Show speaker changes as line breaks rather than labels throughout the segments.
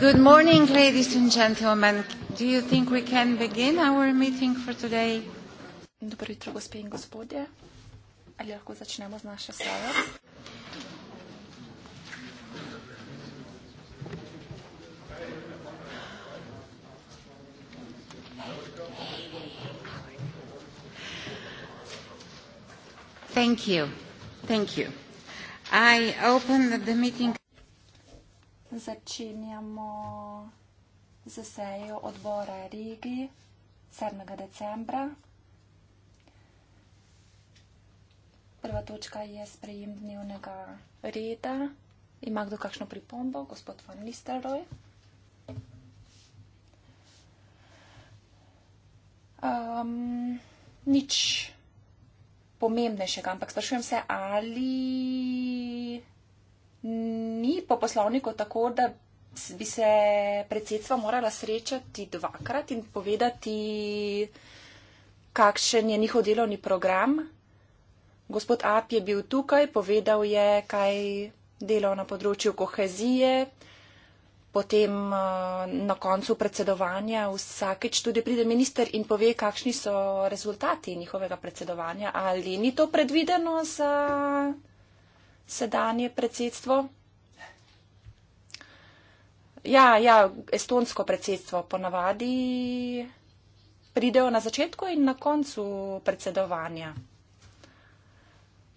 Good morning, ladies and gentlemen. Do you think we can begin our meeting for today? Dobro jutro,
gospe in gospodje. Ali lahko začnemo z našo sejo?
Thank you. Thank you. I open the meeting
začenjamo z sejo odbora Rigi 7. decembra. Prva točka je sprejem dnevnega reda. Ima kdo kakšno pripombo? Gospod Van Nistelrooy. Um, nič pomembnejšega, ampak sprašujem se, ali ni po poslovniku tako, da bi se predsedstva morala srečati dvakrat in povedati, kakšen je njihov delovni program. Gospod Ap je bil tukaj, povedal je, kaj delal na področju kohezije, potem eh, na koncu predsedovanja vsakeč tudi pride minister in pove, kakšni so rezultati njihovega predsedovanja. Ali ni to predvideno za sedanje predsedstvo. Ja, ja, estonsko predsedstvo ponavadi pridejo na začetku in na koncu predsedovanja.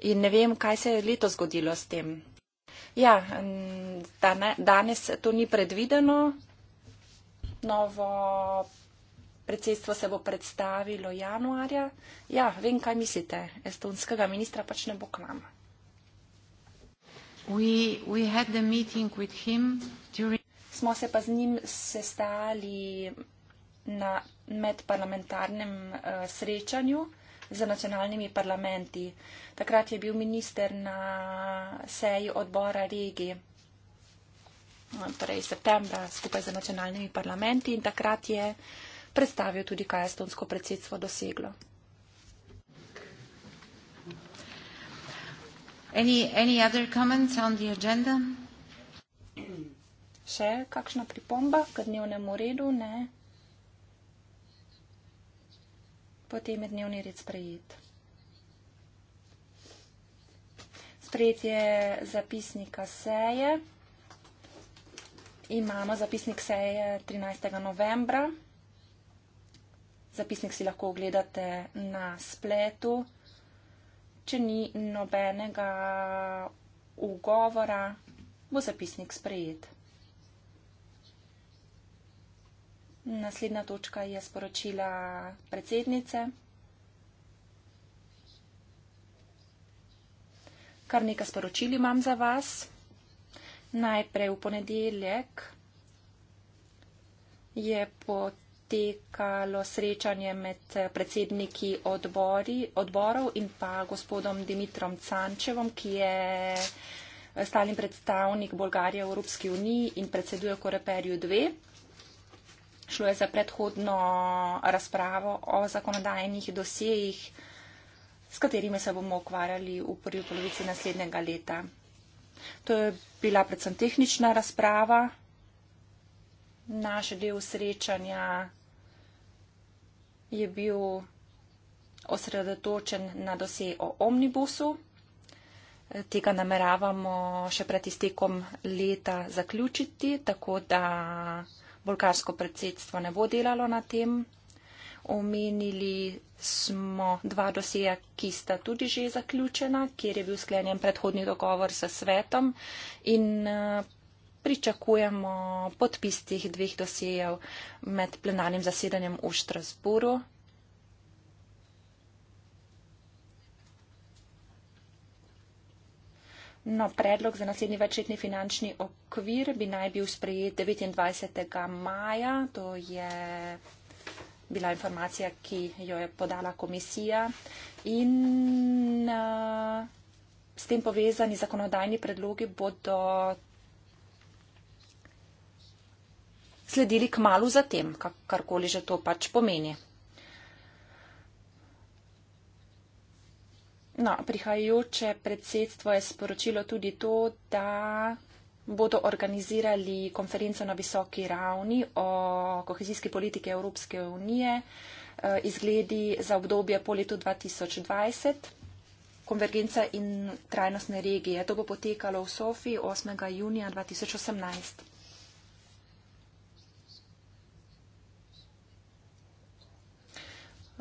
In ne vem, kaj se je leto zgodilo s tem. Ja, danes to ni predvideno. Novo predsedstvo se bo predstavilo januarja. Ja, vem, kaj mislite. Estonskega ministra pač ne bo k nama. Smo se pa z njim sestali na medparlamentarnem uh, srečanju z nacionalnimi parlamenti. Takrat je bil minister na seji odbora regije, eh, torej septembra skupaj z nacionalnimi parlamenti in takrat je predstavil tudi, kaj je estonsko predsedstvo doseglo. Any other comments on the agenda? Še kakšna pripomba k dnevnemu redu? Ne. Potem je dnevni red sprejet. Sprejet je zapisnika seje. Imamo zapisnik seje 13. novembra. Zapisnik si lahko ogledate na spletu če ni nobenega ugovora, bo zapisnik sprejet. Naslednja točka je sporočila predsednice. Kar nekaj sporočili imam za vas. Najprej v ponedeljek je pod potekalo srečanje med predsedniki odbori, odborov in pa gospodom Dimitrom Cančevom, ki je stalni predstavnik Bolgarije v Evropski uniji in predseduje Koreperju 2. Šlo je za predhodno razpravo o zakonodajnih dosejih, s katerimi se bomo ukvarjali v prvi polovici naslednjega leta. To je bila predvsem tehnična razprava. Naš del srečanja je bil osredotočen na dosej o omnibusu. Tega nameravamo še pred iztekom leta zaključiti, tako da bolgarsko predsedstvo ne bo delalo na tem. Omenili smo dva doseja, ki sta tudi že zaključena, kjer je bil sklenjen predhodni dogovor s svetom in pričakujemo podpis tih dveh dosijev med plenarnim zasedanjem v Štrasburu. No, predlog za naslednji večletni finančni okvir bi naj bil sprejet 29. maja. To je bila informacija, ki jo je podala komisija. In uh, s tem povezani zakonodajni predlogi bodo sledili k malu zatem, karkoli že to pač pomeni. No, prihajajoče predsedstvo je sporočilo tudi to, da bodo organizirali konferenco na visoki ravni o kohezijski politiki Evropske unije, eh, izgledi za obdobje po letu 2020, konvergenca in trajnostne regije. To bo potekalo v Sofiji 8. junija 2018.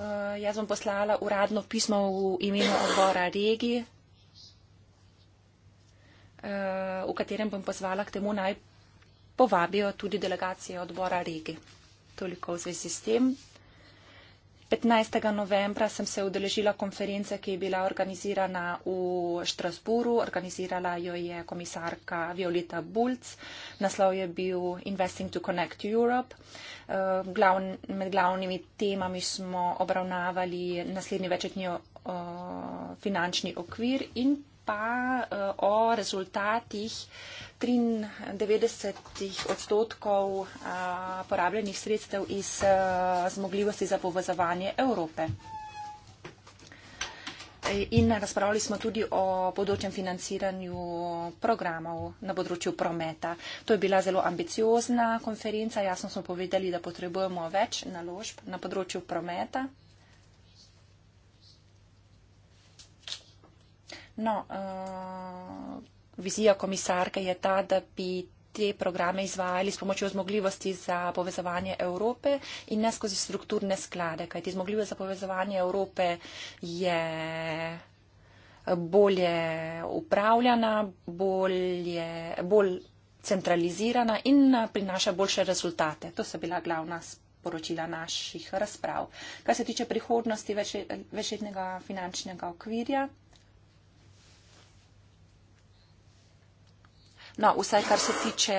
Eh, jaz bom poslala uradno pismo v imenu odbora regi, eh, v katerem bom pozvala k temu naj povabijo tudi delegacije odbora regi. Toliko v zvezi s tem. 15. novembra sem se udeležila konference, ki je bila organizirana v Štrasburu. Organizirala jo je komisarka Violeta Bulc. Naslov je bil Investing to Connect Europe. Eh, glavn, med glavnimi temami smo obravnavali naslednji večetni eh, finančni okvir in pa eh, o rezultatih 93 odstotkov eh, porabljenih sredstev iz eh, zmogljivosti za povezovanje Evrope. In razpravljali smo tudi o področjem financiranju programov na področju prometa. To je bila zelo ambiciozna konferenca. Jasno smo povedali, da potrebujemo več naložb na področju prometa. No, uh, vizija komisarke je ta, da bi te programe izvajali s pomočjo zmogljivosti za povezovanje Evrope in ne skozi strukturne sklade, kajti zmogljivost za povezovanje Evrope je eh, bolje upravljana, bolje, bolj centralizirana in eh, prinaša boljše rezultate. To so bila glavna sporočila naših razprav. Kar se tiče prihodnosti večletnega finančnega okvirja. No, vsaj kar se tiče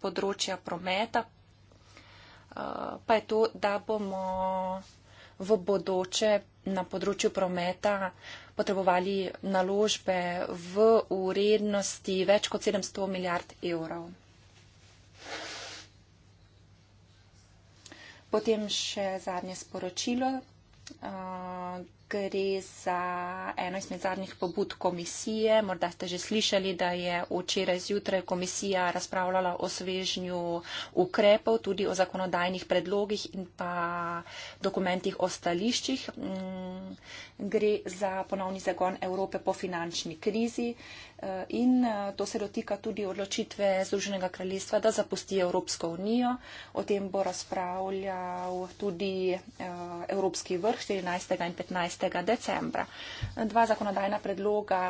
področja prometa, eh, pa je to, da bomo v bodoče na področju prometa potrebovali naložbe v urednosti več kot 700 milijard evrov. Potem še zadnje sporočilo. Eh, gre za eno izmed zadnjih pobud komisije. Morda ste že slišali, da je včeraj zjutraj komisija razpravljala o svežnju ukrepov, tudi o zakonodajnih predlogih in pa dokumentih o stališčih. Mm, gre za ponovni zagon Evrope po finančni krizi. Eh, in eh, to se dotika tudi odločitve Združenega kraljestva, da zapusti Evropsko unijo. O tem bo razpravljal tudi eh, Evropski vrh 14. in 15. decembra. Dva zakonodajna predloga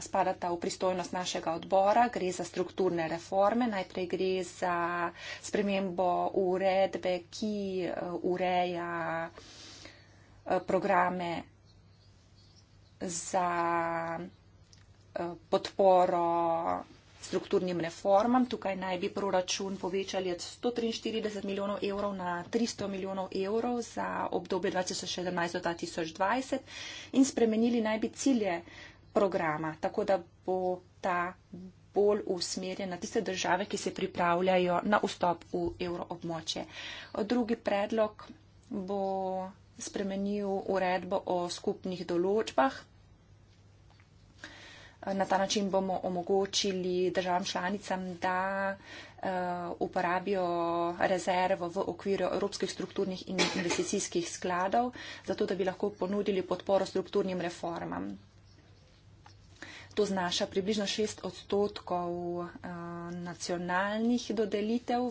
spadata v pristojnost našega odbora. Gre za strukturne reforme. Najprej gre za spremembo uredbe, ki ureja programe za Eh, podporo strukturnim reformam. Tukaj naj bi proračun povečali od 143 milijonov evrov na 300 milijonov evrov za obdobje 2017 do 2020 in spremenili naj bi cilje programa, tako da bo ta bolj usmerjen na tiste države, ki se pripravljajo na vstop v evroobmoče. Drugi predlog bo spremenil uredbo o skupnih določbah Na ta način bomo omogočili državam članicam, da eh, uporabijo rezervo v okviru evropskih strukturnih in investicijskih skladov, zato da bi lahko ponudili podporo strukturnim reformam. To znaša približno 6 odstotkov eh, nacionalnih dodelitev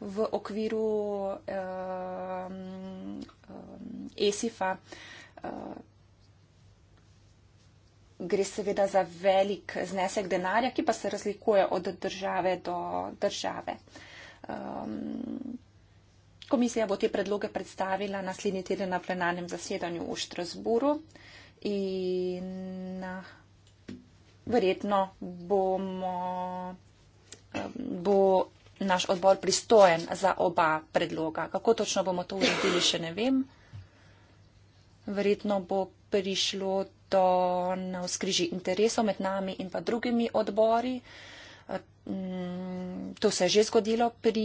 v okviru eh, ESIF-a gre seveda za velik znesek denarja, ki pa se razlikuje od države do države. Um, komisija bo te predloge predstavila naslednji teden na plenarnem zasedanju v Štrasburu in uh, verjetno bomo, um, bo naš odbor pristojen za oba predloga. Kako točno bomo to uredili, še ne vem. Verjetno bo prišlo do navskriži interesov med nami in pa drugimi odbori. Mm, to se je že zgodilo pri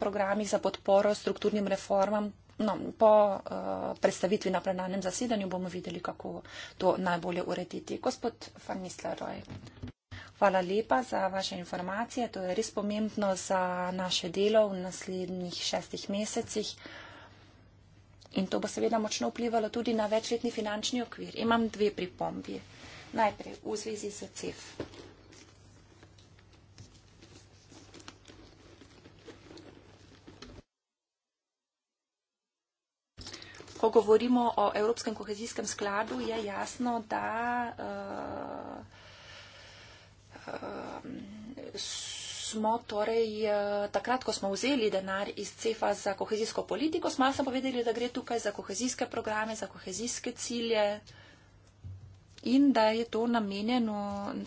programi za podporo strukturnim reformam. No, po uh, predstavitvi na plenarnem zasedanju bomo videli, kako to najbolje urediti. Gospod Van Nistelrooy, hvala lepa za vaše informacije. To je res pomembno za naše delo v naslednjih šestih mesecih. In to bo seveda močno vplivalo tudi na večletni finančni okvir. Imam dve pripombi. Najprej v zvezi z CEF. Ko govorimo o Evropskem kohezijskem skladu, je jasno, da uh, uh, smo torej, eh, takrat, ko smo vzeli denar iz CEFA za kohezijsko politiko, smo jasno povedali, da gre tukaj za kohezijske programe, za kohezijske cilje in da je to namenjeno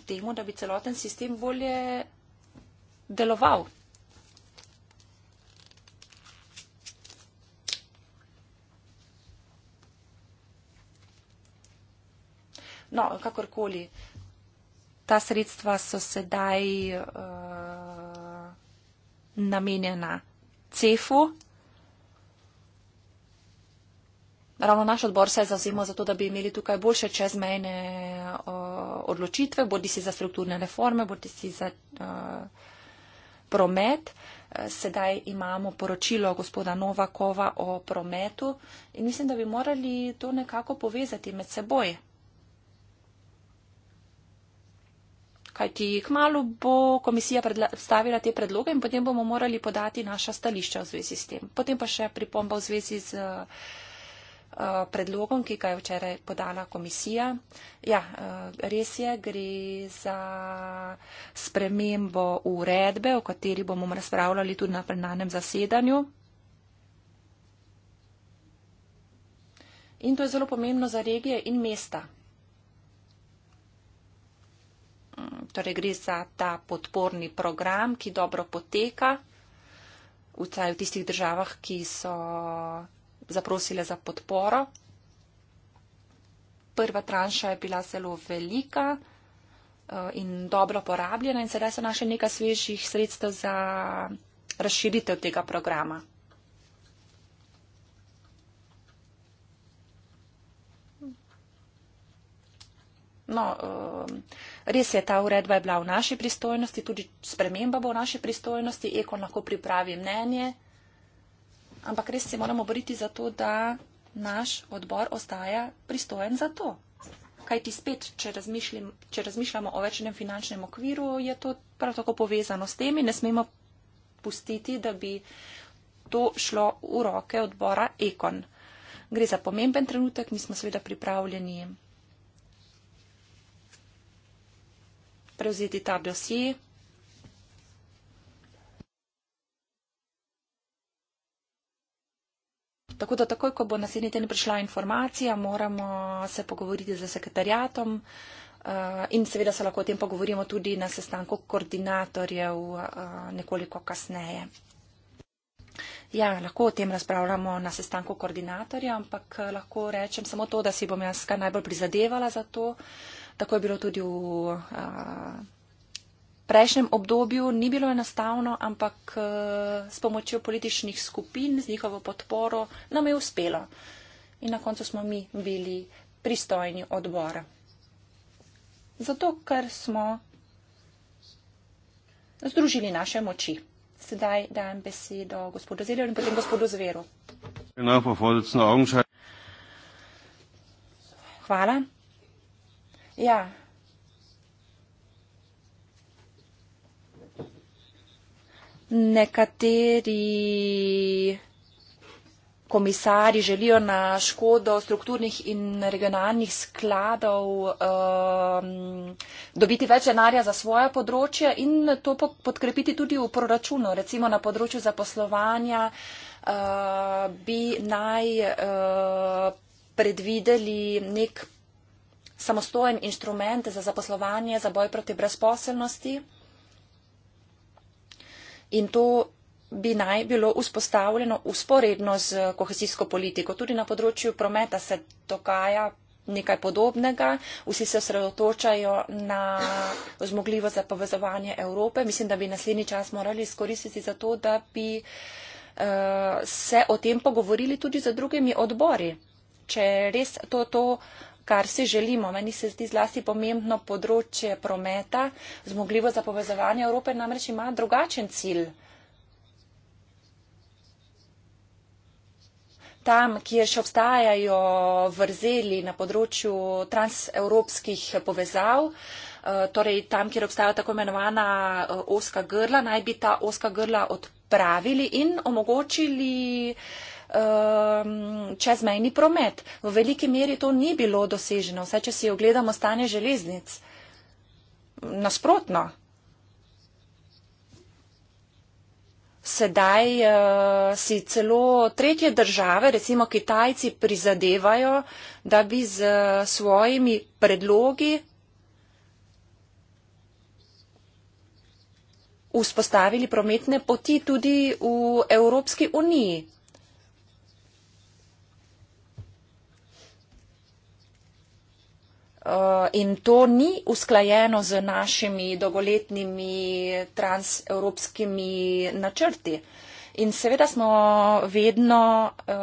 temu, da bi celoten sistem bolje deloval. No, kakorkoli ta sredstva so sedaj uh, namenjena CEF-u. Ravno naš odbor se zazema za to, da bi imeli tukaj boljše čezmejne uh, odločitve, bodi si za strukturne reforme, bodi si za uh, promet. Sedaj imamo poročilo gospoda Novakova o prometu in mislim, da bi morali to nekako povezati med seboj. kajti kmalo bo komisija predstavila te predloge in potem bomo morali podati naša stališča v zvezi s tem. Potem pa še pripomba v zvezi z eh, predlogom, ki ga je včeraj podala komisija. Ja, eh, res je, gre za spremembo uredbe, o kateri bomo razpravljali tudi na plenarnem zasedanju. In to je zelo pomembno za regije in mesta. torej gre za ta podporni program, ki dobro poteka, vcaj v tistih državah, ki so zaprosile za podporo. Prva tranša je bila zelo velika eh, in dobro porabljena in sedaj so naše nekaj svežih sredstev za razširitev tega programa. No, um, Res je, ta uredba je bila v naši pristojnosti, tudi sprememba bo v naši pristojnosti, eko lahko pripravi mnenje, ampak res se moramo boriti za to, da naš odbor ostaja pristojen za to. Kaj ti spet, če, če razmišljamo o večnem finančnem okviru, je to prav tako povezano s temi, ne smemo pustiti, da bi to šlo v roke odbora Ekon. Gre za pomemben trenutek, mi smo seveda pripravljeni preuzititar dosie. Tako da takoj, ko bo naslednji teden prišla informacija, moramo se pogovoriti z sekretarjatom eh, in seveda se lahko o tem pogovorimo tudi na sestanku koordinatorjev eh, nekoliko kasneje. Ja, lahko o tem razpravljamo na sestanku koordinatorja, ampak eh, lahko rečem samo to, da si bom jaz najbolj prizadevala za to. Uh, tako je bilo tudi v a, eh, prejšnjem obdobju, ni bilo enostavno, ampak a, eh, s pomočjo političnih skupin, z njihovo podporo, nam je uspelo. In na koncu smo mi bili pristojni odbora. Zato, ker smo združili naše moči. Sedaj dajem besedo gospodu Zelju in potem gospodu Zveru. Hvala. Ja. Nekateri komisari želijo na škodo strukturnih in regionalnih skladov um, dobiti več denarja za svoje področje in to podkrepiti tudi v proračunu, recimo na področju zaposlovanja uh, bi naj uh, predvideli nek samostojen inštrument za zaposlovanje, za boj proti brezposelnosti. In to bi naj bilo vzpostavljeno usporedno z kohezijsko politiko. Tudi na področju prometa se dogaja nekaj podobnega. Vsi se osredotočajo na zmogljivost za povezovanje Evrope. Mislim, da bi naslednji čas morali izkoristiti za to, da bi uh, se o tem pogovorili tudi z drugimi odbori. Če res to, to uh, kar si želimo. Meni se zdi zlasti pomembno področje prometa, zmogljivo za povezovanje Evrope namreč ima drugačen cilj. Tam, kjer še obstajajo vrzeli na področju transevropskih povezav, eh, torej tam, kjer obstajajo tako imenovana eh, oska grla, naj bi ta oska grla odpravili in omogočili uh, Um, čezmejni promet. V veliki meri to ni bilo doseženo, vse če si ogledamo stanje železnic. Nasprotno. Sedaj uh, si celo tretje države, recimo Kitajci, prizadevajo, da bi z uh, svojimi predlogi vzpostavili prometne poti tudi v Evropski uniji. Eh, in to ni usklajeno z našimi dolgoletnimi transevropskimi načrti. Uh, In seveda smo vedno uh,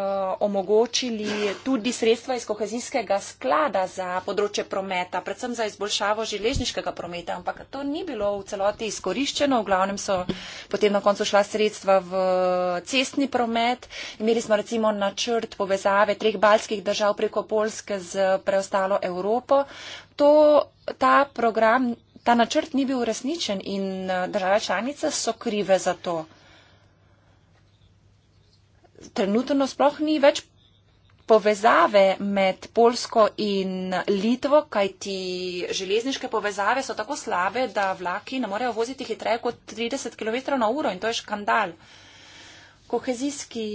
omogočili tudi sredstva iz kohezijskega sklada za področje prometa, predvsem za izboljšavo železniškega prometa, ampak to ni bilo v celoti izkoriščeno. V glavnem so potem na koncu šla sredstva v cestni promet. Imeli smo recimo načrt povezave treh balskih držav preko Polske z preostalo Evropo. To, ta program, ta načrt ni bil uresničen in eh, države članice so krive za to trenutno sploh ni več povezave med Polsko in Litvo, kajti železniške povezave so tako slabe, da vlaki ne morejo voziti hitreje kot 30 km na uro in to je škandal. Kohezijski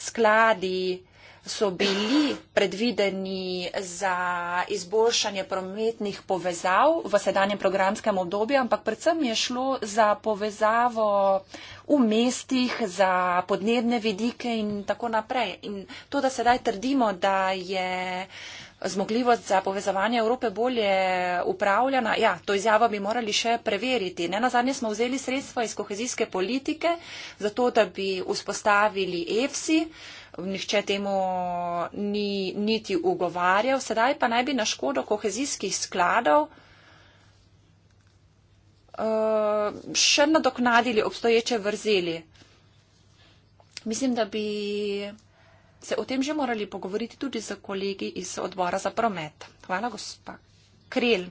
skladi so bili predvideni za izboljšanje prometnih povezav v sedanjem programskem obdobju, ampak predvsem je šlo za povezavo v mestih, za podnebne vidike in tako naprej. In to, da sedaj trdimo, da je zmogljivost za povezovanje Evrope bolje upravljena, ja, to izjavo bi morali še preveriti. Ne na zadnje smo vzeli sredstva iz kohezijske politike, zato da bi vzpostavili EFSI nihče temu ni niti ugovarjal. Sedaj pa naj bi na škodo kohezijskih skladov eh, še nadoknadili obstoječe vrzeli. Mislim, da bi se o tem že morali pogovoriti tudi z kolegi iz odbora za promet. Hvala, gospa Krel.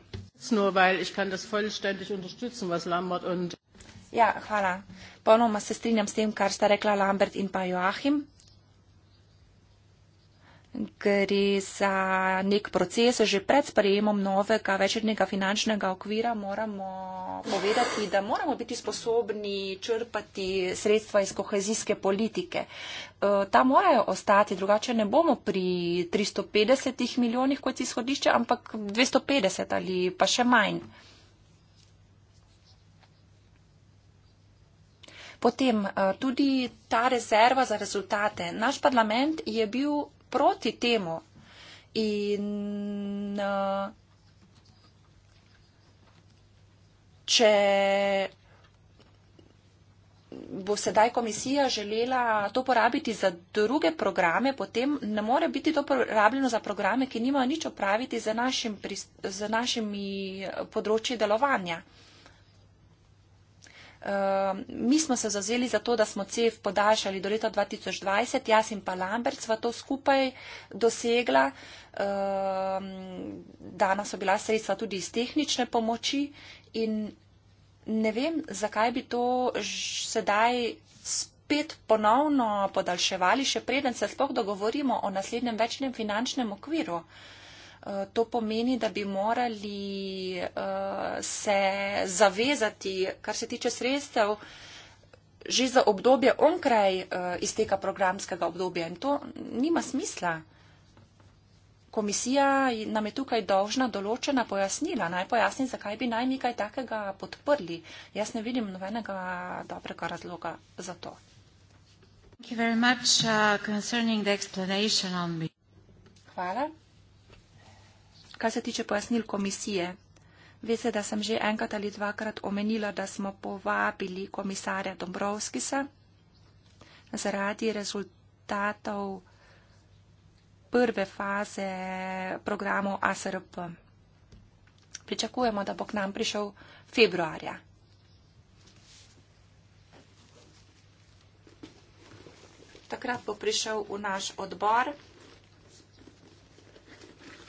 Ja, hvala. Ponoma se strinjam s tem, kar sta rekla Lambert in pa Joachim gre za nek proces. Že pred sprejemom novega večernega finančnega okvira moramo povedati, da moramo biti sposobni črpati sredstva iz kohezijske politike. E, ta morajo ostati, drugače ne bomo pri 350 milijonih kot izhodišče, ampak 250 ali pa še manj. Potem e, tudi ta rezerva za rezultate. Naš parlament je bil proti temu. In uh, če bo sedaj komisija želela to porabiti za druge programe, potem ne more biti to porabljeno za programe, ki nimajo nič opraviti z našim, našimi eh, področji delovanja. Ehm, mi smo se zazeli za to, da smo CEF podaljšali do leta 2020, jaz in pa Lambert sva to skupaj dosegla. Ehm, Danes so bila sredstva tudi iz tehnične pomoči in ne vem, zakaj bi to sedaj spet ponovno podaljševali, še preden se sploh dogovorimo o naslednjem večnem finančnem okviru. Uh, Eh, to pomeni, da bi morali eh, se zavezati, kar se tiče sredstev, že za obdobje onkraj eh, izteka programskega obdobja. In to nima smisla. Komisija nam je tukaj dolžna določena pojasnila. Naj pojasni, zakaj bi naj nekaj takega podprli. Jaz ne vidim novenega dobrega razloga za to. Uh, Hvala. Kar se tiče pojasnil komisije, veste, da sem že enkrat ali dvakrat omenila, da smo povabili komisarja Dombrovskisa zaradi rezultatov prve faze programov ASRP. Pričakujemo, da bo k nam prišel februarja. Takrat bo prišel v naš odbor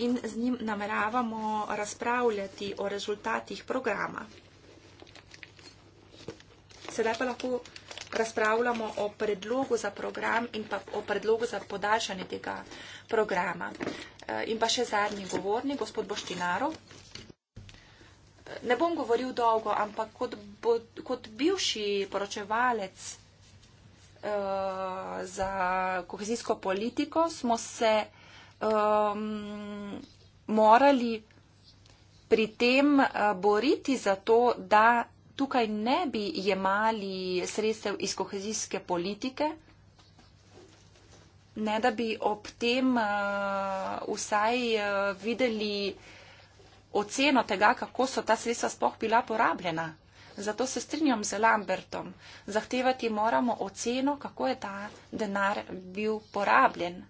in z njim nameravamo razpravljati o rezultatih programa. Sedaj pa lahko razpravljamo o predlogu za program in pa o predlogu za podaljšanje tega programa. Eh, in pa še zadnji govornik, gospod Boštinaro. Ne bom govoril dolgo, ampak kot, bo, kot bivši poročevalec uh, za kohezijsko politiko smo se um, morali pri tem uh, boriti za to, da tukaj ne bi jemali sredstev iz kohezijske politike, ne da bi ob tem uh, vsaj uh, videli oceno tega, kako so ta sredstva spoh bila porabljena. Zato se strinjam z Lambertom. Zahtevati moramo oceno, kako je ta denar bil porabljen.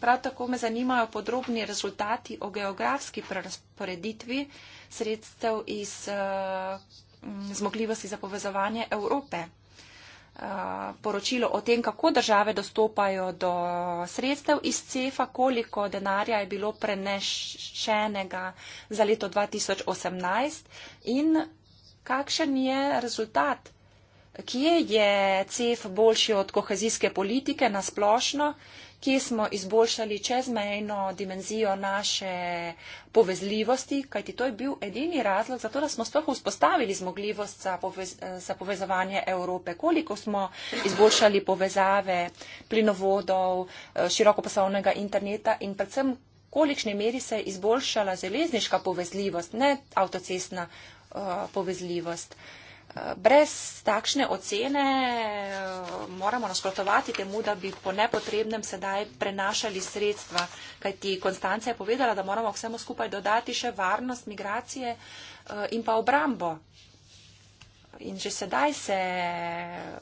Prav tako me zanimajo podrobni rezultati o geografski prerasporeditvi sredstev iz uh, zmogljivosti za povezovanje Evrope. Uh, poročilo o tem, kako države dostopajo do sredstev iz CEFA, koliko denarja je bilo prenešenega za leto 2018 in kakšen je rezultat, kje je CEF boljši od kohezijske politike na splošno, uh, ki smo izboljšali čezmejno dimenzijo naše povezljivosti, kajti to je bil edini razlog za to, da smo sploh vzpostavili zmogljivost za, povez, za povezovanje Evrope. Koliko smo izboljšali povezave plinovodov, eh, širokoposlovnega interneta in predvsem, kolikšni meri se je izboljšala železniška povezljivost, ne avtocestna uh, povezljivost. Uh, brez takšne ocene eh, moramo nasprotovati temu, da bi po nepotrebnem sedaj prenašali sredstva. Kaj ti Konstancija je povedala, da moramo vsemu skupaj dodati še varnost, migracije eh, in pa obrambo. In že sedaj se eh,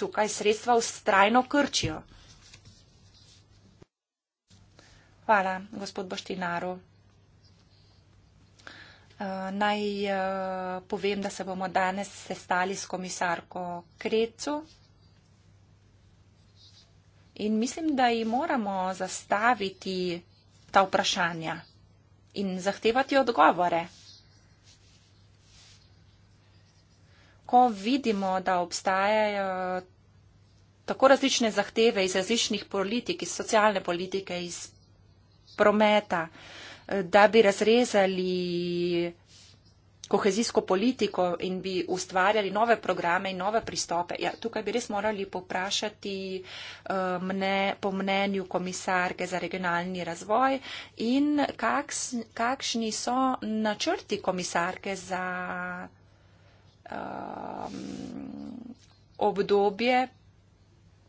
tukaj sredstva ustrajno krčijo. Hvala, gospod Boštinaru. Eh, naj eh, povem, da se bomo danes sestali s komisarko Krecu in mislim, da ji moramo zastaviti ta vprašanja in zahtevati odgovore. Ko vidimo, da obstajajo tako različne zahteve iz različnih politik, iz socialne politike, iz prometa, uh, da bi razrezali kohezijsko politiko in bi ustvarjali nove programe in nove pristope. Ja, tukaj bi res morali poprašati eh, mne, po mnenju komisarke za regionalni razvoj in kaks, kakšni so načrti komisarke za um, obdobje,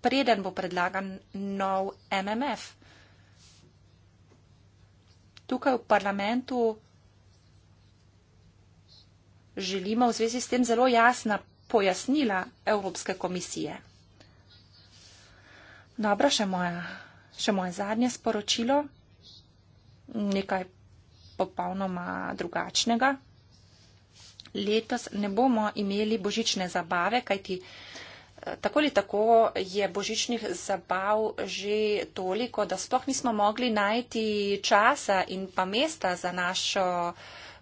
preden bo predlagan nov MMF tukaj v parlamentu želimo v zvezi s tem zelo jasna pojasnila Evropske komisije. Dobro, še, moja, še moje zadnje sporočilo, nekaj popolnoma drugačnega. Letos ne bomo imeli božične zabave, kajti Tako ali tako je božičnih zabav že toliko, da sploh nismo mogli najti časa in pa mesta za našo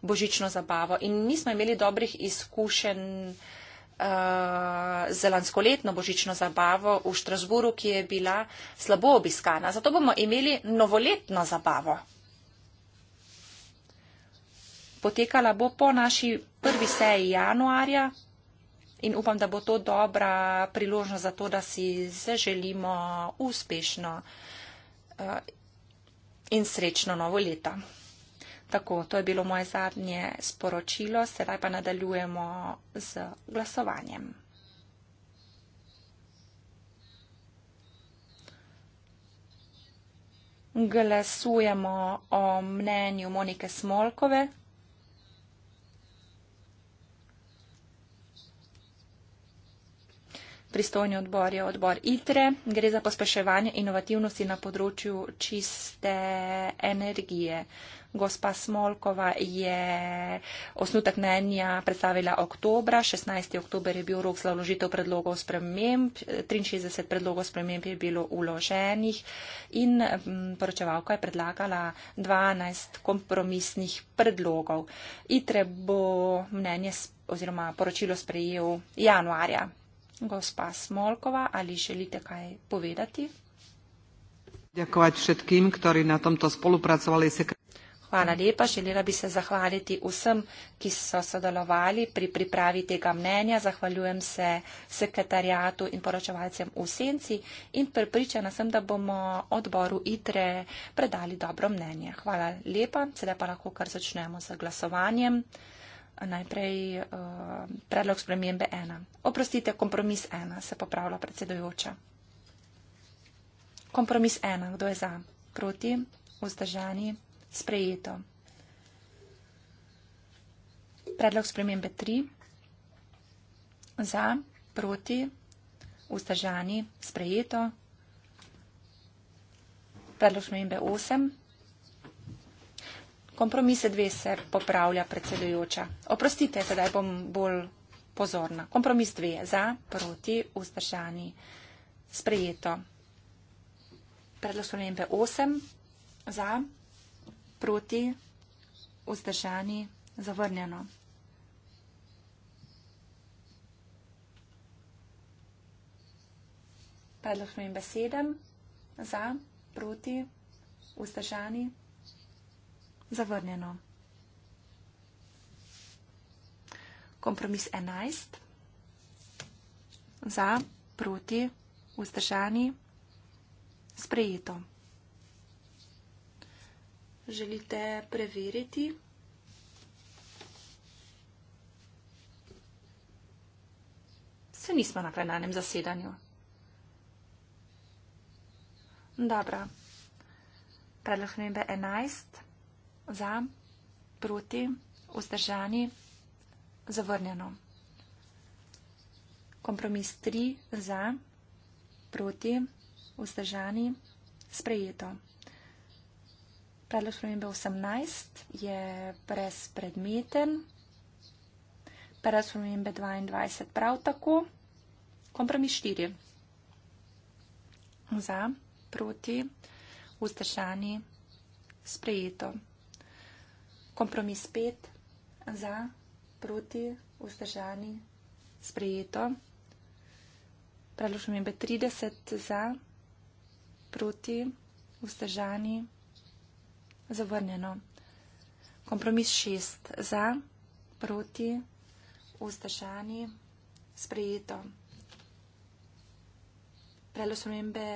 božično zabavo in nismo imeli dobrih izkušenj uh, z lanskoletno božično zabavo v Štrasburu, ki je bila slabo obiskana. Zato bomo imeli novoletno zabavo. Potekala bo po naši prvi seji januarja in upam, da bo to dobra priložnost za to, da si zaželimo uspešno eh, in srečno novo leto. Tako, to je bilo moje zadnje sporočilo, sedaj pa nadaljujemo z glasovanjem. Glasujemo o mnenju Monike Smolkove. pristojni odbor je odbor ITRE. Gre za pospeševanje inovativnosti na področju čiste energije. Gospa Smolkova je osnutek mnenja predstavila oktobra, 16. oktober je bil rok za vložitev predlogov sprememb, 63 predlogov sprememb je bilo uloženih in mm, poročevalka je predlagala 12 kompromisnih predlogov. ITRE bo mnenje oziroma poročilo sprejel januarja. Gospa Smolkova, ali želite kaj povedati?
Ďakovať všetkým, ktorí na tomto spolupracovali.
Hvala lepa. Želela bi se zahvaliti vsem, ki so sodelovali pri pripravi tega mnenja. Zahvaljujem se sekretarjatu in poročevalcem v senci in prepričana sem, da bomo odboru ITRE predali dobro mnenje. Hvala lepa. Sedaj pa lahko kar začnemo z glasovanjem najprej uh, predlog spremembe ena. Oprostite, kompromis ena, se popravlja predsedojoča. Kompromis ena, kdo je za? Proti, vzdržani, sprejeto. Predlog spremembe tri. Za, proti, vzdržani, sprejeto. Predlog spremembe osem. Kompromise dve se popravlja predsedujoča. Oprostite, sedaj bom bolj pozorna. Kompromis dve je za, proti, vzdržani. Sprejeto. Predloslovenbe 8 za, proti, vzdržani, zavrnjeno. Predloslovenbe 7 za, proti, vzdržani, zavrnjeno. Zavrnjeno. Kompromis 11. Za, proti, vzdržani, sprejeto. Želite preveriti? Se nismo na plenarnem zasedanju. Dobro. Predlog nebe 11 za, proti, vzdržani, zavrnjeno. Kompromis 3 za, proti, vzdržani, sprejeto. Predlog spremembe 18 je brezpredmeten. Predlog spremembe 22 prav tako. Kompromis 4 za, proti, vzdržani, sprejeto kompromis pet za, proti, vzdržani, sprejeto. Predložim imbe 30 za, proti, vzdržani, zavrnjeno. Kompromis šest za, proti, vzdržani, sprejeto. Predložim imbe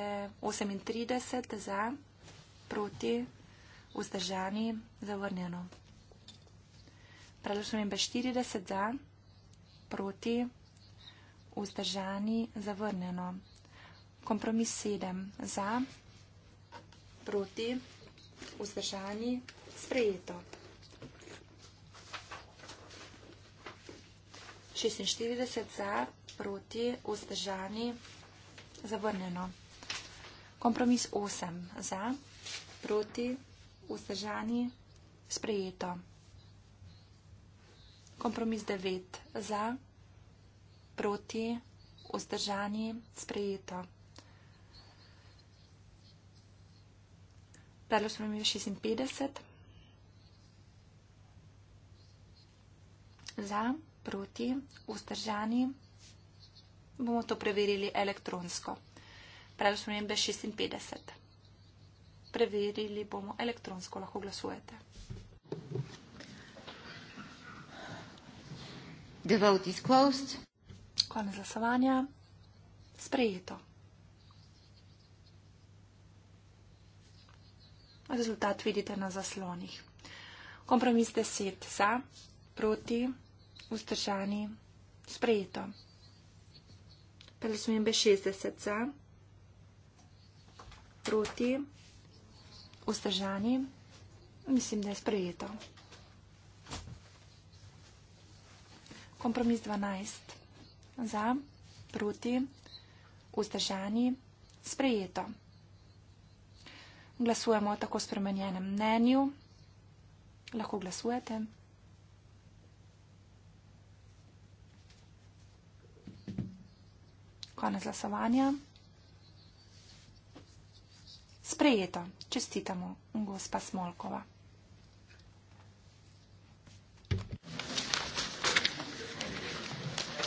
38 za, proti, vzdržani, zavrnjeno. Predložim imbe 40 za, proti, vzdržani, zavrneno. Kompromis 7 za, proti, vzdržani, sprejeto. 46 za, proti, vzdržani, zavrneno. Kompromis 8 za, proti, vzdržani, sprejeto. 46 za, proti, vzdržani, sprejeto kompromis 9 za, proti, vzdržani, sprejeto. Predlog smo imeli 56. Za, proti, vzdržani. Bomo to preverili elektronsko. Predlog smo imeli 56. Preverili bomo elektronsko, lahko glasujete. The vote is closed. Konec glasovanja. Sprejeto. Rezultat vidite na zaslonih. Kompromis 10 za, proti, vzdržani, sprejeto. Prelesmembe 60 za, proti, vzdržani, mislim, da je sprejeto. kompromis 12. Za, proti, vzdržani, sprejeto. Glasujemo o tako spremenjenem mnenju. Lahko glasujete. Konec glasovanja. Sprejeto. Čestitamo, gospa Smolkova.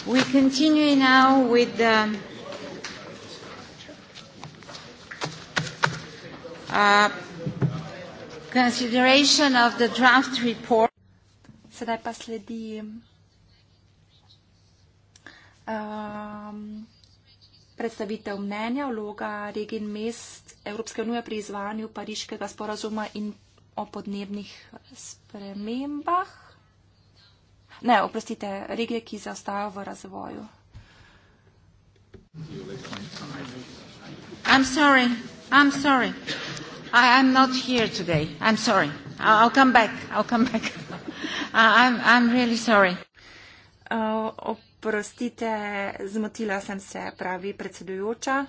We continue
now with the, uh, consideration of the draft report.
Sedaj pa sledi um, predstavitev mnenja vloga regij mest Evropske unije pri izvajanju pariškega sporazuma in o podnebnih spremembah. Ne, oprostite, regije, ki zaostajajo v razvoju. I'm sorry, I'm sorry.
I, I'm not here today. I'm sorry. I'll, I'll come back. I'll come back.
I, I'm, I'm really sorry. Uh, oprostite, zmotila sem se, pravi predsedujoča.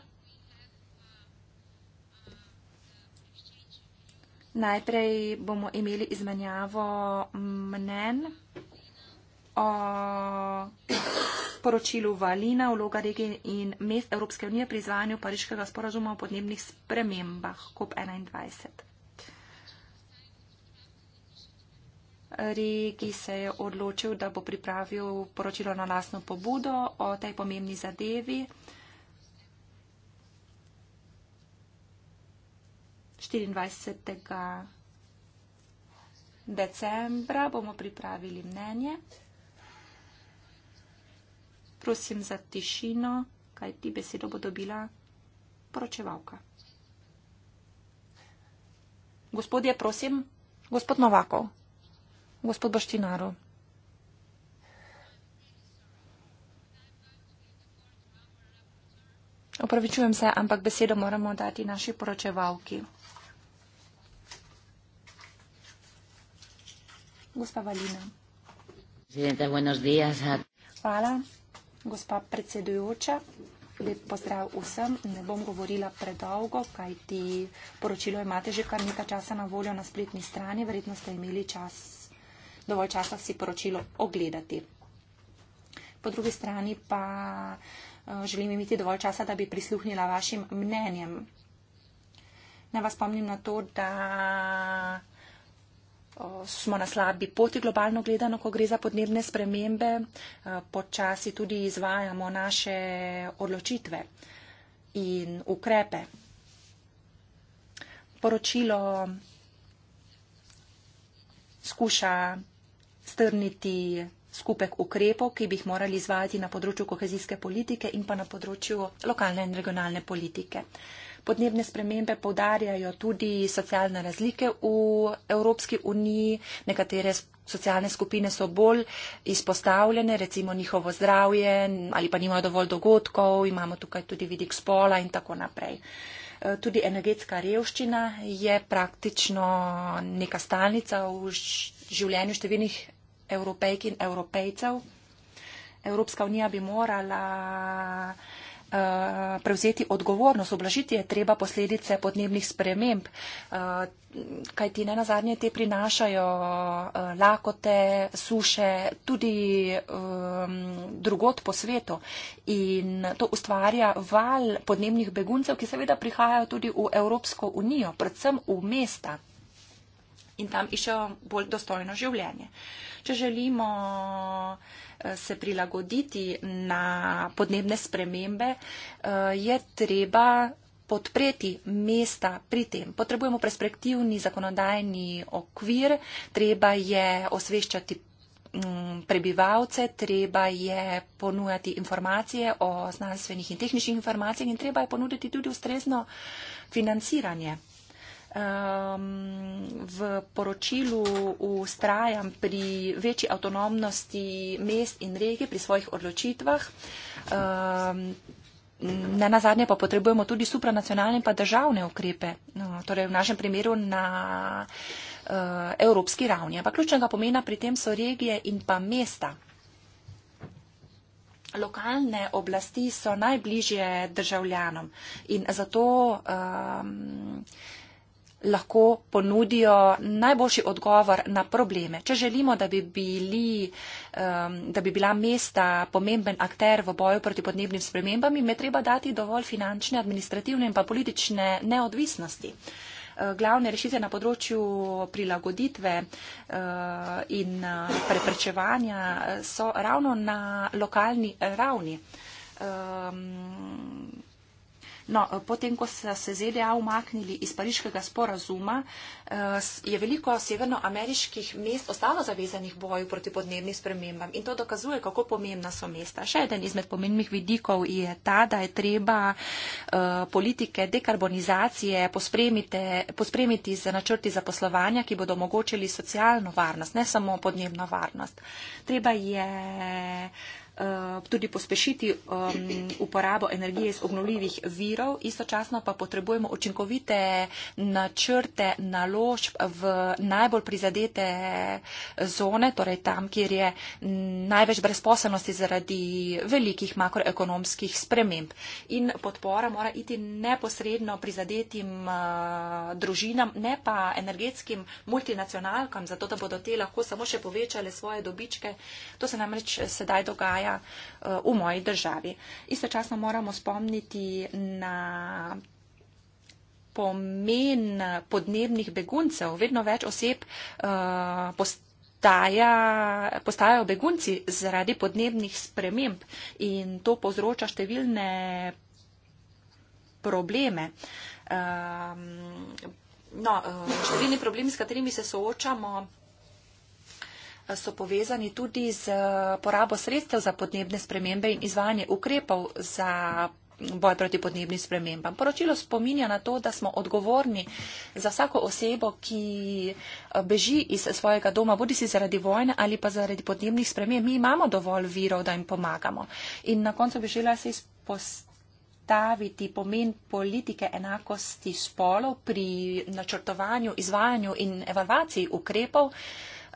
Najprej bomo imeli izmenjavo mnen o poročilu Valina, vloga regij in mest Evropske unije pri izvajanju pariškega sporazuma o podnebnih spremembah COP21. Regij se je odločil, da bo pripravil poročilo na lastno pobudo o tej pomembni zadevi. 24. decembra bomo pripravili mnenje prosim za tišino, kaj ti besedo bo dobila poročevalka. Gospodje, prosim, gospod Novakov, gospod Boštinaro. Opravičujem se, ampak besedo moramo dati naši poročevalki. Gospa Valina. Hvala. Gospa predsedujoča, lep pozdrav vsem. Ne bom govorila predolgo, kaj ti poročilo imate že kar nekaj časa na voljo na spletni strani. Verjetno ste imeli čas, dovolj časa si poročilo ogledati. Po drugi strani pa eh, želim imeti dovolj časa, da bi prisluhnila vašim mnenjem. Ne vas spomnim na to, da smo na slabi poti globalno gledano, ko gre za podnebne spremembe, počasi tudi izvajamo naše odločitve in ukrepe. Poročilo skuša strniti skupek ukrepov, ki bi jih morali izvajati na področju kohezijske politike in pa na področju lokalne in regionalne politike podnebne spremembe povdarjajo tudi socialne razlike v Evropski uniji. Nekatere socialne skupine so bolj izpostavljene, recimo njihovo zdravje ali pa nimajo dovolj dogodkov, imamo tukaj tudi vidik spola in tako naprej. E, tudi energetska revščina je praktično neka stalnica v življenju številnih evropejk in evropejcev. Evropska unija bi morala Eh, prevzeti odgovornost, oblažiti je treba posledice podnebnih sprememb, eh, kaj ti ne nazadnje te prinašajo eh, lakote, suše, tudi drugot po svetu. In to ustvarja val podnebnih beguncev, ki seveda prihajajo tudi v Evropsko unijo, predvsem v mesta. In tam išajo bolj dostojno življenje. Če želimo se prilagoditi na podnebne spremembe, eh, je treba podpreti mesta pri tem. Potrebujemo perspektivni zakonodajni okvir, treba je osveščati mm, prebivalce, treba je ponujati informacije o znanstvenih in tehničnih informacijah in treba je ponuditi tudi ustrezno financiranje um, v poročilu ustrajam pri večji avtonomnosti mest in regije pri svojih odločitvah. Um, Na nazadnje pa potrebujemo tudi supranacionalne in državne ukrepe, no, torej v našem primeru na uh, evropski ravni. Ampak ključnega pomena pri tem so regije in pa mesta. Lokalne oblasti so najbližje državljanom in zato. Um, lahko ponudijo najboljši odgovor na probleme. Če želimo, da bi, bili, um, da bi bila mesta pomemben akter v boju proti podnebnim spremembami, me treba dati dovolj finančne, administrativne in pa politične neodvisnosti. Uh, glavne rešitve na področju prilagoditve uh, in uh, preprečevanja so ravno na lokalni ravni. Um, No, potem, ko so se ZDA umaknili iz pariškega sporazuma, eh, je veliko severnoameriških mest ostalo zavezanih boju proti podnebnim spremembam in to dokazuje, kako pomembna so mesta. Še eden izmed pomembnih vidikov je ta, da je treba eh, politike dekarbonizacije pospremiti z načrti zaposlovanja, ki bodo omogočili socialno varnost, ne samo podnebno varnost. Treba je Eh, tudi pospešiti um, uporabo energije iz obnovljivih virov, istočasno pa potrebujemo učinkovite načrte naložb v najbolj prizadete zone, torej tam, kjer je največ brezposobnosti zaradi velikih makroekonomskih sprememb. In podpora mora iti neposredno prizadetim uh, družinam, ne pa energetskim multinacionalkam, zato da bodo te lahko samo še povečale svoje dobičke. To se namreč sedaj dogaja dogaja eh, v moji državi. Istočasno moramo spomniti na pomen podnebnih beguncev. Vedno več oseb eh, postaja, postajajo begunci zaradi podnebnih sprememb in to povzroča številne probleme. Ehm, no, eh, številni problemi, s katerimi se soočamo, so povezani tudi z eh, porabo sredstev za podnebne spremembe in izvajanje ukrepov za boj proti podnebnim spremembam. Poročilo spominja na to, da smo odgovorni za vsako osebo, ki eh, beži iz svojega doma, bodi si zaradi vojne ali pa zaradi podnebnih sprememb. Mi imamo dovolj virov, da jim pomagamo. In na koncu bi želela se izpostaviti pomen politike enakosti spolov pri načrtovanju, izvajanju in evalvaciji ukrepov, uh,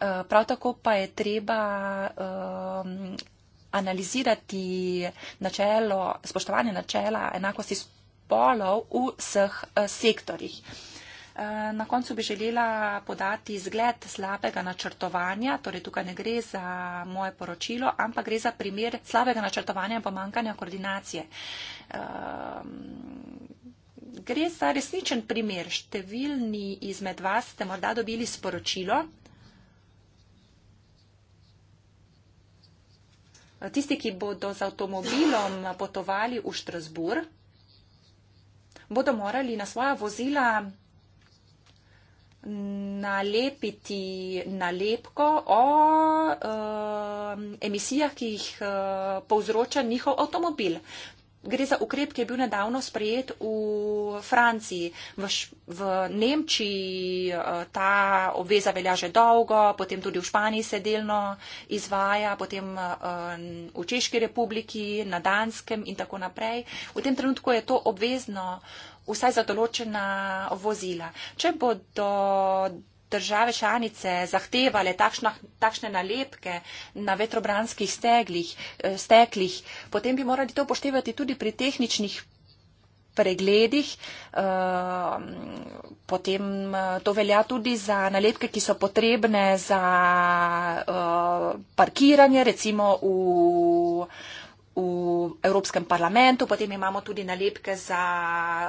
Eh, prav tako pa je treba ehm, analizirati načelo, spoštovanje načela enakosti spolov v vseh eh, sektorjih. Eh, na koncu bi želela podati zgled slabega načrtovanja, torej tukaj ne gre za moje poročilo, ampak gre za primer slabega načrtovanja in pomankanja koordinacije. Ehm, gre za resničen primer. Številni izmed vas ste morda dobili sporočilo, Tisti, ki bodo z avtomobilom potovali v Štrasbur, bodo morali na svoja vozila nalepiti nalepko o uh, emisijah, ki jih uh, povzroča njihov avtomobil. Gre za ukrep, ki je bil nedavno sprejet v Franciji. V, š, v Nemčiji eh, ta obveza velja že dolgo, potem tudi v Španiji se delno izvaja, potem eh, v Češki republiki, na Danskem in tako naprej. V tem trenutku je to obvezno vsaj za določena vozila. Če bodo države članice zahtevale takšna, takšne nalepke na vetrobranskih steglih, eh, steklih, potem bi morali to upoštevati tudi pri tehničnih pregledih. Ehm, potem eh, to velja tudi za nalepke, ki so potrebne za eh, parkiranje, recimo v v Evropskem parlamentu, potem imamo tudi nalepke za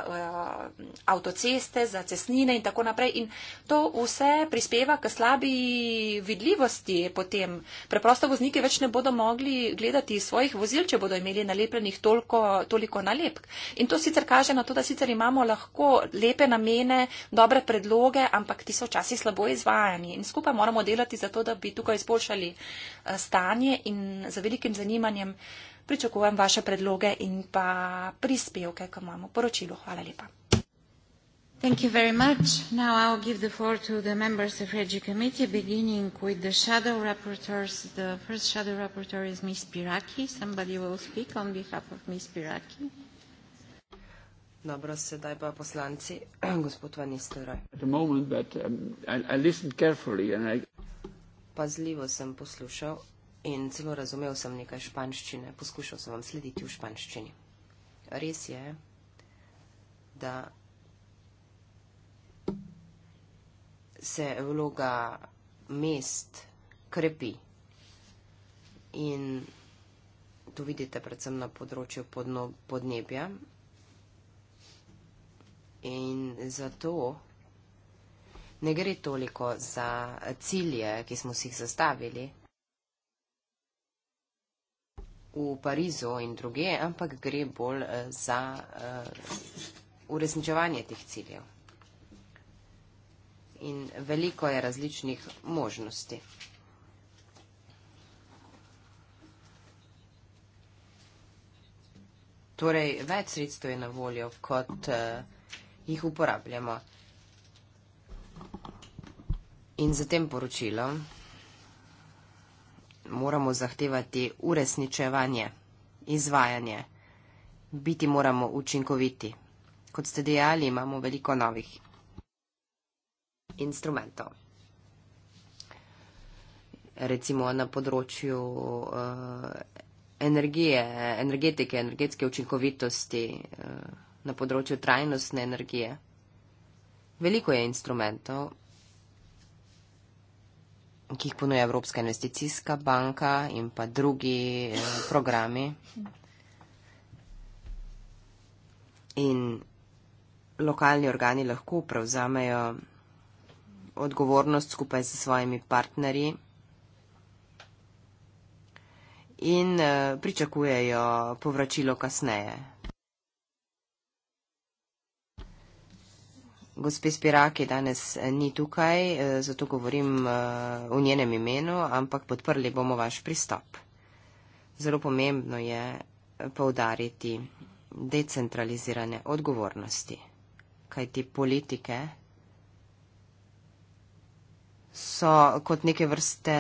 uh, avtoceste, za cestnine in tako naprej. In to vse prispeva k slabi vidljivosti potem. Preprosto vozniki več ne bodo mogli gledati svojih vozil, če bodo imeli nalepljenih toliko, toliko nalepk. In to sicer kaže na to, da sicer imamo lahko lepe namene, dobre predloge, ampak ti so včasih slabo izvajani. In skupaj moramo delati za to, da bi tukaj izboljšali eh, stanje in za velikim zanimanjem pričakujem vaše predloge in pa prispevke k mojemu poročilu. Hvala lepa.
Thank you very much. Now I will give the floor to the members of Regi Committee, beginning with the shadow rapporteurs. The first shadow rapporteur is Ms. Piraki. Somebody will speak on behalf of Ms.
Piraki. Dobro, sedaj pa poslanci, gospod Vanisteroj.
Um, I, I listened carefully and I...
Pazljivo sem poslušal. In celo razumel sem nekaj španščine, poskušal sem vam slediti v španščini. Res je, da se vloga mest krepi. In to vidite predvsem na področju podnebja. In zato ne gre toliko za cilje, ki smo si jih zastavili v Parizu in druge, ampak gre bolj eh, za uh, uresničevanje teh ciljev. In veliko je različnih možnosti. Torej, več sredstev je na voljo, kot uh, jih uporabljamo. In za tem poročilom moramo zahtevati uresničevanje, izvajanje, biti moramo učinkoviti. Kot ste dejali, imamo veliko novih instrumentov. Recimo na področju uh, energije, energetike, energetske učinkovitosti, uh, na področju trajnostne energije. Veliko je instrumentov, ki jih ponuja Evropska investicijska banka in pa drugi eh, programi. In lokalni organi lahko prevzamejo odgovornost skupaj s svojimi partnerji in eh, pričakujejo povračilo kasneje. Gospe Spiraki danes eh, ni tukaj, eh, zato govorim eh, v njenem imenu, ampak podprli bomo vaš pristop. Zelo pomembno je poudariti decentralizirane odgovornosti, kajti politike so kot neke vrste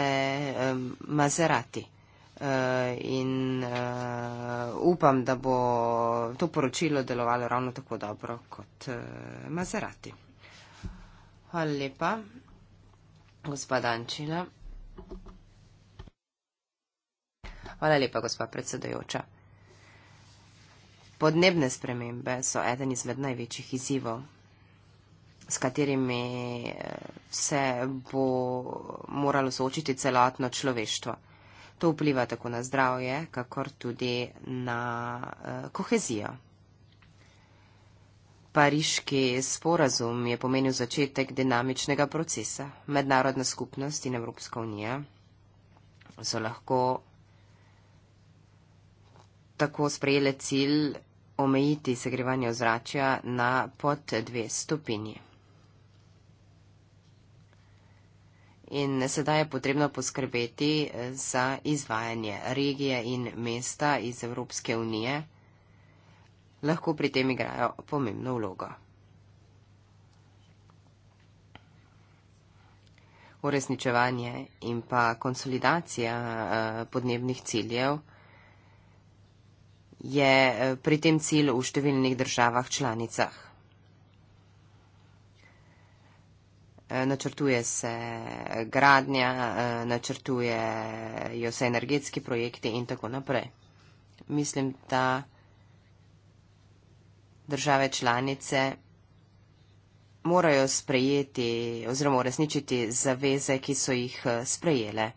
mazerati. Um, Eh, in uh, upam, da bo to poročilo delovalo ravno tako dobro kot uh, Maserati. Hvala lepa, gospod Ančila. Hvala lepa, gospod predsedojoča. Podnebne spremembe so eden izmed največjih izzivov, s katerimi se bo moralo soočiti celotno človeštvo. To vpliva tako na zdravje, kakor tudi na eh, kohezijo. Pariški sporazum je pomenil začetek dinamičnega procesa. Mednarodna skupnost in Evropska unija so lahko tako sprejele cilj omejiti segrevanje ozračja na pod dve stopinji. in sedaj je potrebno poskrbeti eh, za izvajanje regije in mesta iz Evropske unije. Lahko pri tem igrajo pomembno vlogo. Uresničevanje in pa konsolidacija eh, podnebnih ciljev je eh, pri tem cilj v številnih državah članicah. načrtuje se gradnja, načrtujejo se energetski projekti in tako naprej. Mislim, da države članice morajo sprejeti oziroma uresničiti zaveze, ki so jih eh, sprejele,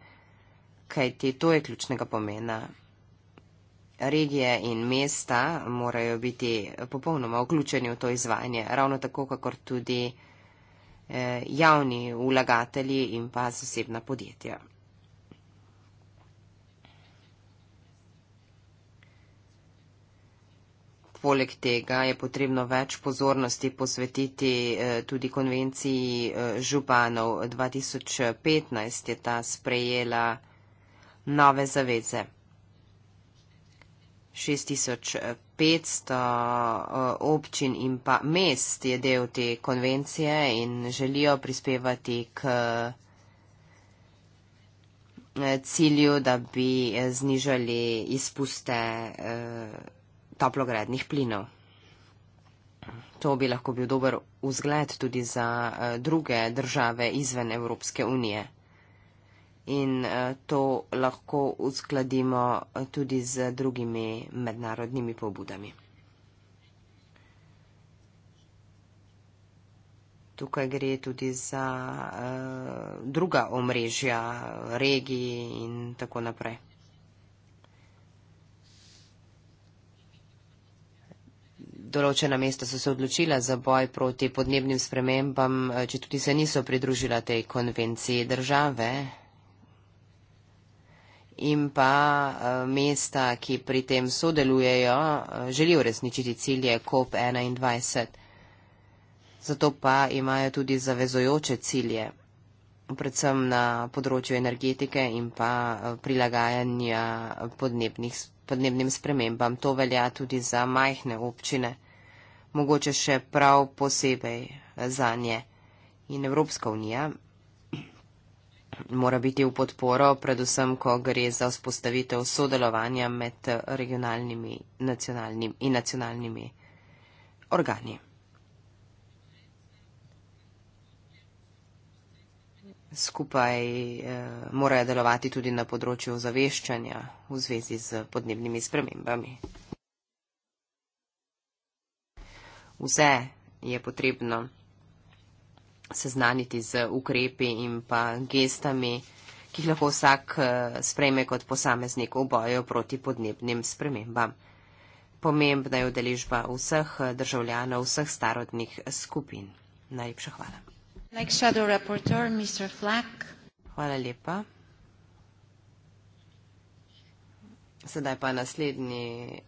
kajti to je ključnega pomena. Regije in mesta morajo biti popolnoma vključeni v to izvajanje, ravno tako, kakor tudi eh, javni ulagatelji in pa zasebna podjetja. Poleg tega je potrebno več pozornosti posvetiti eh, tudi konvenciji eh, županov. 2015 je ta sprejela nove zaveze. 6000 500 eh, občin in pa mest je del te konvencije in želijo prispevati k eh, cilju, da bi znižali izpuste eh, toplogrednih plinov. To bi lahko bil dober vzgled tudi za druge države izven Evropske unije in eh, to lahko uskladimo eh, tudi z drugimi mednarodnimi pobudami. Tukaj gre tudi za uh, druga omrežja, regiji in tako naprej. Določena mesta so se odločila za boj proti podnebnim spremembam, če tudi se niso pridružila tej konvenciji države in pa eh, mesta, ki pri tem sodelujejo, eh, želijo resničiti cilje COP21. Zato pa imajo tudi zavezojoče cilje, predvsem na področju energetike in pa eh, prilagajanja podnebnim spremembam. To velja tudi za majhne občine, mogoče še prav posebej za nje. In Evropska unija mora biti v podporo, predvsem, ko gre za vzpostavitev sodelovanja med regionalnimi nacionalnim in nacionalnimi organi. Skupaj eh, morajo delovati tudi na področju zaveščanja v zvezi z podnebnimi spremembami. Vse je potrebno seznaniti z ukrepi in pa gestami, ki jih lahko vsak eh, sprejme kot posameznik v boju proti podnebnim spremembam. Pomembna je udeležba vseh eh, državljanov, vseh starodnih skupin. Najlepša hvala. Like shadow rapporteur, Mr. Flack. Hvala lepa. Sedaj pa naslednji eh,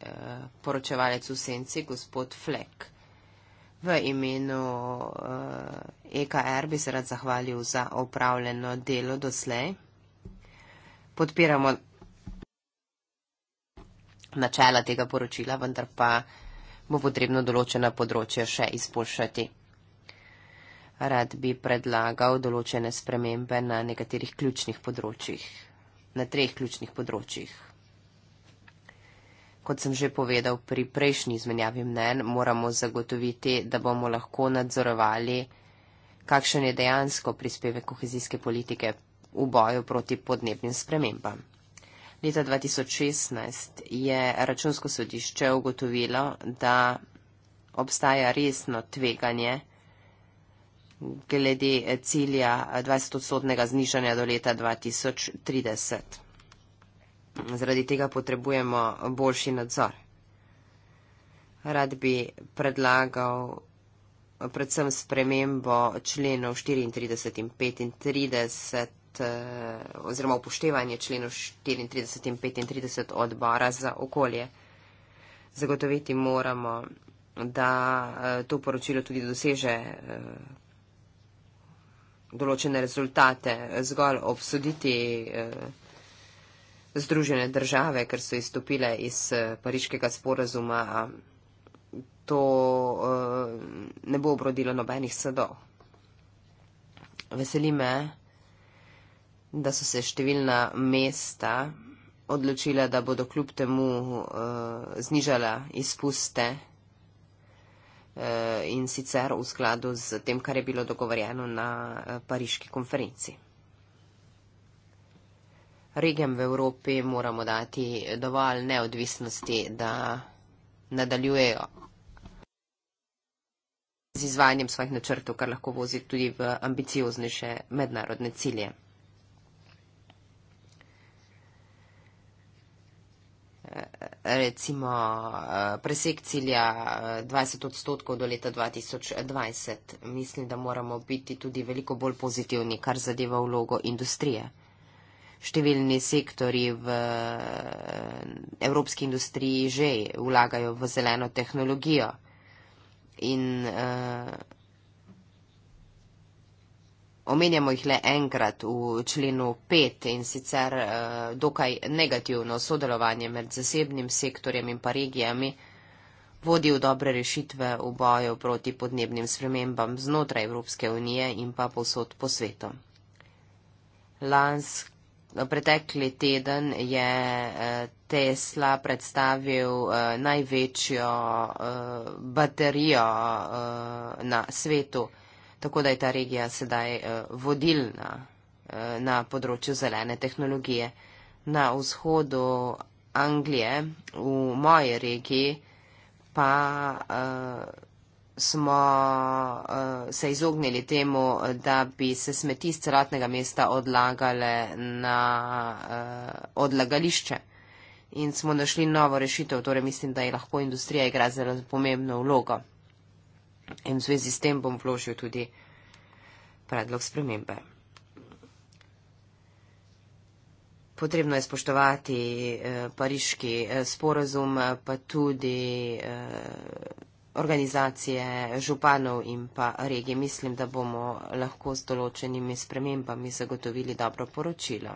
poročevalec v senci, gospod Flek. V imenu uh, eh, EKR bi se rad zahvalil za opravljeno delo doslej. Podpiramo načela tega poročila, vendar pa bo potrebno določena področja še izboljšati. Rad bi predlagal določene spremembe na nekaterih ključnih področjih, na treh ključnih področjih. Kot sem že povedal pri prejšnji izmenjavi mnen, moramo zagotoviti, da bomo lahko nadzorovali, kakšen je dejansko prispevek kohezijske politike v boju proti podnebnim spremembam. Leta 2016 je računsko sodišče ugotovilo, da obstaja resno tveganje glede cilja 20-odstotnega znižanja do leta 2030. Zaradi tega potrebujemo boljši nadzor. Rad bi predlagal predvsem spremembo členov 34 in 35 eh, oziroma upoštevanje členov 34 in 35 odbora za okolje. Zagotoviti moramo, da eh, to poročilo tudi doseže eh, določene rezultate. Zgolj obsoditi Združene države, ker so izstopile iz eh, pariškega sporazuma, to eh, ne bo obrodilo nobenih sadov. Veseli me, da so se številna mesta odločila, da bodo kljub temu eh, znižala izpuste in sicer v skladu z tem, kar je bilo dogovorjeno na pariški konferenci regijam v Evropi moramo dati dovolj neodvisnosti, da nadaljujejo z izvajanjem svojih načrtov, kar lahko vozi tudi v ambicioznejše mednarodne cilje. recimo presek cilja 20 odstotkov do leta 2020. Mislim, da moramo biti tudi veliko bolj pozitivni, kar zadeva vlogo industrije številni sektori v eh, evropski industriji že vlagajo v zeleno tehnologijo. In uh, omenjamo jih le enkrat v členu 5 in sicer uh, dokaj negativno sodelovanje med zasebnim sektorjem in pa regijami vodi v dobre rešitve v boju proti podnebnim spremembam znotraj Evropske unije in pa posod po svetu. Lansk Pretekli teden je eh, Tesla predstavil eh, največjo eh, baterijo na svetu, tako da je ta regija sedaj vodilna na področju zelene tehnologije. Na vzhodu Anglije, v moji regiji, pa smo uh, se izognili temu, da bi se smeti iz celotnega mesta odlagale na uh, odlagališče. In smo našli novo rešitev, torej mislim, da je lahko industrija igra zelo pomembno vlogo. In v zvezi s tem bom vložil tudi predlog spremembe. Potrebno je spoštovati eh, pariški eh, sporazum, pa tudi. Eh, organizacije županov in pa regije. Mislim, da bomo lahko z določenimi spremembami zagotovili dobro poročilo.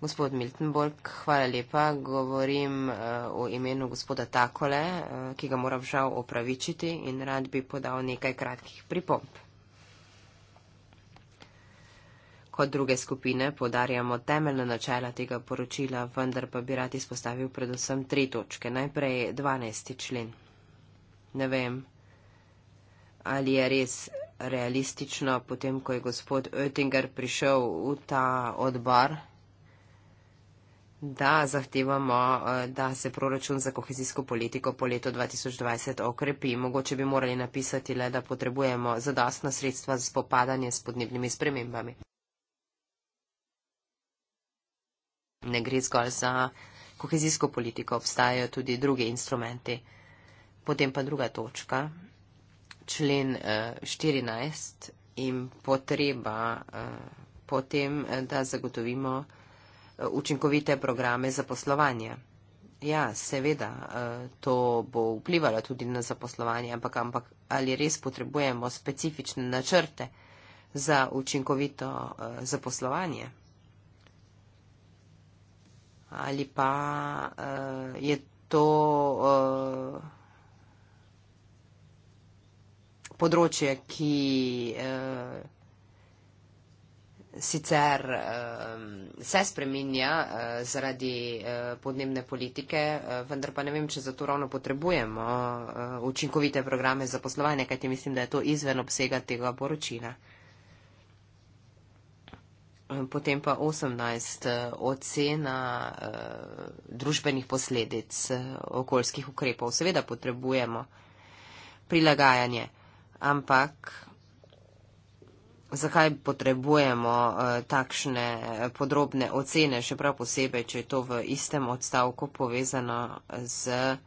Gospod Miltenborg, hvala lepa. Govorim uh, o imenu gospoda Takole, uh, ki ga moram žal opravičiti in rad bi podal nekaj kratkih pripomp. Kot druge skupine podarjamo temeljna načela tega poročila, vendar pa bi rad izpostavil predvsem tri točke. Najprej 12. člen ne vem, ali je res realistično, potem ko je gospod Oettinger prišel v ta odbor, da zahtevamo, eh, da se proračun za kohezijsko politiko po letu 2020 okrepi. Mogoče bi morali napisati le, da potrebujemo zadostna sredstva za spopadanje s podnebnimi spremembami. Ne gre zgolj za kohezijsko politiko, obstajajo tudi drugi instrumenti. Potem pa druga točka, člen 14 eh, in potreba eh, potem, eh, da zagotovimo učinkovite programe zaposlovanja. Ja, seveda, to bo vplivalo tudi na zaposlovanje, ampak, ampak ali res potrebujemo specifične načrte za učinkovito zaposlovanje? Ali pa je to področje, ki uh, sicer uh, se spreminja uh, zaradi uh, podnebne politike, uh, vendar pa ne vem, če zato ravno potrebujemo uh, učinkovite programe za poslovanje, kajti mislim, da je to izven obsega tega poročila. Potem pa 18 ocena uh, družbenih posledic uh, okoljskih ukrepov. Seveda potrebujemo prilagajanje ampak zakaj potrebujemo uh, takšne eh, podrobne ocene, še prav posebej, če je to v istem odstavku povezano z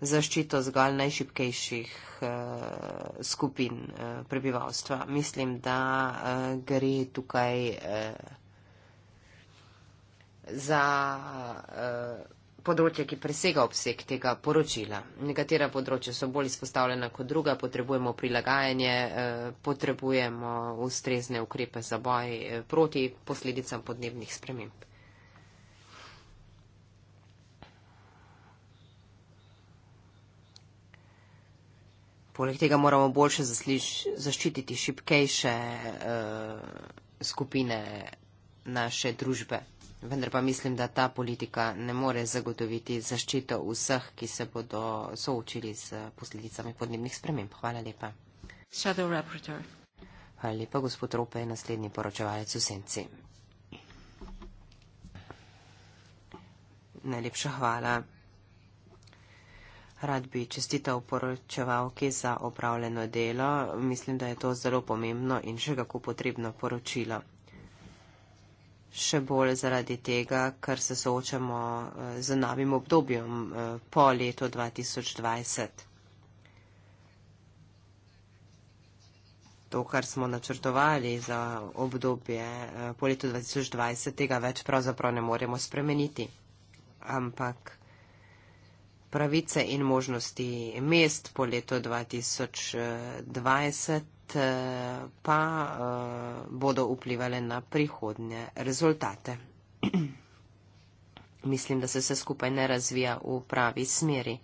zaščito zgolj najšipkejših uh, eh, skupin uh, prebivalstva. Mislim, da uh, gre tukaj uh, za. Uh, področje, ki presega obseg tega poročila. Nekatera področja so bolj izpostavljena kot druga, potrebujemo prilagajanje, eh, potrebujemo ustrezne ukrepe za boj eh, proti posledicam podnebnih sprememb. Poleg tega moramo boljše zaščititi šipkejše uh, eh, skupine naše družbe. Vendar pa mislim, da ta politika ne more zagotoviti zaščito vseh, ki se bodo soočili z posledicami podnebnih sprememb. Hvala lepa. Hvala lepa, gospod Rope, naslednji poročevalec v Senci. Najlepša hvala. Rad bi čestital poročevalki za opravljeno delo. Mislim, da je to zelo pomembno in še kako potrebno poročilo še bolj zaradi tega, ker se soočamo eh, z novim obdobjem eh, po letu 2020. To, kar smo načrtovali za obdobje eh, po letu 2020, tega več pravzaprav ne moremo spremeniti. Ampak pravice in možnosti mest po letu 2020 Eh, pa eh, bodo vplivali na prihodnje rezultate. Mislim, da se vse skupaj ne razvija v pravi smeri.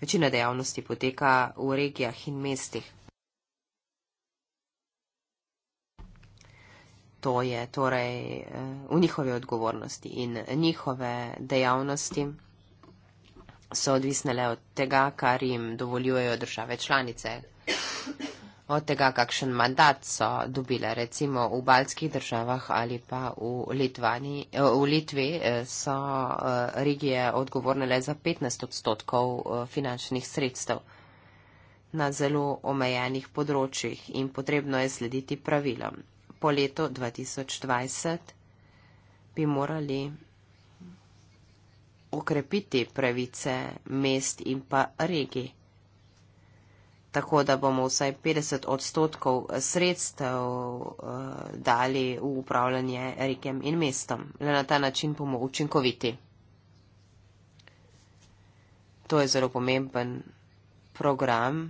Večina dejavnosti poteka v regijah in mestih. To je torej eh, v njihove odgovornosti in njihove dejavnosti so odvisne le od tega, kar jim dovoljujejo države članice od tega, kakšen mandat so dobile, recimo v baltskih državah ali pa v, Litvani, eh, v Litvi, eh, so eh, regije odgovorne le za 15 odstotkov finančnih sredstev na zelo omejenih področjih in potrebno je slediti pravilom. Po letu 2020 bi morali ukrepiti pravice mest in pa regij tako da bomo vsaj 50 odstotkov sredstev eh, dali v upravljanje rekem in mestom. Le na ta način bomo učinkoviti. To je zelo pomemben program.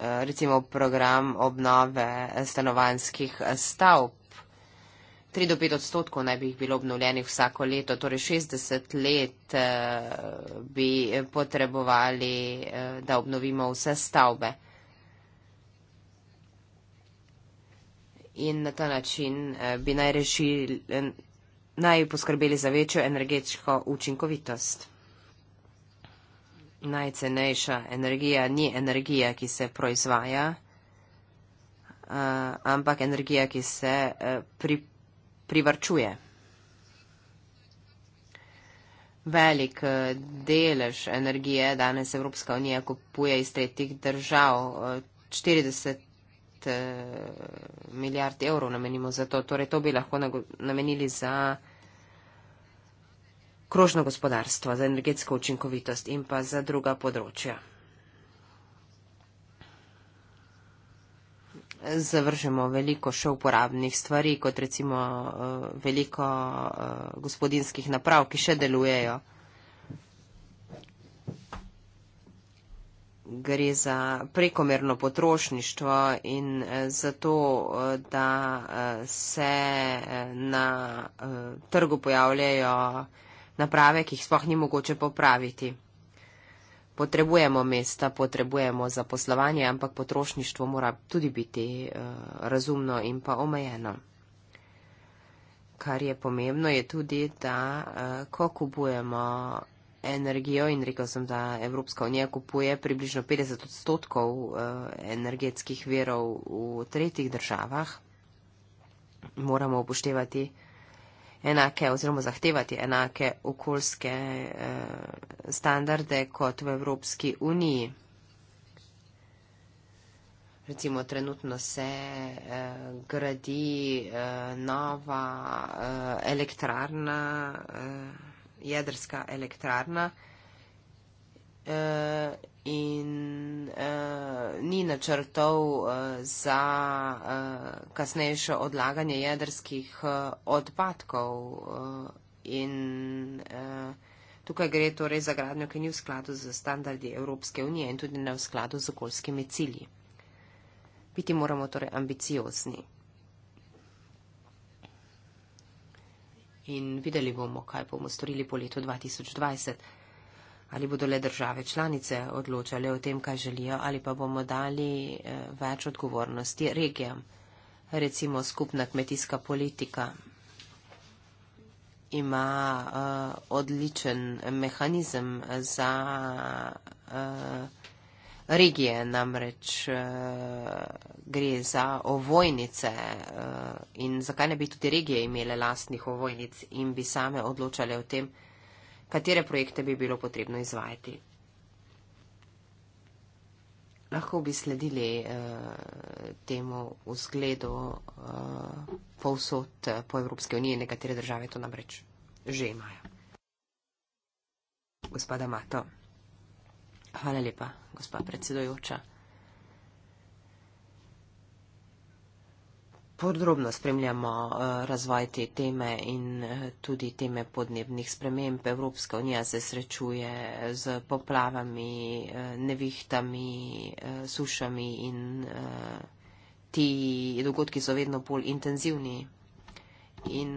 Eh, recimo program obnove stanovanskih stavb. 3 do 5 odstotkov naj bi jih bilo obnovljenih vsako leto, torej 60 let eh, bi potrebovali, eh, da obnovimo vse stavbe. In na ta način eh, bi naj, rešili, naj poskrbeli za večjo energetsko učinkovitost. Najcenejša energija ni energija, ki se proizvaja, ampak energija, ki se pripravlja privrčuje. Velik eh, delež energije danes Evropska unija kupuje iz tretjih držav. 40 eh, eh, milijard evrov namenimo za to. Torej, to bi lahko namenili za krožno gospodarstvo, za energetsko učinkovitost in pa za druga področja. zavržemo veliko še uporabnih stvari, kot recimo uh, veliko uh, eh, gospodinskih naprav, ki še delujejo. Gre za prekomerno potrošništvo in uh, zato, uh, da uh, se na uh, trgu pojavljajo naprave, ki jih sploh ni mogoče popraviti potrebujemo mesta, potrebujemo zaposlovanje, ampak potrošništvo mora tudi biti uh, razumno in pa omejeno. Kar je pomembno, je tudi, da uh, ko kupujemo energijo in rekel sem, da Evropska unija kupuje približno 50 odstotkov uh, energetskih verov v tretjih državah, moramo upoštevati, uh, enake oziroma zahtevati enake okoljske eh, standarde kot v Evropski uniji. Recimo trenutno se eh, gradi eh, nova eh, elektrarna, eh, jedrska elektrarna. Eh, in uh, ni načrtov uh, za uh, kasnejše odlaganje jedrskih uh, odpadkov. Uh, in uh, tukaj gre torej za gradnjo, ki ni v skladu z standardi Evropske unije in tudi ne v skladu z okoljskimi cilji. Biti moramo torej ambiciozni. In videli bomo, kaj bomo storili po letu 2020 ali bodo le države članice odločale o tem, kaj želijo, ali pa bomo dali eh, več odgovornosti regijam, recimo skupna kmetijska politika ima uh, odličen mehanizem za uh, regije, namreč uh, gre za ovojnice uh, in zakaj ne bi tudi regije imele lastnih ovojnic in bi same odločale o tem, uh, katere projekte bi bilo potrebno izvajati. Lahko bi sledili uh, temu vzgledu uh, povsod eh, po Evropske unije, nekatere države to namreč že imajo. Gospoda Mato, hvala lepa, gospa predsedojoča. podrobno spremljamo eh, razvoj te teme in eh, tudi teme podnebnih sprememb. Evropska unija se srečuje z poplavami, eh, nevihtami, sušami in ti dogodki so vedno bolj intenzivni in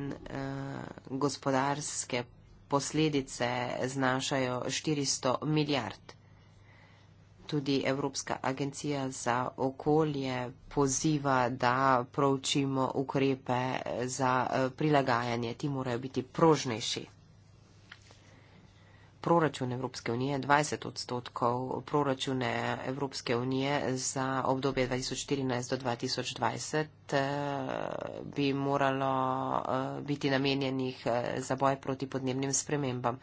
gospodarske posledice znašajo 400 milijard tudi Evropska agencija za okolje poziva, da proučimo ukrepe za eh, prilagajanje. Ti morajo biti prožnejši. Proračun Evropske unije, 20 odstotkov proračune Evropske unije za obdobje 2014 do 2020 eh, bi moralo eh, biti namenjenih za boj proti podnebnim spremembam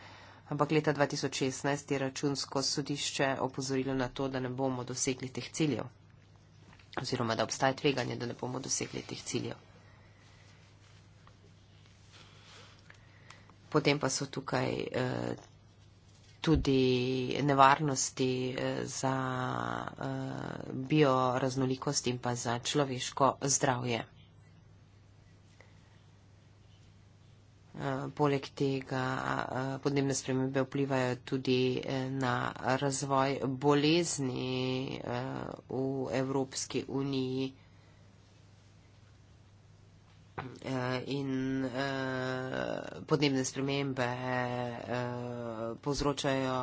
ampak leta 2016 je računsko sodišče opozorilo na to, da ne bomo dosegli teh ciljev oziroma da obstaja tveganje, da ne bomo dosegli teh ciljev. Potem pa so tukaj eh, tudi nevarnosti eh, za eh, bioraznolikost in pa za človeško zdravje. Eh, poleg tega eh, podnebne spremembe vplivajo tudi eh, na razvoj bolezni v Evropski uniji. In podnebne spremembe povzročajo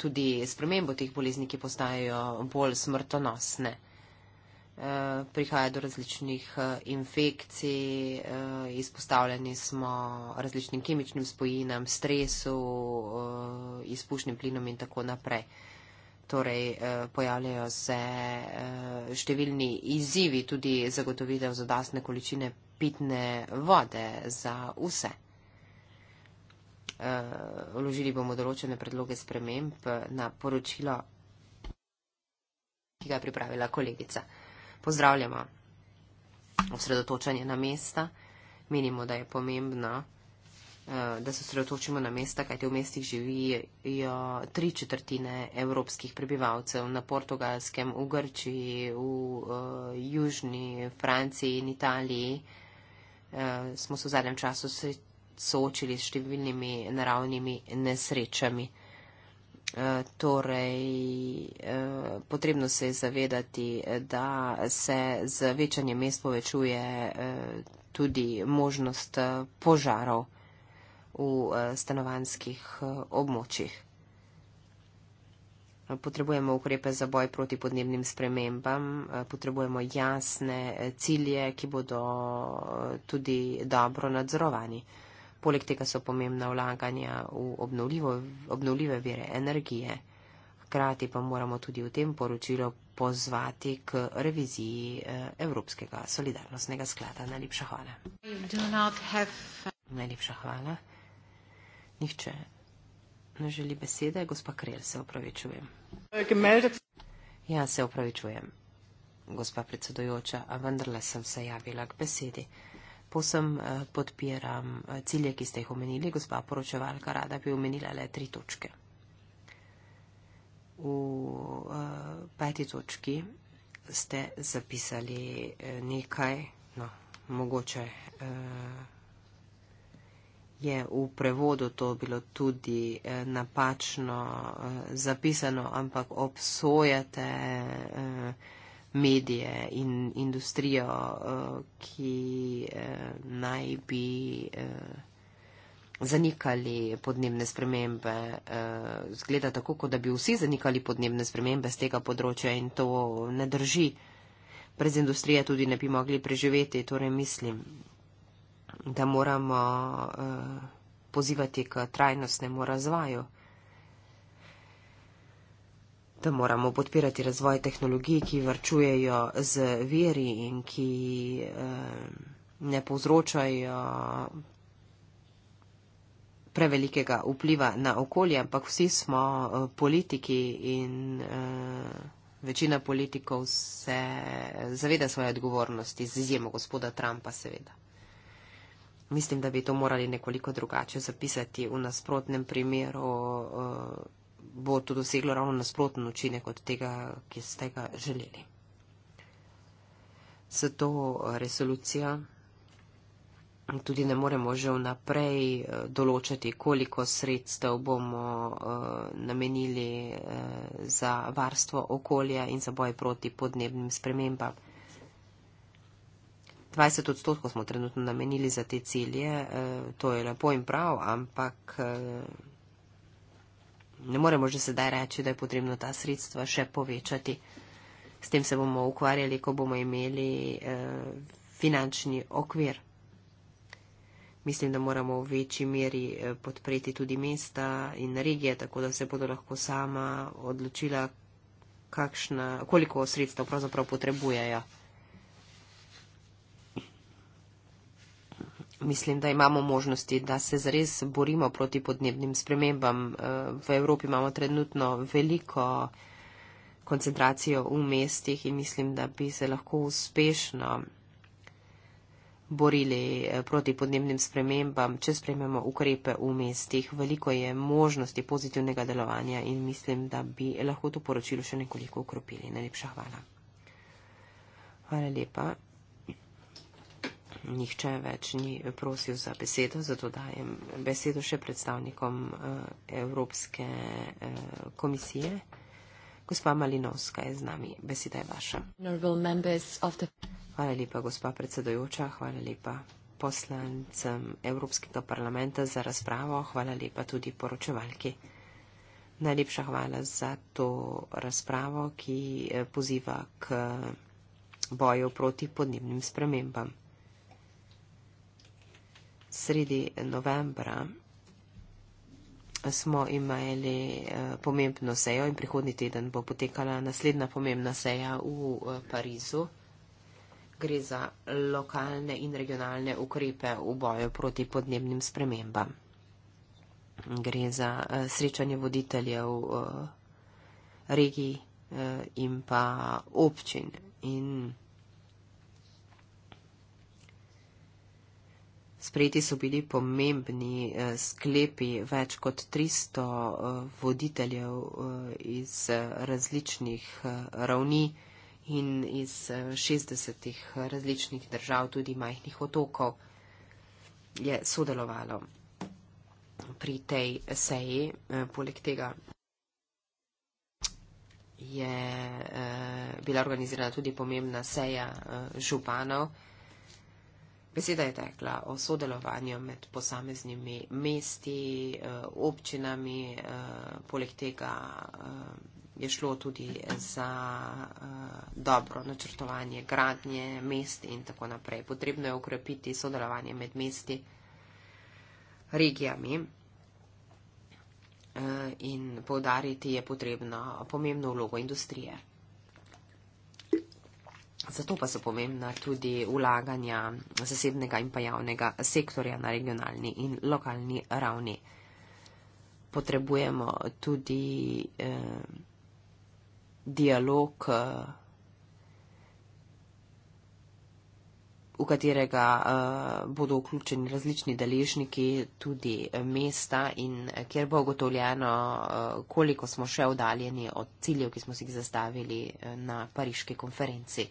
tudi spremembo teh bolezni, ki postajajo bolj smrtonosne. Eh, prihaja do različnih eh, infekcij, eh, izpostavljeni smo različnim kemičnim spojinam, stresu, izpušnim plinom in tako naprej. Torej, pojavljajo se številni izzivi tudi zagotovitev zadostne količine pitne vode za vse. Vložili bomo določene predloge sprememb na poročilo, ki ga je pripravila kolegica pozdravljamo osredotočanje na mesta, menimo, da je pomembno, eh, da se osredotočimo na mesta, kajte v mestih živijo tri četrtine evropskih prebivalcev na portugalskem, v Grčiji, v uh, južni Franciji in Italiji. Uh, smo se v zadnjem času soočili s številnimi naravnimi nesrečami. Eh, torej, eh, potrebno se je zavedati, da se z večanjem mest povečuje eh, tudi možnost požarov v stanovanskih območjih. Potrebujemo ukrepe za boj proti podnebnim spremembam, potrebujemo jasne cilje, ki bodo tudi dobro nadzorovani. Poleg tega so pomembna vlaganja v obnovljive vire energije. Hkrati pa moramo tudi v tem poročilu pozvati k reviziji eh, Evropskega solidarnostnega sklada. Najlepša hvala.
Uh,
Najlepša hvala. Nihče ne želi besede. Gospa Krel, se opravičujem. Ja, se opravičujem, gospa predsedojoča, a vendarle sem se javila k besedi posem eh, podpiram eh, cilje, ki ste jih omenili. Gospa poročevalka rada bi omenila le tri točke. V eh, peti točki ste zapisali nekaj, no, mogoče je v prevodu to bilo tudi napačno zapisano, ampak obsojate medije in industrijo, eh, ki eh, naj bi eh, zanikali podnebne spremembe. Zgleda tako, kot da bi vsi zanikali podnebne spremembe z tega področja in to ne drži. Prez industrije tudi ne bi mogli preživeti. Torej mislim, da moramo pozivati k trajnostnemu razvoju da moramo podpirati razvoj tehnologij, ki varčujejo z veri in ki eh, ne povzročajo prevelikega vpliva na okolje, ampak vsi smo eh, politiki in eh, večina politikov se zaveda svoje odgovornosti, z izjemo gospoda Trumpa seveda. Mislim, da bi to morali nekoliko drugače zapisati. V nasprotnem primeru bo to doseglo ravno nasprotno učine kot tega, ki ste ga želeli. Zato resolucija tudi ne moremo že vnaprej eh, določati, koliko sredstev bomo eh, namenili eh, za varstvo okolja in za boj proti podnebnim spremembam. 20 odstotkov smo trenutno namenili za te cilje, to je lepo in prav, ampak ne moremo že sedaj reči, da je potrebno ta sredstva še povečati. S tem se bomo ukvarjali, ko bomo imeli eh, finančni okvir. Mislim, da moramo v večji meri eh, podpreti tudi mesta in regije, tako da se bodo lahko sama odločila, kakšna, koliko sredstev pravzaprav potrebujejo. mislim, da imamo možnosti, da se zares borimo proti podnebnim spremembam. Eh, v Evropi imamo trenutno veliko koncentracijo v mestih in mislim, da bi se lahko uspešno borili eh, proti podnebnim spremembam, če sprememo ukrepe v mestih. Veliko je možnosti pozitivnega delovanja in mislim, da bi lahko to poročilo še nekoliko ukropili. Najlepša hvala. Hvala lepa nihče več ni prosil za besedo, zato dajem besedo še predstavnikom eh, Evropske eh, komisije. Gospa Malinovska je z nami, beseda je vaša. Hvala lepa, gospa predsedojoča, hvala lepa poslancem Evropskega parlamenta za razpravo, hvala lepa tudi poročevalki. Najlepša hvala za to razpravo, ki eh, poziva k boju proti podnebnim spremembam sredi novembra smo imeli eh, pomembno sejo in prihodni teden bo potekala naslednja pomembna seja v eh, Parizu. Gre za lokalne in regionalne ukrepe v boju proti podnebnim spremembam. Gre za eh, srečanje voditeljev regij in pa občin. In Sprejeti so bili pomembni eh, sklepi več kot 300 eh, voditeljev eh, iz različnih ravni in iz 60 različnih držav, tudi majhnih otokov, je sodelovalo pri tej seji. Poleg tega je bila organizirana tudi pomembna seja županov. Beseda je tekla o sodelovanju med posameznimi mesti, eh, občinami, eh, poleg tega eh, je šlo tudi za dobro načrtovanje gradnje mest in tako naprej. Potrebno je ukrepiti sodelovanje med mesti, regijami in povdariti je potrebno pomembno vlogo industrije. Zato pa so pomembna tudi ulaganja zasebnega in pa javnega sektorja na regionalni in lokalni ravni. Potrebujemo tudi eh, dialog. Eh, v katerega uh, bodo vključeni različni deležniki, tudi mesta in eh, kjer bo ugotovljeno, uh, koliko smo še oddaljeni od ciljev, ki smo si jih zastavili na pariški konferenci.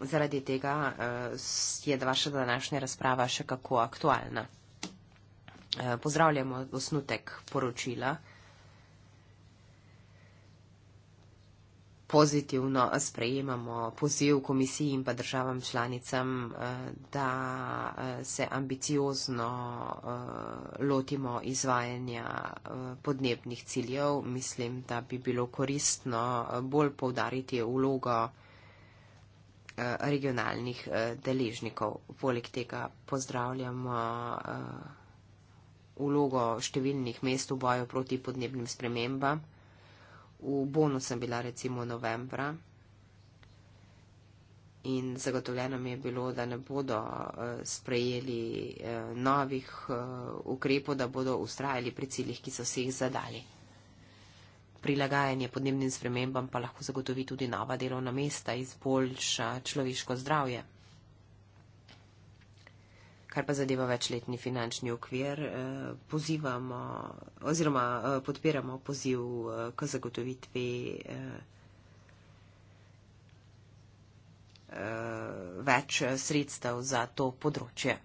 Zaradi tega uh, je vaša današnja razprava še kako aktualna. Uh, pozdravljamo osnutek poročila. pozitivno sprejemamo poziv komisiji in pa državam članicam, eh, da eh, se ambiciozno eh, lotimo izvajanja podnebnih ciljev. Mislim, da bi bilo koristno bolj povdariti ulogo regionalnih deležnikov. Poleg tega pozdravljamo ulogo številnih mest v boju proti podnebnim spremembam. V Bonu sem bila recimo novembra in zagotovljeno mi je bilo, da ne bodo eh, sprejeli eh, novih eh, ukrepov, da bodo ustrajali pri ciljih, ki so si jih zadali. Prilagajanje podnebnim spremembam pa lahko zagotovi tudi nova delovna mesta, izboljša človeško zdravje. Kar pa zadeva večletni finančni okvir, eh, pozivamo oziroma eh, podpiramo poziv eh, k zagotovitvi več sredstev za to področje.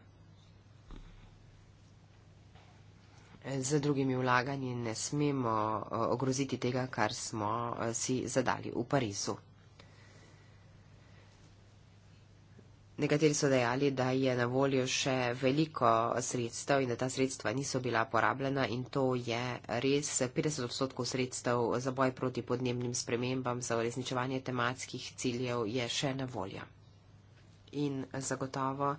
Z drugimi vlaganji ne smemo ogroziti tega, kar smo si zadali v Parizu. Nekateri so dejali, da je na voljo še veliko sredstev in da ta sredstva niso bila porabljena in to je res 50 odstotkov sredstev za boj proti podnebnim spremembam, za uresničevanje tematskih ciljev je še na voljo. In zagotovo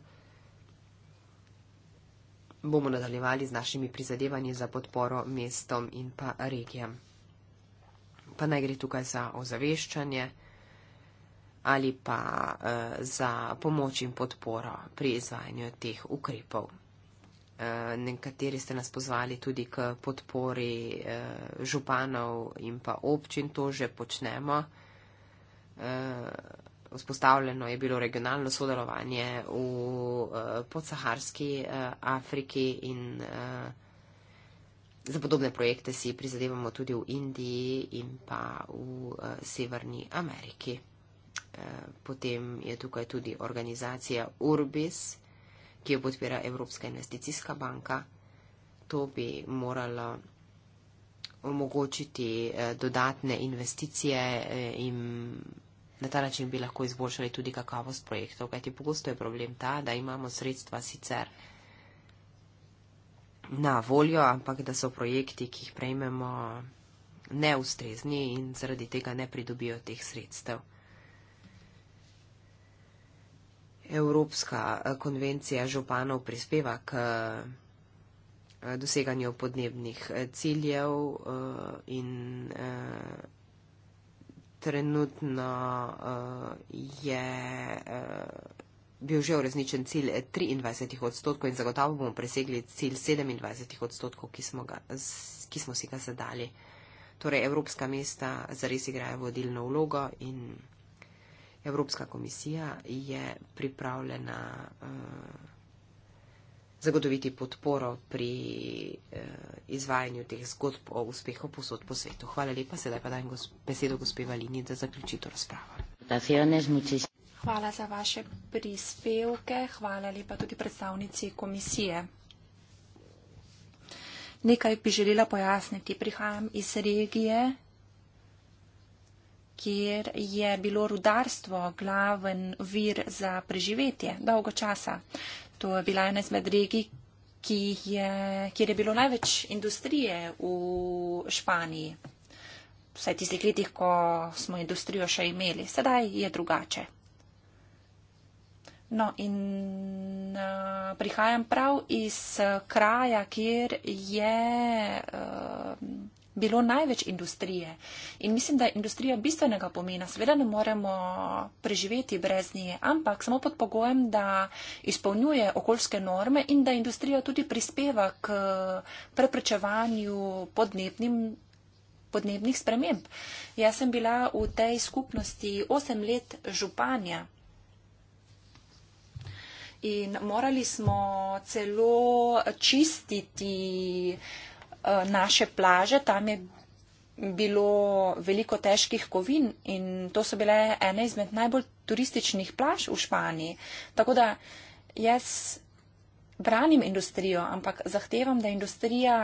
bomo nadaljevali z našimi prizadevanji za podporo mestom in pa regijam. Pa naj gre tukaj za ozaveščanje ali pa eh, za pomoč in podporo pri izvajanju teh ukrepov. Eh, nekateri ste nas pozvali tudi k podpori eh, županov in pa občin, to že počnemo. Vzpostavljeno je bilo regionalno sodelovanje v podsaharski Afriki in za podobne projekte si prizadevamo tudi v Indiji in pa v Severni Ameriki. Potem je tukaj tudi organizacija Urbis, ki jo podpira Evropska investicijska banka. To bi moralo omogočiti eh, dodatne investicije eh, in na ta način bi lahko izboljšali tudi kakovost projektov, kajti pogosto je problem ta, da imamo sredstva sicer na voljo, ampak da so projekti, ki jih prejmemo, neustrezni in zaradi tega ne pridobijo teh sredstev. Evropska eh, konvencija županov prispeva k eh, doseganju podnebnih eh, ciljev in trenutno je bil že uresničen cilj 23 odstotkov in zagotovo bomo presegli cilj 27 odstotkov, ki smo, ga, ki smo si ga zadali. Torej, evropska mesta zares igrajo vodilno vlogo in. Evropska komisija je pripravljena eh, zagotoviti podporo pri eh, izvajanju teh zgodb o uspehu posod po svetu. Hvala lepa, sedaj pa dajem besedo gospe Valini, da zaključi to razpravo.
Hvala za vaše prispevke, hvala lepa tudi predstavnici komisije. Nekaj bi želela pojasniti. Prihajam iz regije, kjer je bilo rudarstvo glaven vir za preživetje dolgo časa. To je bila ena izmed regij, je, kjer je bilo največ industrije v Španiji. Vsaj tistih letih, ko smo industrijo še imeli. Sedaj je drugače. No in uh, prihajam prav iz uh, kraja, kjer je. Uh, bilo največ industrije. In mislim, da je industrija bistvenega pomena. Seveda ne moremo preživeti brez nje, ampak samo pod pogojem, da izpolnjuje okoljske norme in da industrija tudi prispeva k preprečevanju podnebnim podnebnih sprememb. Jaz sem bila v tej skupnosti 8 let županja in morali smo celo čistiti uh, Eh, naše plaže, tam je bilo veliko težkih kovin in to so bile ene izmed najbolj turističnih plaž v Španiji. Tako da jaz branim industrijo, ampak zahtevam, da industrija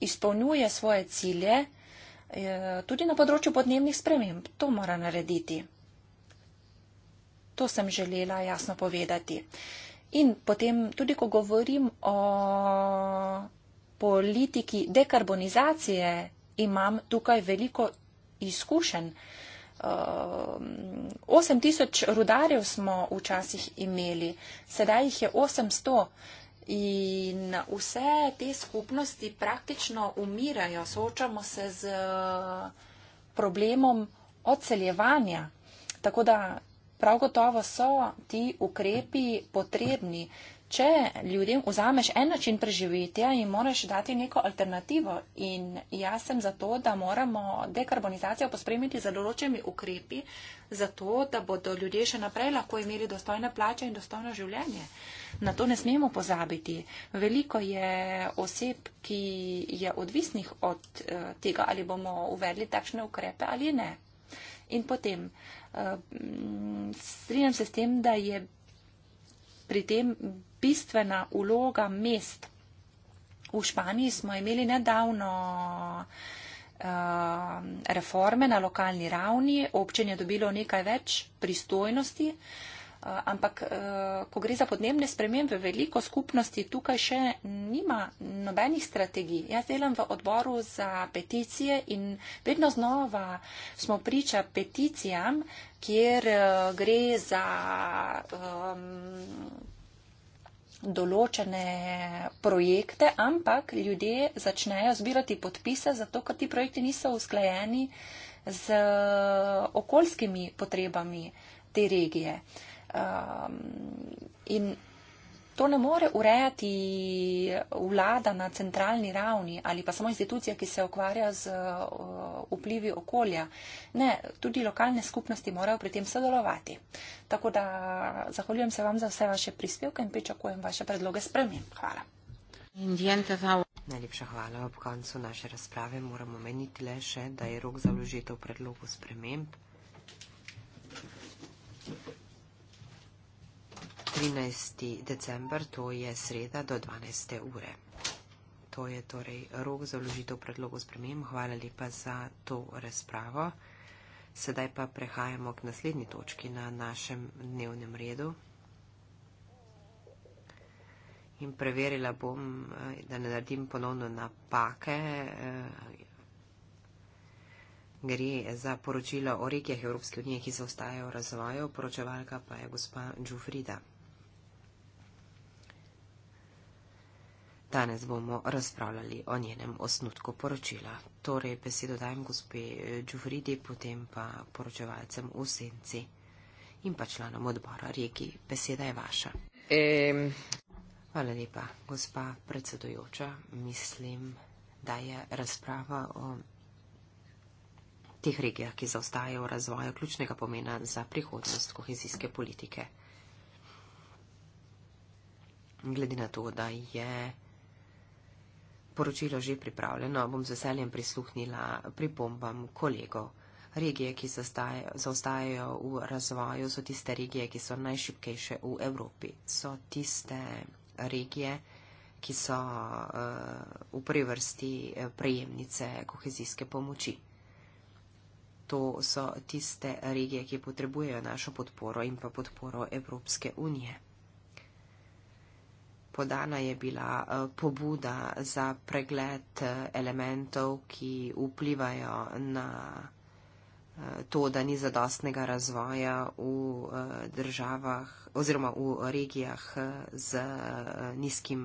izpolnjuje svoje cilje eh, tudi na področju podnebnih sprememb. To mora narediti. To sem želela jasno povedati. In potem, tudi ko govorim o politiki dekarbonizacije imam tukaj veliko izkušenj. 8 ehm, tisoč rudarjev smo včasih imeli, sedaj jih je 800 in vse te skupnosti praktično umirajo. Soočamo se z eh, problemom odseljevanja. Tako da prav gotovo so ti ukrepi potrebni če ljudem vzameš en način preživetja, jim moraš dati neko alternativo. In jaz sem za to, da moramo dekarbonizacijo pospremiti za določenimi ukrepi, zato da bodo ljudje še naprej lahko imeli dostojne plače in dostojno življenje. Na to ne smemo pozabiti. Veliko je oseb, ki je odvisnih od eh, tega, ali bomo uvedli takšne ukrepe ali ne. In potem, eh, strinjam se s tem, da je pri tem bistvena vloga mest. V Španiji smo imeli nedavno eh, reforme na lokalni ravni, občin je dobilo nekaj več pristojnosti, eh, ampak eh, ko gre za podnebne spremembe, veliko skupnosti tukaj še nima nobenih strategij. Jaz delam v odboru za peticije in vedno znova smo priča peticijam, kjer gre za. Um, določene projekte, ampak ljudje začnejo zbirati podpise, zato ker ti projekti niso usklajeni z eh, okoljskimi potrebami te regije. Um, in To ne more urejati vlada na centralni ravni ali pa samo institucija, ki se ukvarja z uh, vplivi okolja. Ne, tudi lokalne skupnosti morajo pri tem sodelovati. Tako da zahvaljujem se vam za vse vaše prispevke in pričakujem vaše predloge spremem. Hvala.
Najlepša hvala. Ob koncu naše razprave moramo meniti le še, da je rok za vložitev predlogu sprememb. Thank you. 13. december, to je sreda do 12. ure. To je torej rok za vložitev predlogov spremem. Hvala lepa za to razpravo. Sedaj pa prehajamo k naslednji točki na našem dnevnem redu. In preverila bom, eh, da ne naredim ponovno napake. Eh, gre za poročila o regijah Evropske unije, ki zaostajajo v razvoju, poročevalka pa je gospa Džufrida. Danes bomo razpravljali o njenem osnutku poročila. Torej, besedo dajem gospe eh, Džufridi, potem pa poročevalcem v senci in pa članom odbora Rigi. Beseda je vaša. Um. Hvala lepa, gospa predsedojoča. Mislim, da je razprava o teh regijah, ki zaostajajo v razvoju, ključnega pomena za prihodnost kohezijske politike. Glede na to, da je poročilo že pripravljeno, bom z veseljem prisluhnila pripombam kolegov. Regije, ki zaostajajo v razvoju, so tiste regije, ki so najšipkejše v Evropi. So tiste regije, ki so uh, v prvi vrsti eh, prejemnice kohezijske pomoči. To so tiste regije, ki potrebujejo našo podporo in pa podporo Evropske unije podana je bila eh, pobuda za pregled eh, elementov, ki vplivajo na eh, to, da ni zadostnega razvoja v državah oziroma v regijah z nizkim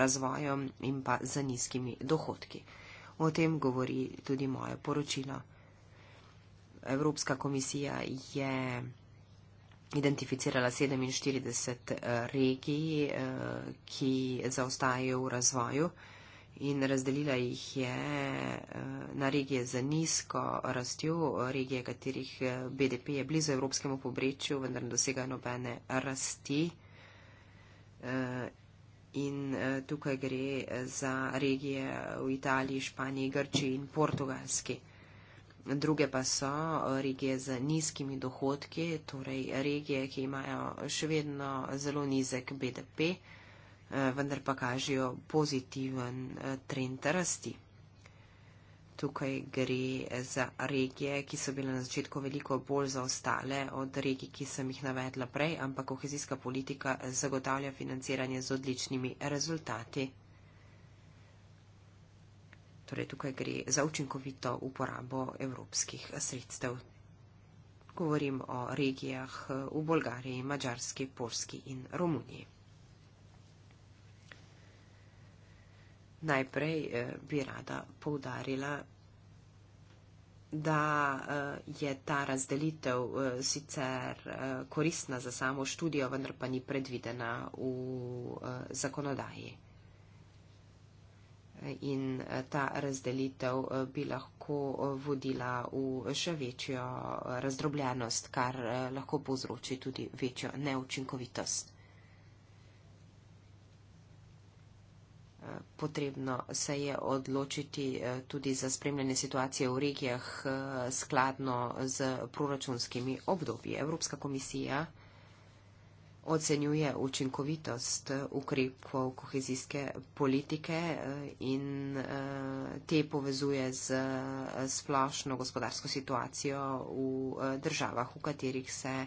razvojem in pa z nizkimi dohodki. O tem govori tudi moje poročilo. Evropska komisija je identificirala 47 eh, regij, eh, ki zaostajajo v razvoju in razdelila jih je eh, na regije z nizko rastjo, regije, katerih BDP je blizu evropskemu pobrečju, vendar ne dosega nobene rasti. In tukaj gre za regije v Italiji, Španiji, Grčiji in Portugalski druge pa so eh, regije z nizkimi dohodki, torej regije, ki imajo še vedno zelo nizek BDP, eh, vendar pa kažejo pozitiven eh, trend rasti. Tukaj gre za regije, ki so bile na začetku veliko bolj zaostale od regij, ki sem jih navedla prej, ampak kohezijska politika zagotavlja financiranje z odličnimi rezultati torej tukaj gre za učinkovito uporabo evropskih sredstev. Govorim o regijah v Bolgariji, Mačarski, Polski in Romuniji. Najprej eh, bi rada poudarila, da eh, je ta razdelitev eh, sicer koristna za samo študijo, vendar pa ni predvidena v zakonodaji in eh, ta razdelitev eh, bi lahko eh, vodila v še večjo razdrobljenost, kar lahko povzroči tudi večjo neučinkovitost. Potrebno se je odločiti tudi za spremljanje situacije v regijah skladno z proračunskimi obdobji. Evropska komisija ocenjuje učinkovitost ukrepov kohezijske politike eh, in eh, te povezuje z eh, splošno gospodarsko situacijo v državah, v katerih se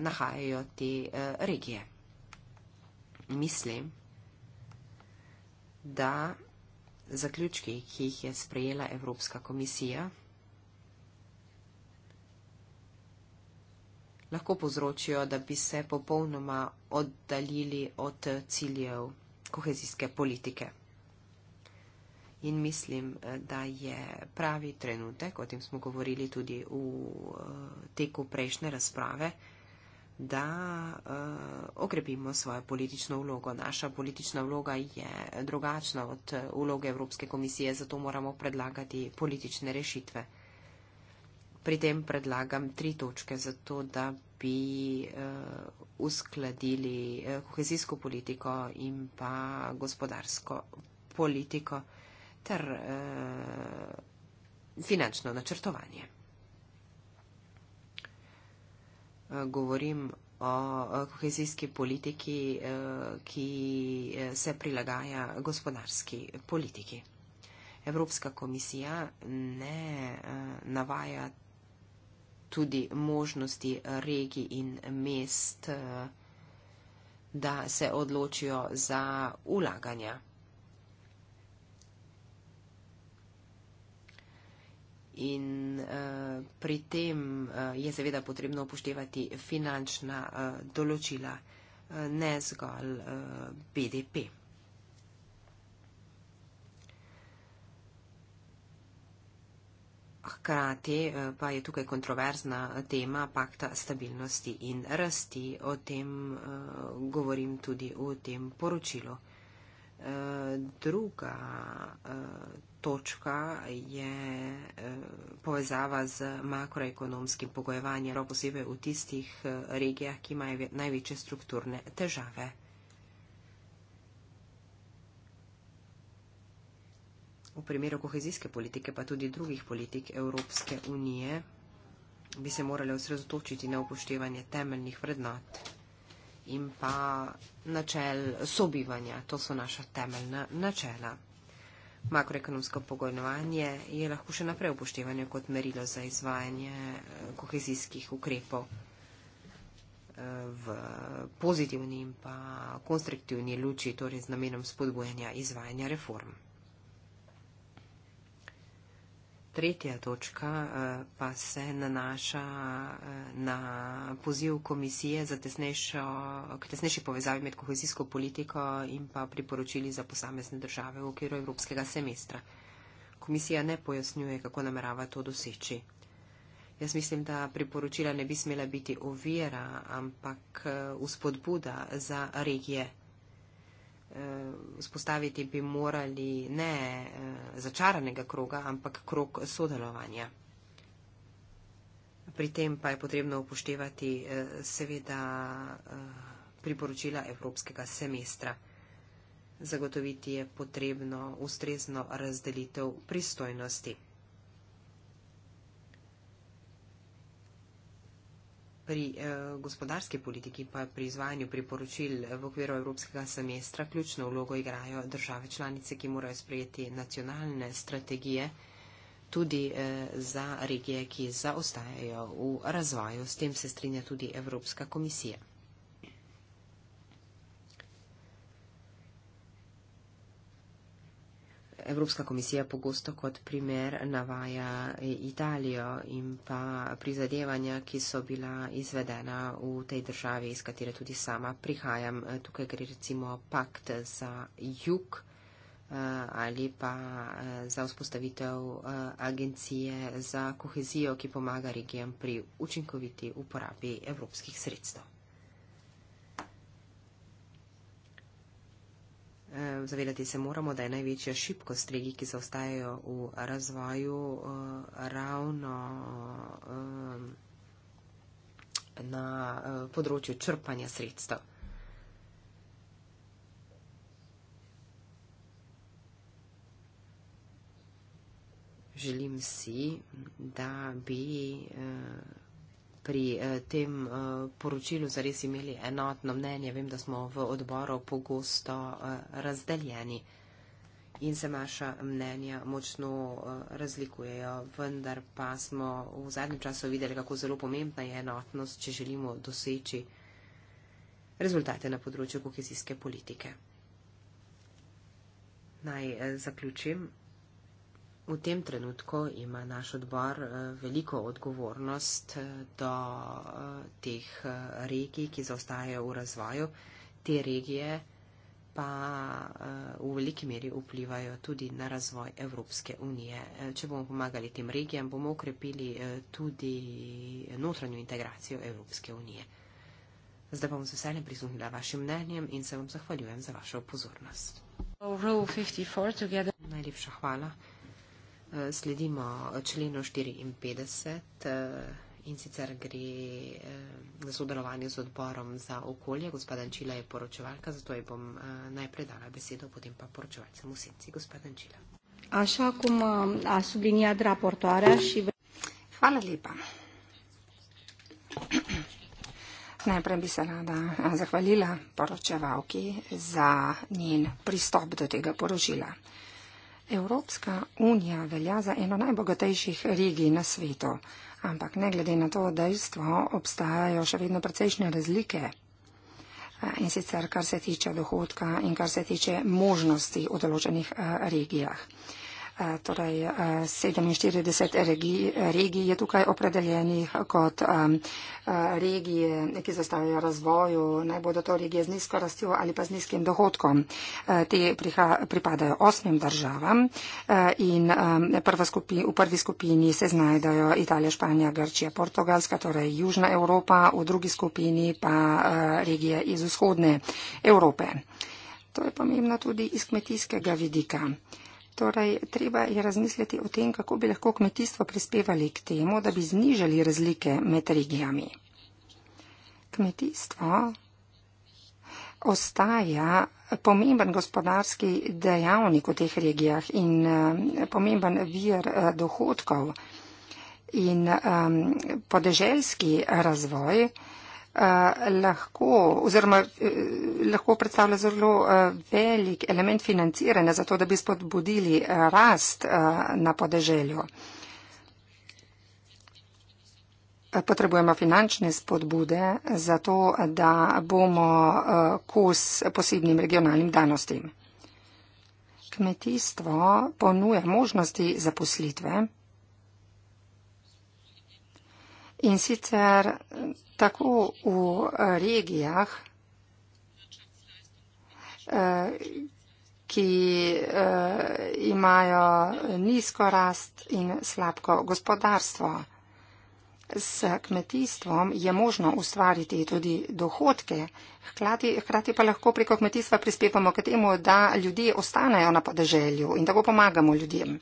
nahajajo te regije. Mislim, da zaključki, ki jih je sprejela Evropska komisija, lahko povzročijo, da bi se popolnoma oddaljili od ciljev kohezijske politike. In mislim, da je pravi trenutek, o tem smo govorili tudi v eh, teku prejšnje razprave, da eh, okrepimo svojo politično vlogo. Naša politična vloga je drugačna od vloge Evropske komisije, zato moramo predlagati politične rešitve. Pri tem predlagam tri točke za to, da bi uh, uskladili eh, kohezijsko politiko in pa gospodarsko politiko ter uh, finančno načrtovanje. Uh, govorim o kohezijski politiki, uh, ki se prilagaja gospodarski politiki. Evropska komisija ne uh, navaja tudi možnosti regij in mest, eh, da se odločijo za ulaganja. In eh, pri tem eh, je seveda potrebno upoštevati finančna določila, ne zgolj BDP. Hkrati eh, pa je tukaj kontroverzna tema pakta stabilnosti in rasti. O tem eh, govorim tudi v tem poročilu. Eh, druga točka je povezava z makroekonomskim pogojevanjem, posebej v tistih regijah, ki imajo največje strukturne težave. V primeru kohezijske politike, pa tudi drugih politik Evropske unije, bi se morali osredotočiti na upoštevanje temeljnih vrednot in pa načel sobivanja. To so naša temeljna načela. Makroekonomsko pogojnovanje je lahko še naprej upoštevanje kot merilo za izvajanje eh, kohezijskih ukrepov eh, v pozitivni in pa konstruktivni luči, torej z namenom spodbujanja izvajanja reform. Tretja točka eh, pa se nanaša eh, na poziv komisije za tesnejšo, tesnejši povezavi med kohezijsko politiko in pa priporočili za posamezne države v okviru evropskega semestra. Komisija ne pojasnjuje, kako namerava to doseči. Jaz mislim, da priporočila ne bi smela biti ovira, ampak uspodbuda eh, za regije Eh, vzpostaviti bi morali ne eh, začaranega kroga, ampak krog sodelovanja. Pri tem pa je potrebno upoštevati eh, seveda priporočila Evropskega semestra. Zagotoviti je potrebno ustrezno razdelitev pristojnosti. Pri eh, gospodarski politiki pa pri izvajanju priporočil v okviru Evropskega semestra ključno vlogo igrajo države članice, ki morajo sprejeti nacionalne strategije tudi eh, za regije, ki zaostajajo v razvoju. S tem se strinja tudi Evropska komisija. Evropska komisija pogosto kot primer navaja Italijo in pa prizadevanja, ki so bila izvedena v tej državi, iz katere tudi sama prihajam. Tukaj gre recimo pakt za jug eh, ali pa eh, za vzpostavitev eh, agencije za kohezijo, ki pomaga regijam pri učinkoviti uporabi evropskih sredstev. Eh, zavedati se moramo, da je največja šibkost regij, ki zaostajajo v razvoju, eh, ravno eh, na področju črpanja sredstev. Želim si, da bi pri eh, tem eh, poročilu zares imeli enotno mnenje. Vem, da smo v odboru pogosto eh, razdeljeni in se naša mnenja močno razlikujejo, vendar pa smo v zadnjem času videli, kako zelo pomembna je enotnost, če želimo doseči rezultate na področju kohezijske politike. Naj zaključim. V tem trenutku ima naš odbor eh, veliko odgovornost eh, do eh, teh regij, ki zaostajajo v razvoju. Te regije pa v veliki meri vplivajo tudi na razvoj Evropske unije. Če bomo pomagali tem regijam, bomo ukrepili tudi notranjo integracijo Evropske unije. Zdaj bom z veseljem prisluhnila vašim mnenjem in se vam zahvaljujem za vašo pozornost. Najlepša hvala sledimo členu 54 eh, in sicer gre eh, za sodelovanje z odborom za okolje. Gospod Ančila je poročevalka, zato ji bom eh, najprej dala besedo, potem pa poročevalcem v senci. Gospod Ančila. Hvala lepa.
Najprej bi se rada zahvalila poročevalki za njen pristop do tega poročila. Evropska unija velja za eno najbogatejših regij na svetu, ampak ne glede na to dejstvo obstajajo še vedno precejšnje razlike. In sicer kar se tiče dohodka in kar se tiče možnosti v določenih eh, regijah. Eh, torej 47 eh, regij, regij je tukaj opredeljenih kot eh, regije, ki zastavijo razvoju, naj bodo to regije z nizko rastjo ali pa z nizkim dohodkom. Te pripadajo osmim državam in prva skupi, v prvi skupini se znajdajo Italija, Španija, Grčija, Portugalska, torej Južna Evropa, v drugi skupini pa regije iz vzhodne Evrope. To je pomembno tudi iz kmetijskega vidika. Torej, treba je razmisliti o tem, kako bi lahko kmetijstvo prispevali k temu, da bi znižali razlike med regijami. Kmetijstvo ostaja pomemben gospodarski dejavnik v teh regijah in eh, pomemben vir eh, dohodkov in eh, podeželski razvoj. Eh, lahko, oziroma, uh, lahko predstavlja zelo uh, velik element financiranja za to, da bi spodbudili uh, rast uh, na podeželju. Potrebujemo finančne spodbude za to, da bomo uh, kos posebnim regionalnim danostim. Kmetijstvo ponuja možnosti zaposlitve in sicer tako v eh, regijah, eh, ki eh, imajo nizko rast in slabko gospodarstvo. S kmetijstvom je možno ustvariti tudi dohodke, hkrati, hkrati pa lahko preko kmetijstva prispevamo k temu, da ljudje ostanejo na podeželju in da ga pomagamo ljudem.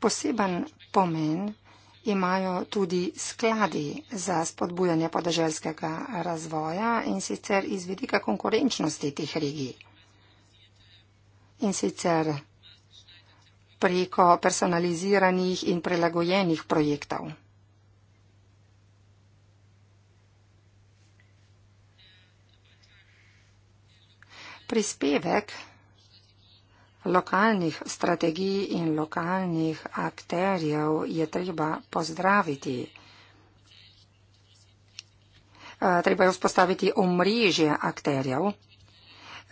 Poseben pomen imajo tudi skladi za spodbujanje podeželskega razvoja in sicer iz vidika konkurenčnosti tih regij. In sicer preko personaliziranih in prilagojenih projektov. Prispevek lokalnih strategij in lokalnih akterjev je treba pozdraviti. Eh, treba je vzpostaviti omrežje akterjev,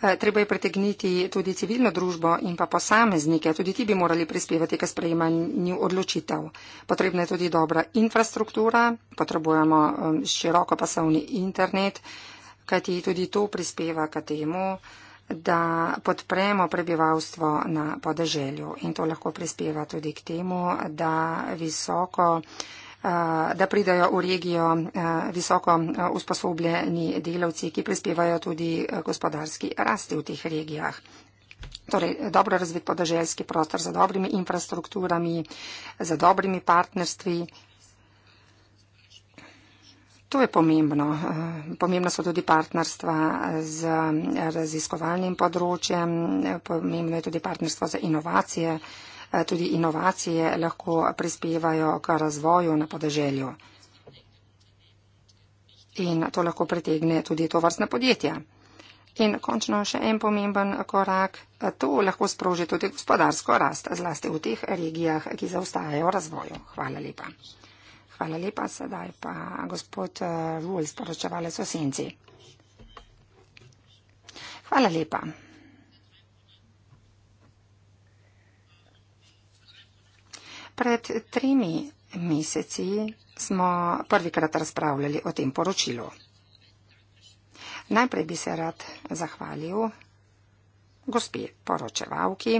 eh, treba je pritegniti tudi civilno družbo in pa posameznike, tudi ti bi morali prispevati k sprejemanju odločitev. Potrebna je tudi dobra infrastruktura, potrebujemo eh, široko pasovni internet, kajti tudi to prispeva k temu, da podpremo prebivalstvo na podeželju. In to lahko prispeva tudi k temu, da visoko eh, da pridajo v regijo eh, visoko eh, usposobljeni delavci, ki prispevajo tudi gospodarski rasti v teh regijah. Torej, dobro razvit podeželjski prostor za dobrimi infrastrukturami, za dobrimi partnerstvi to je pomembno. Eh, pomembno so tudi partnerstva z raziskovalnim področjem, pomembno je tudi partnerstvo za inovacije. Eh, tudi inovacije lahko prispevajo k razvoju na podeželju. In to lahko pritegne tudi to vrstne podjetja. In končno še en pomemben korak, eh, to lahko sproži tudi gospodarsko rast, zlasti v teh regijah, ki zaostajajo razvoju. Hvala lepa. Hvala lepa, sedaj pa gospod Vulj, eh, sporočevale so senci. Hvala lepa. Pred tremi meseci smo prvikrat razpravljali o tem poročilu. Najprej bi se rad zahvalil gospe poročevalki.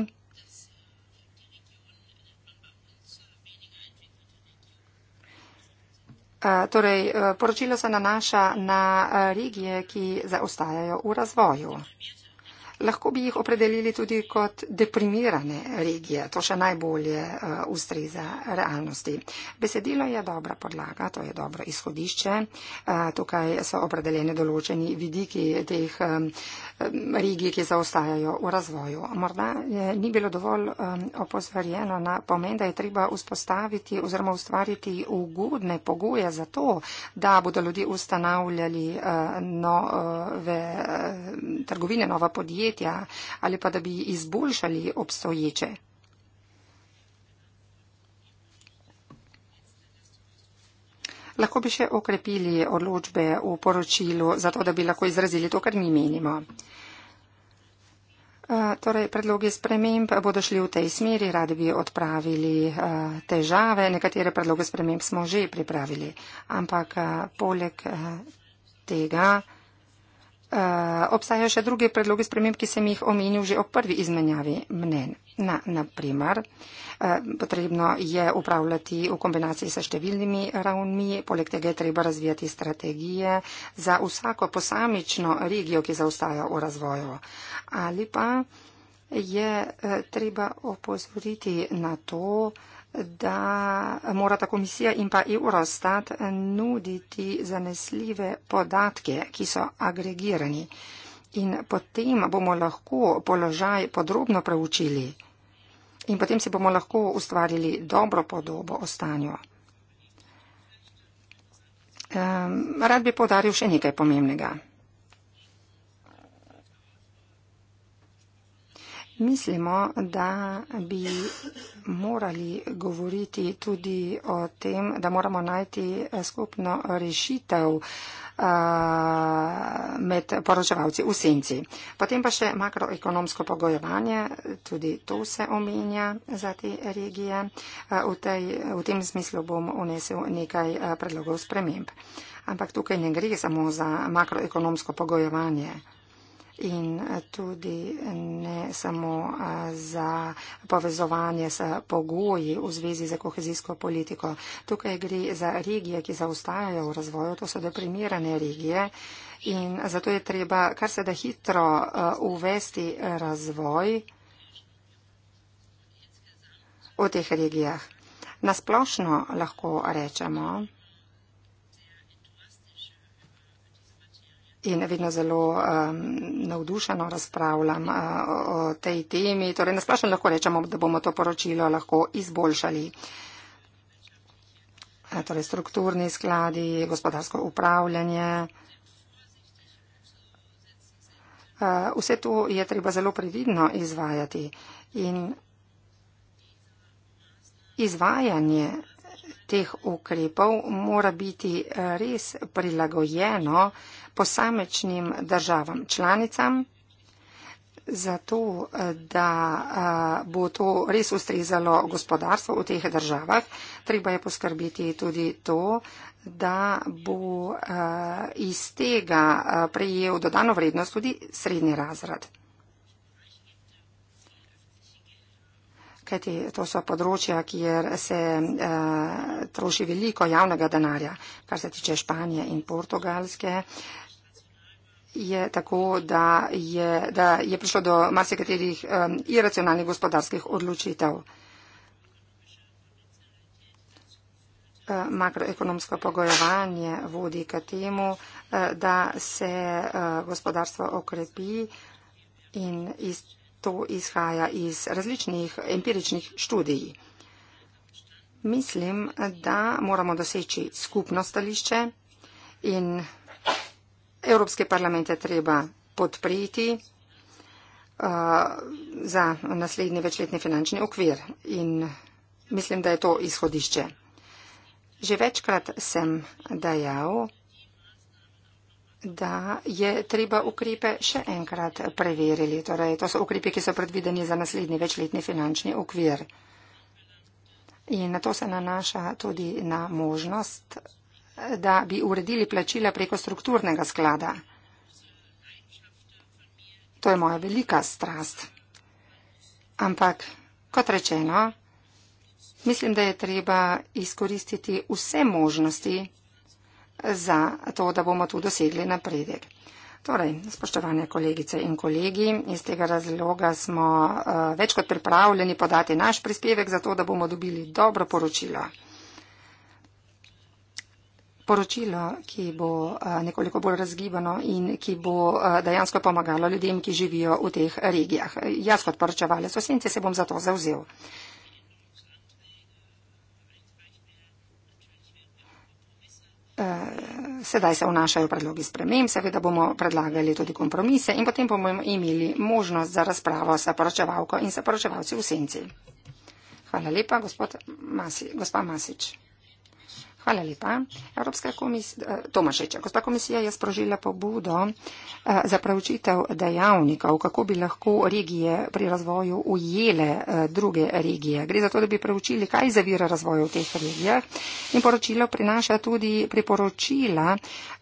Eh, torej, eh, poročilo se nanaša na eh, regije, ki zaostajajo v razvoju lahko bi jih opredelili tudi kot deprimirane regije. To še najbolje uh, ustreza realnosti. Besedilo je dobra podlaga, to je dobro izhodišče. Uh, tukaj so opredeljeni določeni vidiki teh um, regij, ki zaostajajo v razvoju. Morda je, ni bilo dovolj um, opozorjeno na pomen, da je treba vzpostaviti oziroma ustvariti ugodne pogoje za to, da bodo ljudje ustanavljali uh, nove uh, trgovine, nova podjetja podjetja ali pa da bi izboljšali obstoječe. Lahko bi še okrepili odločbe v poročilu, zato da bi lahko izrazili to, kar mi menimo. Eh, torej, predlogi sprememb bodo šli v tej smeri, radi bi odpravili eh, težave, nekatere predloge sprememb smo že pripravili, ampak eh, poleg tega. Eh, obstajajo še druge predloge sprememb, ki sem jih omenil že o prvi izmenjavi mnen. Na, naprimer, eh, potrebno je upravljati v kombinaciji sa številnimi ravnmi, poleg tega je treba razvijati strategije za vsako posamično regijo, ki zaostaja v razvoju. Ali pa je eh, treba opozoriti na to, da morata komisija in pa Eurostat nuditi zanesljive podatke, ki so agregirani. In potem bomo lahko položaj podrobno preučili. In potem si bomo lahko ustvarili dobro podobo o stanju. Um, rad bi podaril še nekaj pomembnega. Mislimo, da bi morali govoriti tudi o tem, da moramo najti eh, skupno rešitev eh, med poročevalci v senci. Potem pa še makroekonomsko pogojevanje, tudi to se omenja za te regije. Eh, v, tej, v tem smislu bom unesel nekaj predlogov sprememb. Ampak tukaj ne gre samo za makroekonomsko pogojevanje in eh, tudi ne samo eh, za povezovanje s pogoji v zvezi z kohezijsko politiko. Tukaj gre za regije, ki zaostajajo v razvoju, to so deprimirane regije in zato je treba kar se da hitro eh, uvesti razvoj v teh regijah. Nasplošno lahko rečemo, in vedno zelo um, navdušeno razpravljam uh, o tej temi. Torej, nasplašno lahko rečemo, da bomo to poročilo lahko izboljšali. Torej, strukturni skladi, gospodarsko upravljanje. Uh, vse to je treba zelo previdno izvajati in izvajanje teh ukrepov mora biti res prilagojeno posamečnim državam članicam. Zato, eh, da eh, bo to res ustrezalo gospodarstvo v teh državah, treba je poskrbeti tudi to, da bo eh, iz tega prejel dodano vrednost tudi srednji razred. Kajti to so področja, kjer se troši veliko javnega denarja, kar se tiče Španije in Portugalske je tako, da je, da je prišlo do marsikaterih um, iracionalnih gospodarskih odločitev. E, makroekonomsko pogojevanje vodi k temu, e, da se e, gospodarstvo okrepi in iz, to izhaja iz različnih empiričnih študij. Mislim, da moramo doseči skupno stališče in Evropske parlamente treba podpriti uh, za naslednji večletni finančni okvir in mislim, da je to izhodišče. Že večkrat sem dajal, da je treba ukrepe še enkrat preverili. Torej, to so ukrepe, ki so predvideni za naslednji večletni finančni okvir. In na to se nanaša tudi na možnost da bi uredili plačila preko strukturnega sklada. To je moja velika strast. Ampak, kot rečeno, mislim, da je treba izkoristiti vse možnosti za to, da bomo tu dosegli napredek. Torej, spoštovane kolegice in kolegi, iz tega razloga smo uh, več kot pripravljeni podati naš prispevek za to, da bomo dobili dobro poročilo poročilo, ki bo eh, nekoliko bolj razgibano in ki bo eh, dejansko pomagalo ljudem, ki živijo v teh regijah. Jaz kot poročevalec osence se bom za to zauzel. Eh, sedaj se vnašajo predlogi sprememb, seveda bomo predlagali tudi kompromise in potem bomo imeli možnost za razpravo s poročevalko in s poročevalci v senci. Hvala lepa, gospod Masi, gospa Masič. Hvala lepa. Evropska komisija, eh, Tomašeče, gospa komisija je sprožila pobudo eh, za pravčitev dejavnikov, kako bi lahko regije pri razvoju ujele eh, druge regije. Gre za to, da bi pravčili, kaj zavira razvoj v teh regijah. In poročilo prinaša tudi priporočila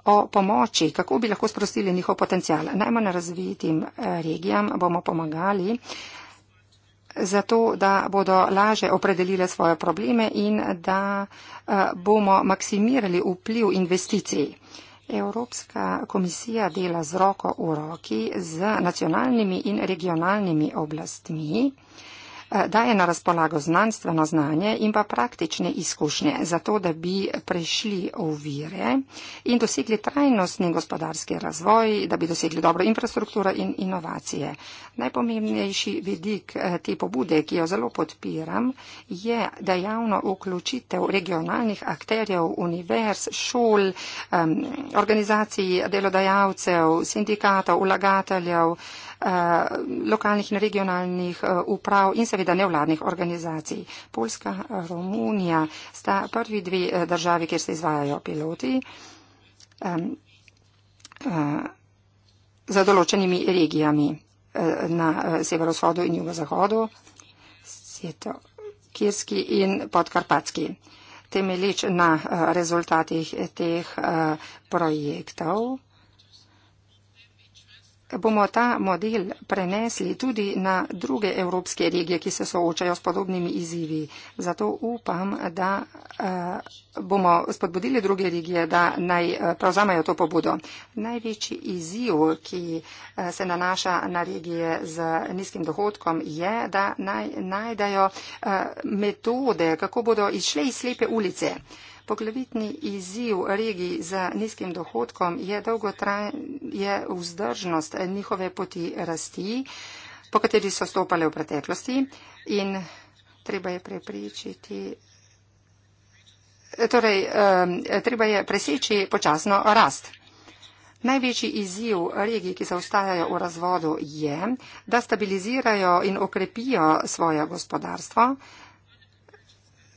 o pomoči, kako bi lahko sprostili njihov potencial. Najmanj razvitim regijam bomo pomagali zato da bodo laže opredelile svoje probleme in da eh, bomo maksimirali vpliv investicij. Evropska komisija dela z roko v roki z nacionalnimi in regionalnimi oblastmi. Eh, daje na razpolago znanstveno znanje in pa praktične izkušnje za to, da bi prešli ovire in dosegli trajnostni gospodarski razvoj, da bi dosegli dobro infrastrukturo in inovacije. Najpomembnejši vidik eh, te pobude, ki jo zelo podpiram, je dejavno vključitev regionalnih akterjev, univerz, šol, um, organizacij, delodajalcev, sindikatov, vlagateljev. Eh, lokalnih in regionalnih eh, uprav in seveda nevladnih organizacij. Polska, eh, Romunija sta prvi dve državi, kjer se izvajajo piloti za določenimi regijami na severovzhodu in jugozahodu, Sjetokirski in Podkarpatski. Temelič na rezultatih teh projektov bomo ta model prenesli tudi na druge evropske regije, ki se soočajo s podobnimi izzivi. Zato upam, da eh, bomo spodbudili druge regije, da naj eh, prevzamejo to pobudo. Največji izziv, ki eh, se nanaša na regije z nizkim dohodkom, je, da naj najdajo metode, kako bodo izšle iz slepe ulice. Poglavitni izziv regij za nizkim dohodkom je, je vzdržnost njihove poti rasti, po kateri so stopale v preteklosti in treba je preprečiti. Torej, um, treba je preseči počasno rast. Največji izziv regij, ki zaostajajo v razvodu, je, da stabilizirajo in okrepijo svoje gospodarstvo,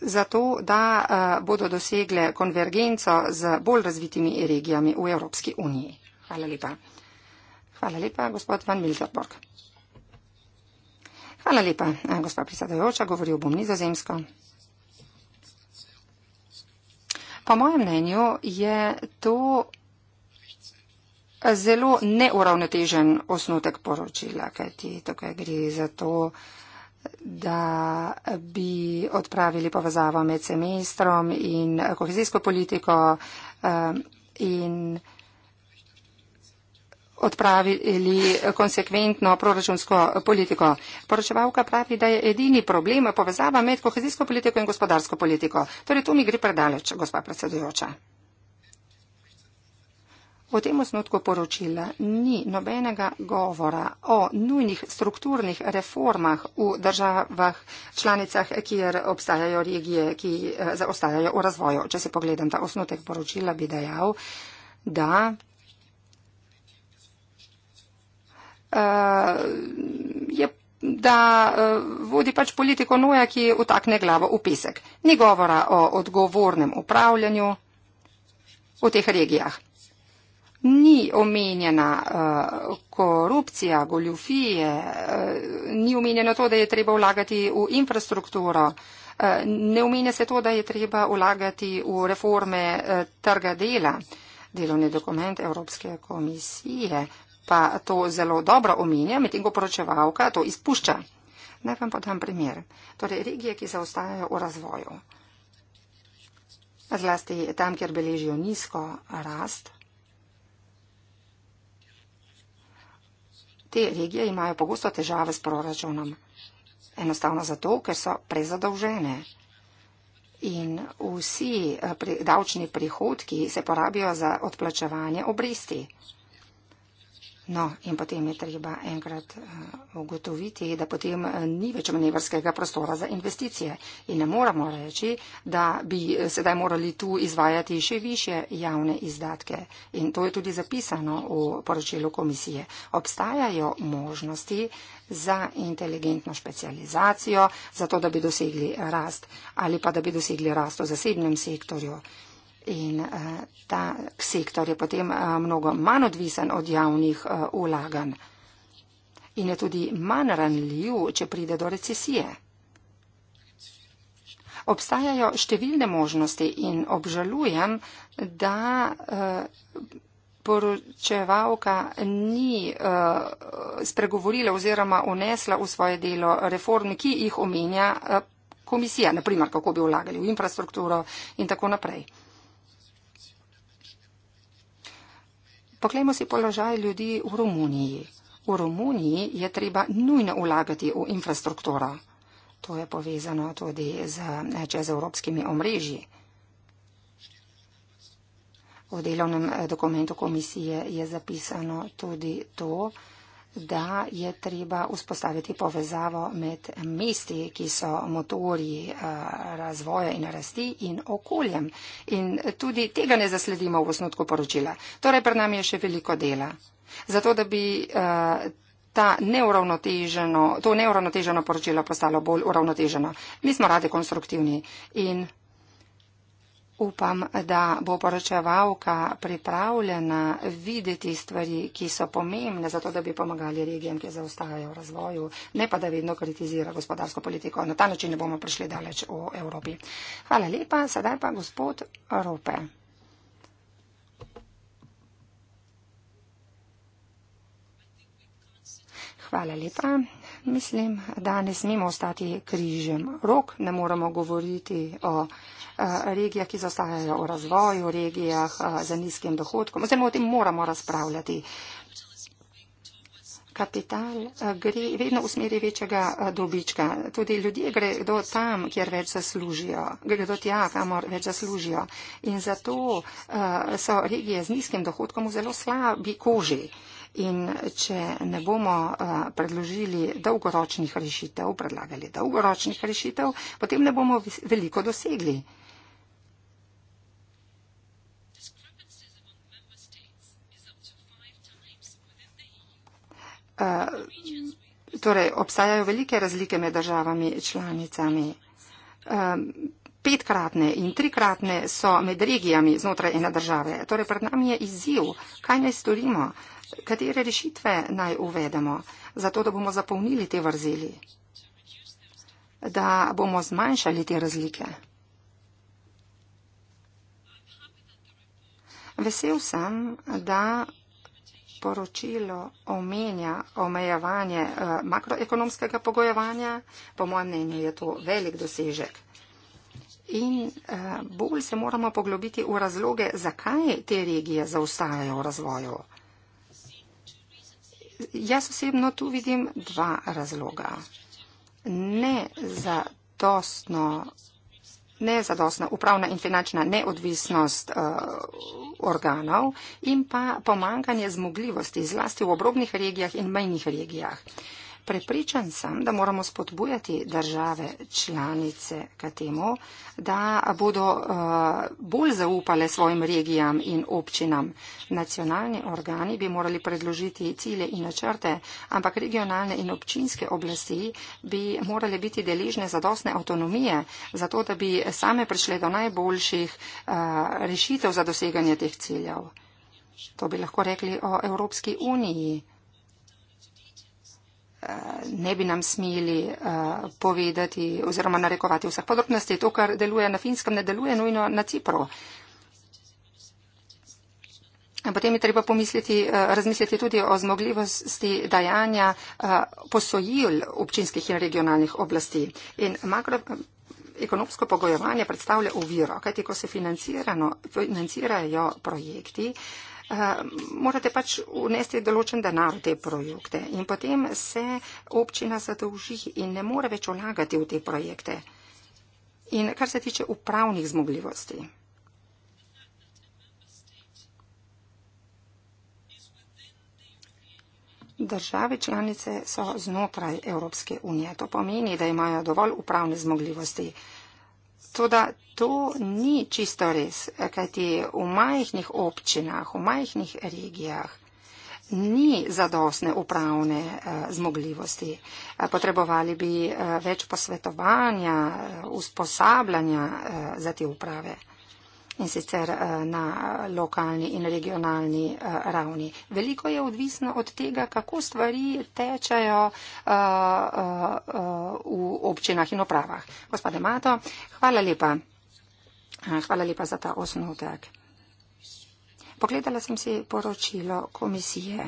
zato, da eh, bodo dosegle konvergenco z bolj razvitimi regijami v Evropski uniji. Hvala lepa. Hvala lepa, gospod Van Milterborg. Hvala lepa, eh, gospod prisadajoča, govoril bom nizozemsko. Po mojem mnenju je to zelo neuravnotežen osnutek poročila, kajti tukaj gre za to, da bi odpravili povezavo med semestrom in kohezijsko politiko eh, in odpravili konsekventno proračunsko politiko. Poročevalka pravi, da je edini problem povezava med kohezijsko politiko in gospodarsko politiko. Torej, tu mi gre predaleč, gospa predsedujoča. V tem osnutku poročila ni nobenega govora o nujnih strukturnih reformah v državah članicah, kjer obstajajo regije, ki eh, zaostajajo v razvoju. Če se pogledam ta osnutek poročila, bi dejal, da uh, je da eh, vodi pač politiko noja, ki utakne glavo v pesek. Ni govora o odgovornem upravljanju v teh regijah ni omenjena eh, korupcija, goljufije, eh, ni omenjeno to, da je treba vlagati v infrastrukturo, eh, ne omenja se to, da je treba vlagati v reforme trga dela. Delovni dokument Evropske komisije pa to zelo dobro omenja, medtem ko poročevalka to izpušča. Naj vam podam primer. Torej, regije, ki zaostajajo v razvoju. Zlasti tam, kjer beležijo nizko rast, te regije imajo pogosto težave s proračunom. Enostavno zato, ker so prezadolžene. In vsi eh, davčni prihodki se porabijo za odplačevanje obresti. No, in potem je treba enkrat eh, ugotoviti, da potem eh, ni več manevrskega prostora za investicije. In ne moramo reči, da bi eh, sedaj morali tu izvajati še više javne izdatke. In to je tudi zapisano v poročilu komisije. Obstajajo možnosti za inteligentno specializacijo, zato da bi dosegli rast ali pa da bi dosegli rast v zasebnem sektorju in eh, ta sektor je potem eh, mnogo manj odvisen od javnih ulaganj eh, in je tudi manj ranljiv, če pride do recesije. Obstajajo številne možnosti in obžalujem, da poročevalka ni spregovorila oziroma unesla v svoje delo reform, ki jih omenja komisija, naprimer kako bi vlagali v infrastrukturo in tako naprej. Poglejmo si položaj ljudi v Romuniji. V Romuniji je treba nujno ulagati v infrastrukturo. To je povezano tudi z eh, čezevropskimi omrežji. V delovnem eh, dokumentu komisije je zapisano tudi to, da da je treba vzpostaviti povezavo med mesti, ki so motori eh, razvoja in rasti in okoljem. In tudi tega ne zasledimo v osnutku poročila. Torej, pred nami je še veliko dela. Zato, da bi eh, to neuravnoteženo poročilo postalo bolj uravnoteženo. Mi smo radi konstruktivni in. Upam, da bo poročevalka pripravljena videti stvari, ki so pomembne za to, da bi pomagali regijam, ki zaostajajo v razvoju, ne pa da vedno kritizira gospodarsko politiko. Na ta način ne bomo prišli daleč v Evropi. Hvala lepa. Sedaj pa gospod Rope. Hvala lepa. Mislim, da ne smemo ostati križem. Rok ne moramo govoriti o. Eh, regijah, ki zaostajajo v razvoju, v regijah eh, za nizkim dohodkom. Oziroma o tem moramo razpravljati. Kapital eh, gre vedno v smeri večjega dobička. Tudi ljudje gredo tam, kjer več zaslužijo. Gredo tja, kamor več zaslužijo. In zato so regije z nizkim dohodkom v zelo slabi koži. In če ne bomo predložili dolgoročnih rešitev, predlagali dolgoročnih rešitev, potem ne bomo veliko dosegli. Eh, torej obstajajo velike razlike med državami članicami. Ehm, petkratne in trikratne so med regijami znotraj ene države. Torej pred nami je izziv, kaj naj storimo, katere rešitve naj uvedemo, zato da bomo zapolnili te vrzeli, da bomo zmanjšali te razlike. Vesel sem, da poročilo omenja omejevanje eh, makroekonomskega pogojevanja, po mojem mnenju je to velik dosežek. In eh, bolj se moramo poglobiti v razloge, zakaj te regije zaustajajo v razvoju. Jaz osebno tu vidim dva razloga. Ne za dostno nezadostna upravna in finančna neodvisnost uh, organov in pa pomankanje zmogljivosti, zlasti v obrobnih regijah in manjih regijah. Uh, Prepričan sem, da moramo spodbujati države članice k temu, da bodo eh, bolj zaupale svojim regijam in občinam. Nacionalni organi bi morali predložiti cilje in načrte, ampak regionalne in občinske oblasti bi morale biti deležne zadostne avtonomije, zato da bi same prišle do najboljših eh, rešitev za doseganje teh ciljev. To bi lahko rekli o Evropski uniji ne bi nam smeli eh, povedati oziroma narekovati vseh podrobnosti. To, kar deluje na finskem, ne deluje nujno na Cipru. Potem je treba pomisliti, eh, razmisliti tudi o zmogljivosti dajanja eh, posojil občinskih in regionalnih oblasti. In makro, ekonomsko pogojevanje predstavlja uviro, kajti ko se financirajo projekti, uh, Eh, morate pač vnesti določen denar v te projekte in potem se občina zadolži in ne more več vlagati v te projekte. In kar se tiče upravnih zmogljivosti. Države članice so znotraj Evropske unije. To pomeni, da imajo dovolj upravne zmogljivosti. Uh, Toda to ni čisto res, kajti v majhnih občinah, v majhnih regijah ni zadostne upravne eh, zmogljivosti. Eh, potrebovali bi eh, več posvetovanja, usposabljanja za te uprave in sicer eh, na lokalni in regionalni eh, ravni. Veliko je odvisno od tega, kako stvari tečajo eh, v občinah in opravah. Gospode Mato, hvala lepa. Hvala lepa za ta osnutek. Pogledala sem si poročilo komisije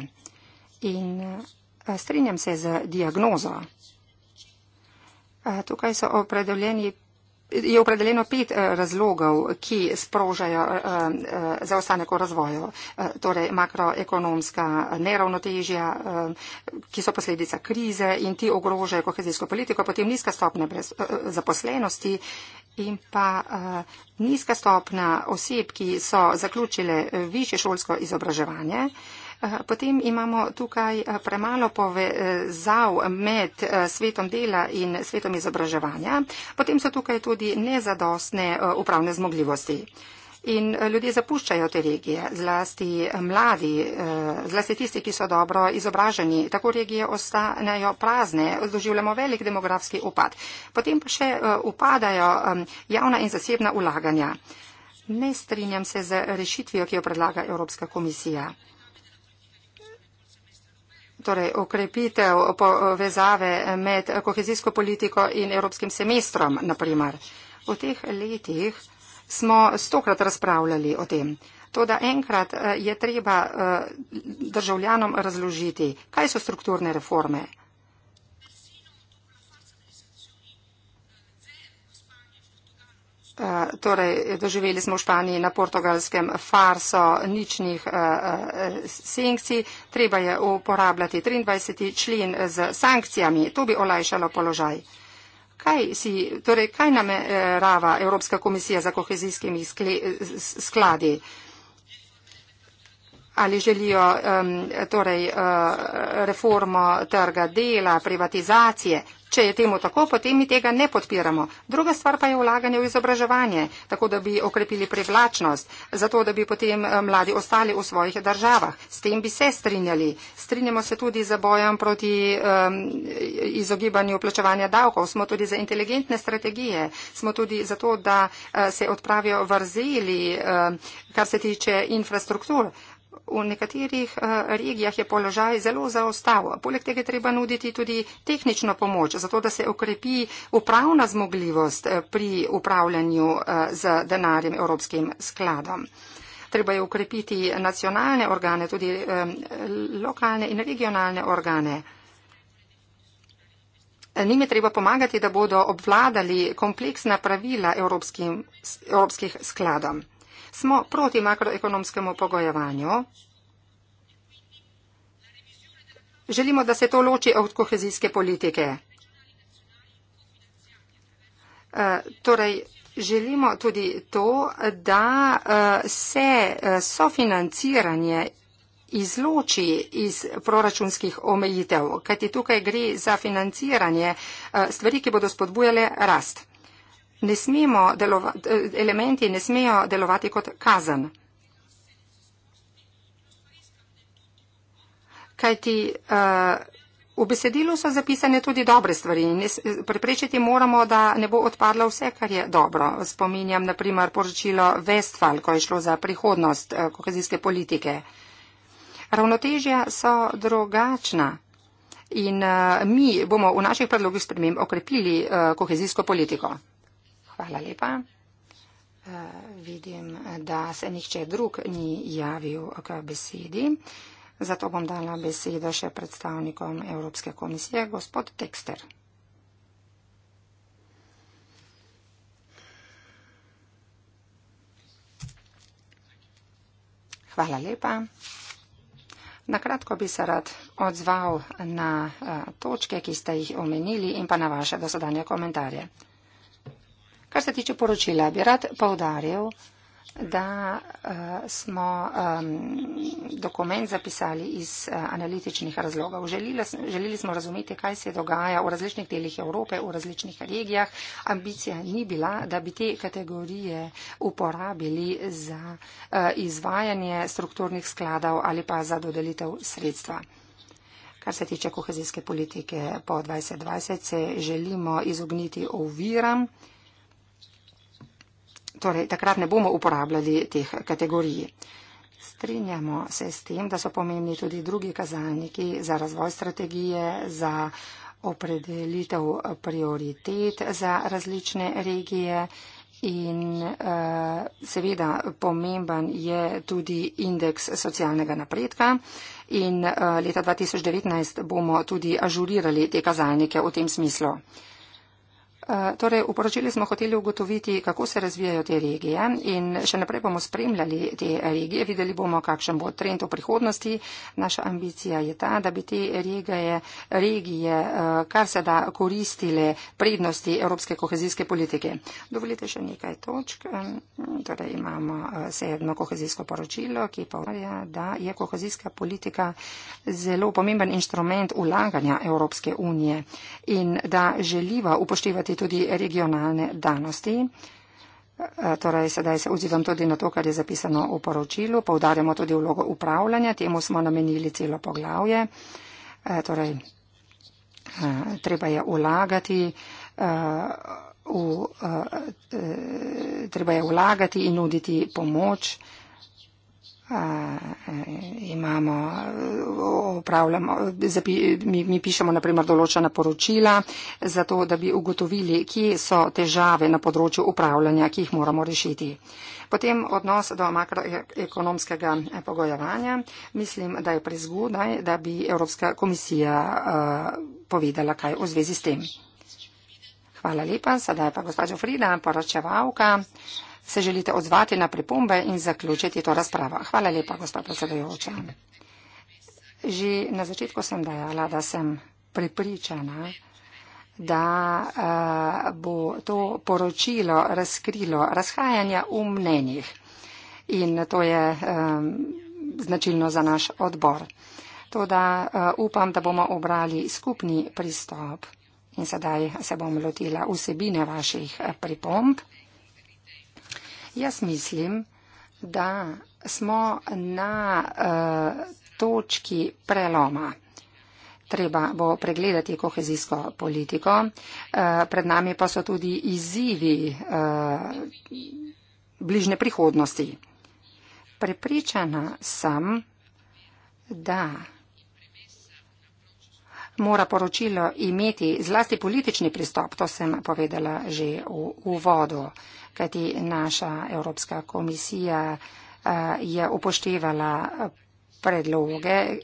in strinjam se z diagnozo. Tukaj so opredeljeni je opredeljeno pet eh, razlogov, ki sprožajo eh, eh, zaostanek v razvoju. Torej makroekonomska neravnotežja, ki so posledica krize in ti ogrožajo kohezijsko politiko, potem nizka stopna brez zaposlenosti in pa nizka stopna oseb, ki so zaključile više šolsko izobraževanje. Eh, potem imamo tukaj eh, premalo povezav med eh, svetom dela in svetom izobraževanja. Potem so tukaj tudi nezadostne upravne zmogljivosti. In ljudje zapuščajo te regije, zlasti mladi, zlasti tisti, ki so dobro izobraženi. Tako regije ostanejo prazne, doživljamo velik demografski upad. Potem pa še upadajo javna in zasebna ulaganja. Ne strinjam se z rešitvijo, ki jo predlaga Evropska komisija torej okrepitev povezave med kohezijsko politiko in evropskim semestrom, naprimer. V teh letih smo stokrat razpravljali o tem. To, da enkrat eh, je treba eh, državljanom razložiti, kaj so strukturne reforme. torej doživeli smo v Španiji na portugalskem farso ničnih uh, sankcij, treba je uporabljati 23. člen z sankcijami, to bi olajšalo položaj. Kaj, si, torej, kaj nam je rava Evropska komisija za kohezijskimi skladi? ali želijo um, torej, uh, reformo trga dela, privatizacije. Če je temu tako, potem mi tega ne podpiramo. Druga stvar pa je vlaganje v izobraževanje, tako da bi okrepili privlačnost, zato da bi potem eh, mladi ostali v svojih državah. S tem bi se strinjali. Strinjamo se tudi za bojem proti um, izogibanju plačevanja davkov. Smo tudi za inteligentne strategije. Smo tudi za to, da uh, se odpravijo vrzeli, uh, kar se tiče infrastruktur. Uh, V nekaterih eh, regijah je položaj zelo zaostal. Poleg tega je treba nuditi tudi tehnično pomoč, zato da se okrepi upravna zmogljivost eh, pri upravljanju eh, z denarjem Evropskim skladom. Treba je ukrepiti nacionalne organe, tudi lokalne in regionalne organe. Njim je treba pomagati, da bodo obvladali kompleksna pravila evropskih skladov smo proti makroekonomskemu pogojevanju. Želimo, da se to loči od kohezijske politike. E, torej, želimo tudi to, da e, se e, sofinanciranje izloči iz proračunskih omejitev, kajti tukaj gre za financiranje stvari, ki bodo spodbujale rast ne smemo delovati, elementi ne smejo delovati kot kazen. Kajti uh, v besedilu so zapisane tudi dobre stvari in preprečiti moramo, da ne bo odpadlo vse, kar je dobro. Spominjam naprimer poročilo Vestfal, ko je šlo za prihodnost uh, kohezijske politike. Ravnotežja so drugačna in uh, mi bomo v naših predlogih sprememb okrepili uh, kohezijsko politiko. Hvala lepa. Eh, vidim, da se nihče drug ni javil k besedi. Zato bom dala besedo še predstavnikom Evropske komisije, gospod Tekster. Hvala lepa. Nakratko bi se rad odzval na eh, točke, ki ste jih omenili in pa na vaše dosedanje komentarje. Kar se tiče poročila, bi rad povdaril, da uh, smo um, dokument zapisali iz uh, analitičnih razlogov. Želila, želeli smo razumeti, kaj se dogaja v različnih delih Evrope, v različnih regijah. Ambicija ni bila, da bi te kategorije uporabili za uh, izvajanje strukturnih skladov ali pa za dodelitev sredstva. Kar se tiče kohezijske politike po 2020, se želimo izogniti oviram torej takrat ne bomo uporabljali teh kategorij. Strinjamo se s tem, da so pomembni tudi drugi kazalniki za razvoj strategije, za opredelitev prioritet za različne regije in eh, seveda pomemben je tudi indeks socialnega napredka in eh, leta 2019 bomo tudi ažurirali te kazalnike v tem smislu. Eh, torej, v poročilu smo hoteli ugotoviti, kako se razvijajo te regije in še naprej bomo spremljali te regije, videli bomo, kakšen bo trend v prihodnosti. Naša ambicija je ta, da bi te regije, regije eh, kar se da koristile prednosti Evropske kohezijske politike. Dovolite še nekaj točk. Mm, torej, imamo eh, sedmo kohezijsko poročilo, ki povarja, da je kohezijska politika zelo pomemben inštrument ulaganja Evropske unije in da želiva upoštevati tudi regionalne danosti. E, torej, sedaj se odzivam tudi na to, kar je zapisano v poročilu. Povdarjamo tudi vlogo upravljanja, temu smo namenili celo poglavje. E, torej, e, treba je ulagati. V, treba je vlagati in nuditi pomoč uh, Eh, imamo, opravljamo, zapi, mi, mi pišemo naprimer določena poročila, zato da bi ugotovili, kje so težave na področju upravljanja, ki jih moramo rešiti. Potem odnos do makroekonomskega eh, pogojevanja. Mislim, da je prezgodaj, da bi Evropska komisija uh, povedala kaj v zvezi s tem. Hvala lepa. Sedaj pa gospod Frida, poročevalka. Uh, se želite odzvati na pripombe in zaključiti to razpravo. Hvala lepa, gospod predsedujoča. Že na začetku sem dejala, da sem pripričana, da eh, bo to poročilo razkrilo razhajanja v mnenjih. In to je eh, značilno za naš odbor. To, da eh, upam, da bomo obrali skupni pristop. In sedaj se bom lotila vsebine vaših pripomb. Jaz mislim, da smo na uh, točki preloma. Treba bo pregledati kohezijsko politiko. Uh, pred nami pa so tudi izzivi uh, eh, bližne prihodnosti. Prepričana sem, da mora poročilo imeti zlasti politični pristop, to sem povedala že v uvodu kajti naša Evropska komisija eh, je upoštevala eh, predloge eh,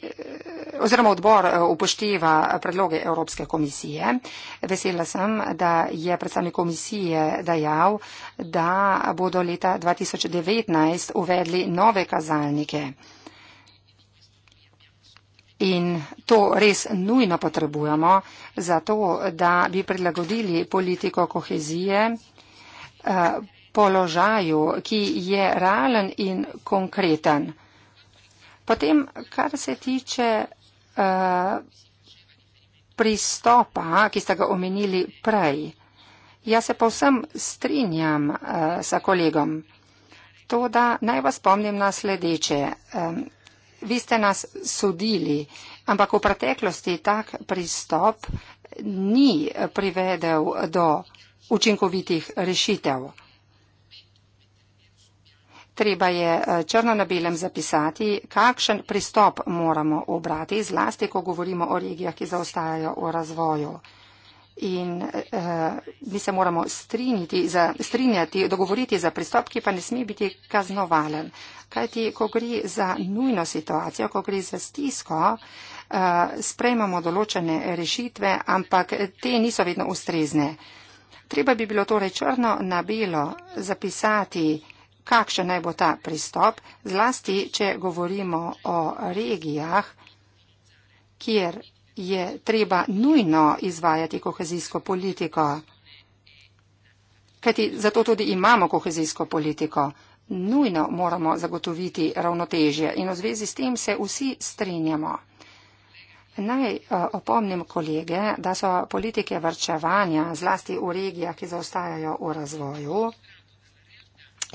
oziroma odbor upošteva predloge Evropske komisije. Vesela sem, da je predstavnik komisije dejal, da bodo leta 2019 uvedli nove kazalnike. In to res nujno potrebujemo, zato da bi prilagodili politiko kohezije položaju, ki je realen in konkreten. Potem, kar se tiče eh, pristopa, ki ste ga omenili prej, jaz se povsem strinjam eh, s kolegom. To, da naj vas spomnim na sledeče. Vi ste nas sodili, ampak v preteklosti tak pristop ni privedel do učinkovitih rešitev. Treba je eh, črno na belem zapisati, kakšen pristop moramo obrati, zlasti, ko govorimo o regijah, ki zaostajajo v razvoju. In eh, mi se moramo za, strinjati, dogovoriti za pristop, ki pa ne sme biti kaznovalen. Kajti, ko gre za nujno situacijo, ko gre za stisko, eh, sprejmamo določene rešitve, ampak te niso vedno ustrezne. Eh, Treba bi bilo torej črno na belo zapisati, kakšen naj bo ta pristop, zlasti, če govorimo o regijah, kjer je treba nujno izvajati kohezijsko politiko. Kajti zato tudi imamo kohezijsko politiko. Nujno moramo zagotoviti ravnotežje in v zvezi s tem se vsi strinjamo. Naj eh, opomnim kolege, da so politike vrčevanja zlasti v regijah, ki zaostajajo v razvoju,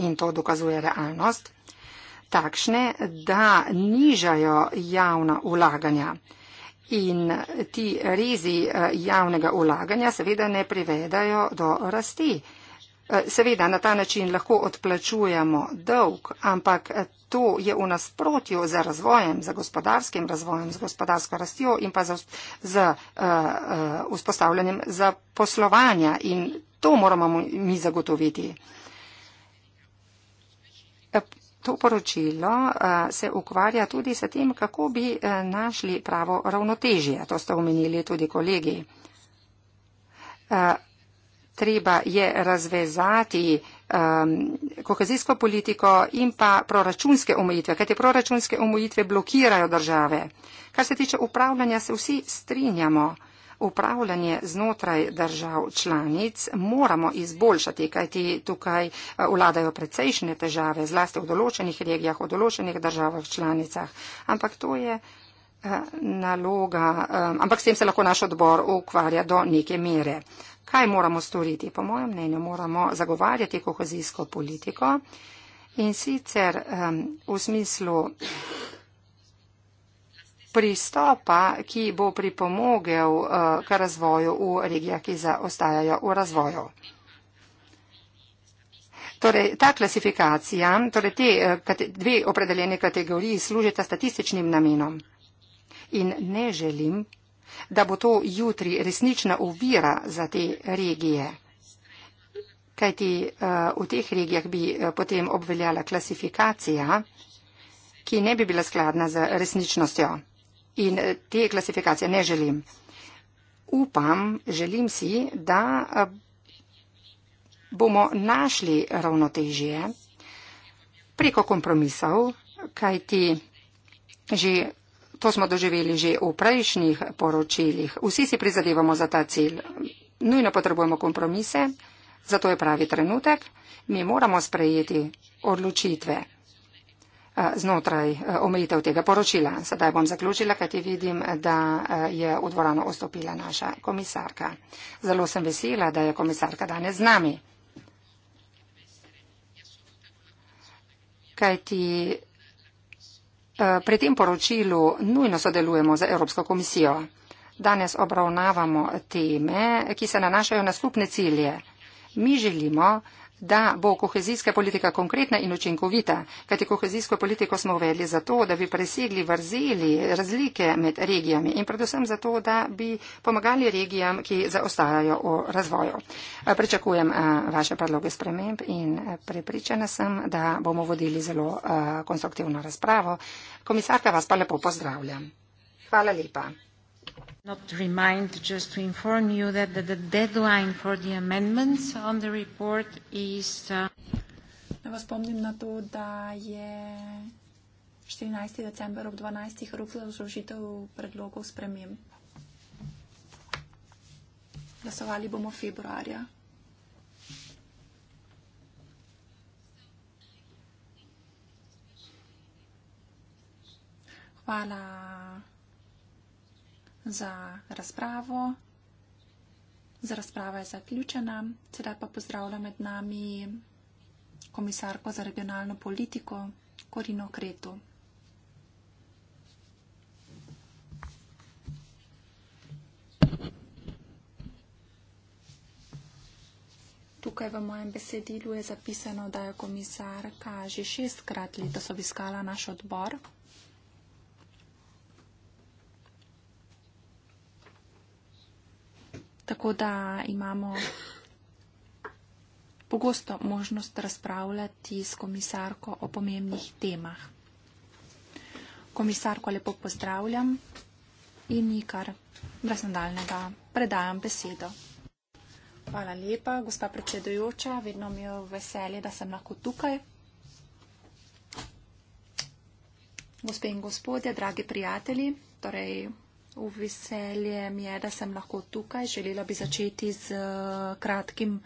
in to dokazuje realnost, takšne, da nižajo javna ulaganja. In ti rezi eh, javnega ulaganja seveda ne privedajo do rasti. Eh, seveda na ta način lahko odplačujemo dolg, ampak to je v nasprotju z razvojem, z gospodarskim razvojem, z gospodarsko rastjo in pa z, z uh, uh, vzpostavljanjem zaposlovanja in to moramo mi zagotoviti. Eh, to poročilo se ukvarja tudi s tem, kako bi našli pravo ravnotežje. To ste omenili tudi kolegi. Treba je razvezati um, kohezijsko politiko in pa proračunske omejitve, kajte proračunske omejitve blokirajo države. Kar se tiče upravljanja, se vsi strinjamo. Upravljanje znotraj držav članic moramo izboljšati, kajti tukaj uh, vladajo precejšnje težave, zlasti v določenih regijah, v določenih državah članicah. Ampak to je uh, naloga, um, ampak s tem se lahko naš odbor ukvarja do neke mere. Kaj moramo storiti? Po mojem mnenju moramo zagovarjati kohezijsko politiko in sicer um, v smislu pristopa, ki bo pripomogel uh, k razvoju v regijah, ki zaostajajo v razvoju. Torej, ta klasifikacija, torej te eh, kate, dve opredeljene kategoriji služita statističnim namenom. In ne želim da bo to jutri resnična uvira za te regije. Kajti eh, v teh regijah bi eh, potem obveljala klasifikacija, ki ne bi bila skladna z resničnostjo. In eh, te klasifikacije ne želim. Upam, želim si, da bomo našli ravnotežje preko kompromisov, kajti že To smo doživeli že v prejšnjih poročilih. Vsi si prizadevamo za ta cilj. Nujno potrebujemo kompromise, zato je pravi trenutek. Mi moramo sprejeti odločitve eh, znotraj eh, omejitev tega poročila. Sedaj bom zaključila, kaj ti vidim, da eh, je v dvorano ostopila naša komisarka. Zelo sem vesela, da je komisarka danes z nami. Kaj ti Eh, pri tem poročilu nujno sodelujemo z Evropsko komisijo. Danes obravnavamo teme, ki se nanašajo na skupne cilje. Mi želimo, da bo kohezijska politika konkretna in učinkovita, kajti kohezijsko politiko smo uvedli zato, da bi presegli vrzeli razlike med regijami in predvsem zato, da bi pomagali regijam, ki zaostajajo v razvoju. Pričakujem vaše predloge sprememb in prepričana sem, da bomo vodili zelo konstruktivno razpravo. Komisarka vas pa lepo pozdravljam. Hvala lepa. Not
remind, just to inform you that the, the deadline for the amendments on the report is. Uh,
da vas spomnim na to, da je 14. december ob 12. rok za zložitev predlogov sprememb. Glasovali bomo februarja. Hvala za razpravo. Za razprava je zaključena. Sedaj pa pozdravljam med nami komisarko za regionalno politiko Korino Kretu. Tukaj v mojem besedilu je zapisano, da je komisarka že šestkrat letos obiskala naš odbor. Tako da imamo pogosto možnost razpravljati s komisarko o pomembnih temah. Komisarko lepo pozdravljam in ji kar brez nadaljnega predajam besedo. Hvala lepa, gospa predsedujoča, vedno mi je veselje, da sem lahko tukaj. Gospe in gospodje, dragi prijatelji, torej V veselje mi je, da sem lahko tukaj. Želela bi začeti z eh, kratkim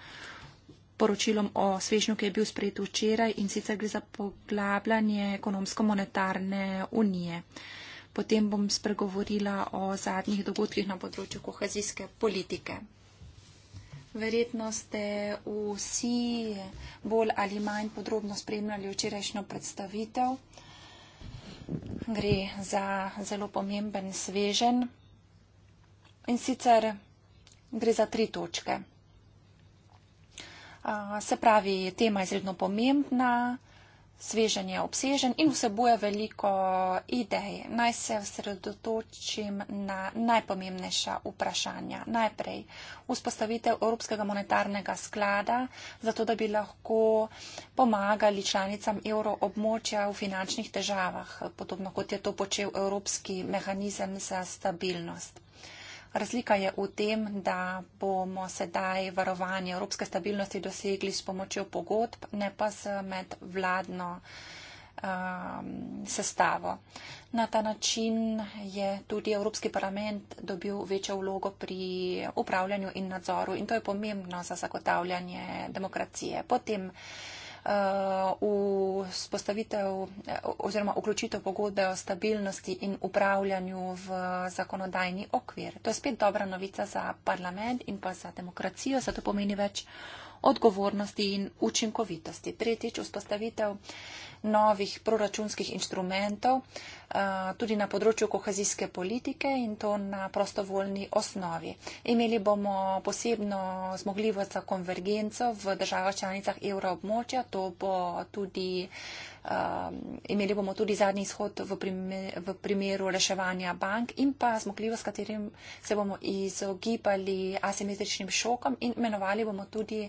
poročilom o svežnju, ki je bil sprejet včeraj in sicer gre za poglabljanje ekonomsko-monetarne unije. Potem bom spregovorila o zadnjih dogodkih na področju kohezijske politike. Verjetno ste vsi bolj ali manj podrobno spremljali včerajšnjo predstavitev. Uh, gre za zelo pomemben svežen in sicer gre za tri točke. Se pravi, tema je izredno pomembna, Sveženje je obsežen in vsebuje veliko idej. Naj se osredotočim na najpomembnejša vprašanja. Najprej vzpostavitev Evropskega monetarnega sklada, zato da bi lahko pomagali članicam euroobmočja v finančnih težavah, podobno kot je to počel Evropski mehanizem za stabilnost. Razlika je v tem, da bomo sedaj varovanje evropske stabilnosti dosegli s pomočjo pogodb, ne pa s medvladno um, sestavo. Na ta način je tudi Evropski parlament dobil večjo vlogo pri upravljanju in nadzoru in to je pomembno za zagotavljanje demokracije. Potem vzpostavitev oziroma vključitev pogodbe o stabilnosti in upravljanju v zakonodajni okvir. To je spet dobra novica za parlament in pa za demokracijo, zato pomeni več odgovornosti in učinkovitosti. Tretjič, vzpostavitev novih proračunskih instrumentov, uh, Eh, tudi na področju kohezijske politike in to na prostovoljni osnovi. Imeli bomo posebno zmogljivost za konvergenco v državah članicah evroobmočja, to bo tudi. Uh, imeli bomo tudi zadnji izhod v, primer, v primeru reševanja bank in pa zmogljivo, s katerim se bomo izogibali asimetričnim šokom in imenovali bomo tudi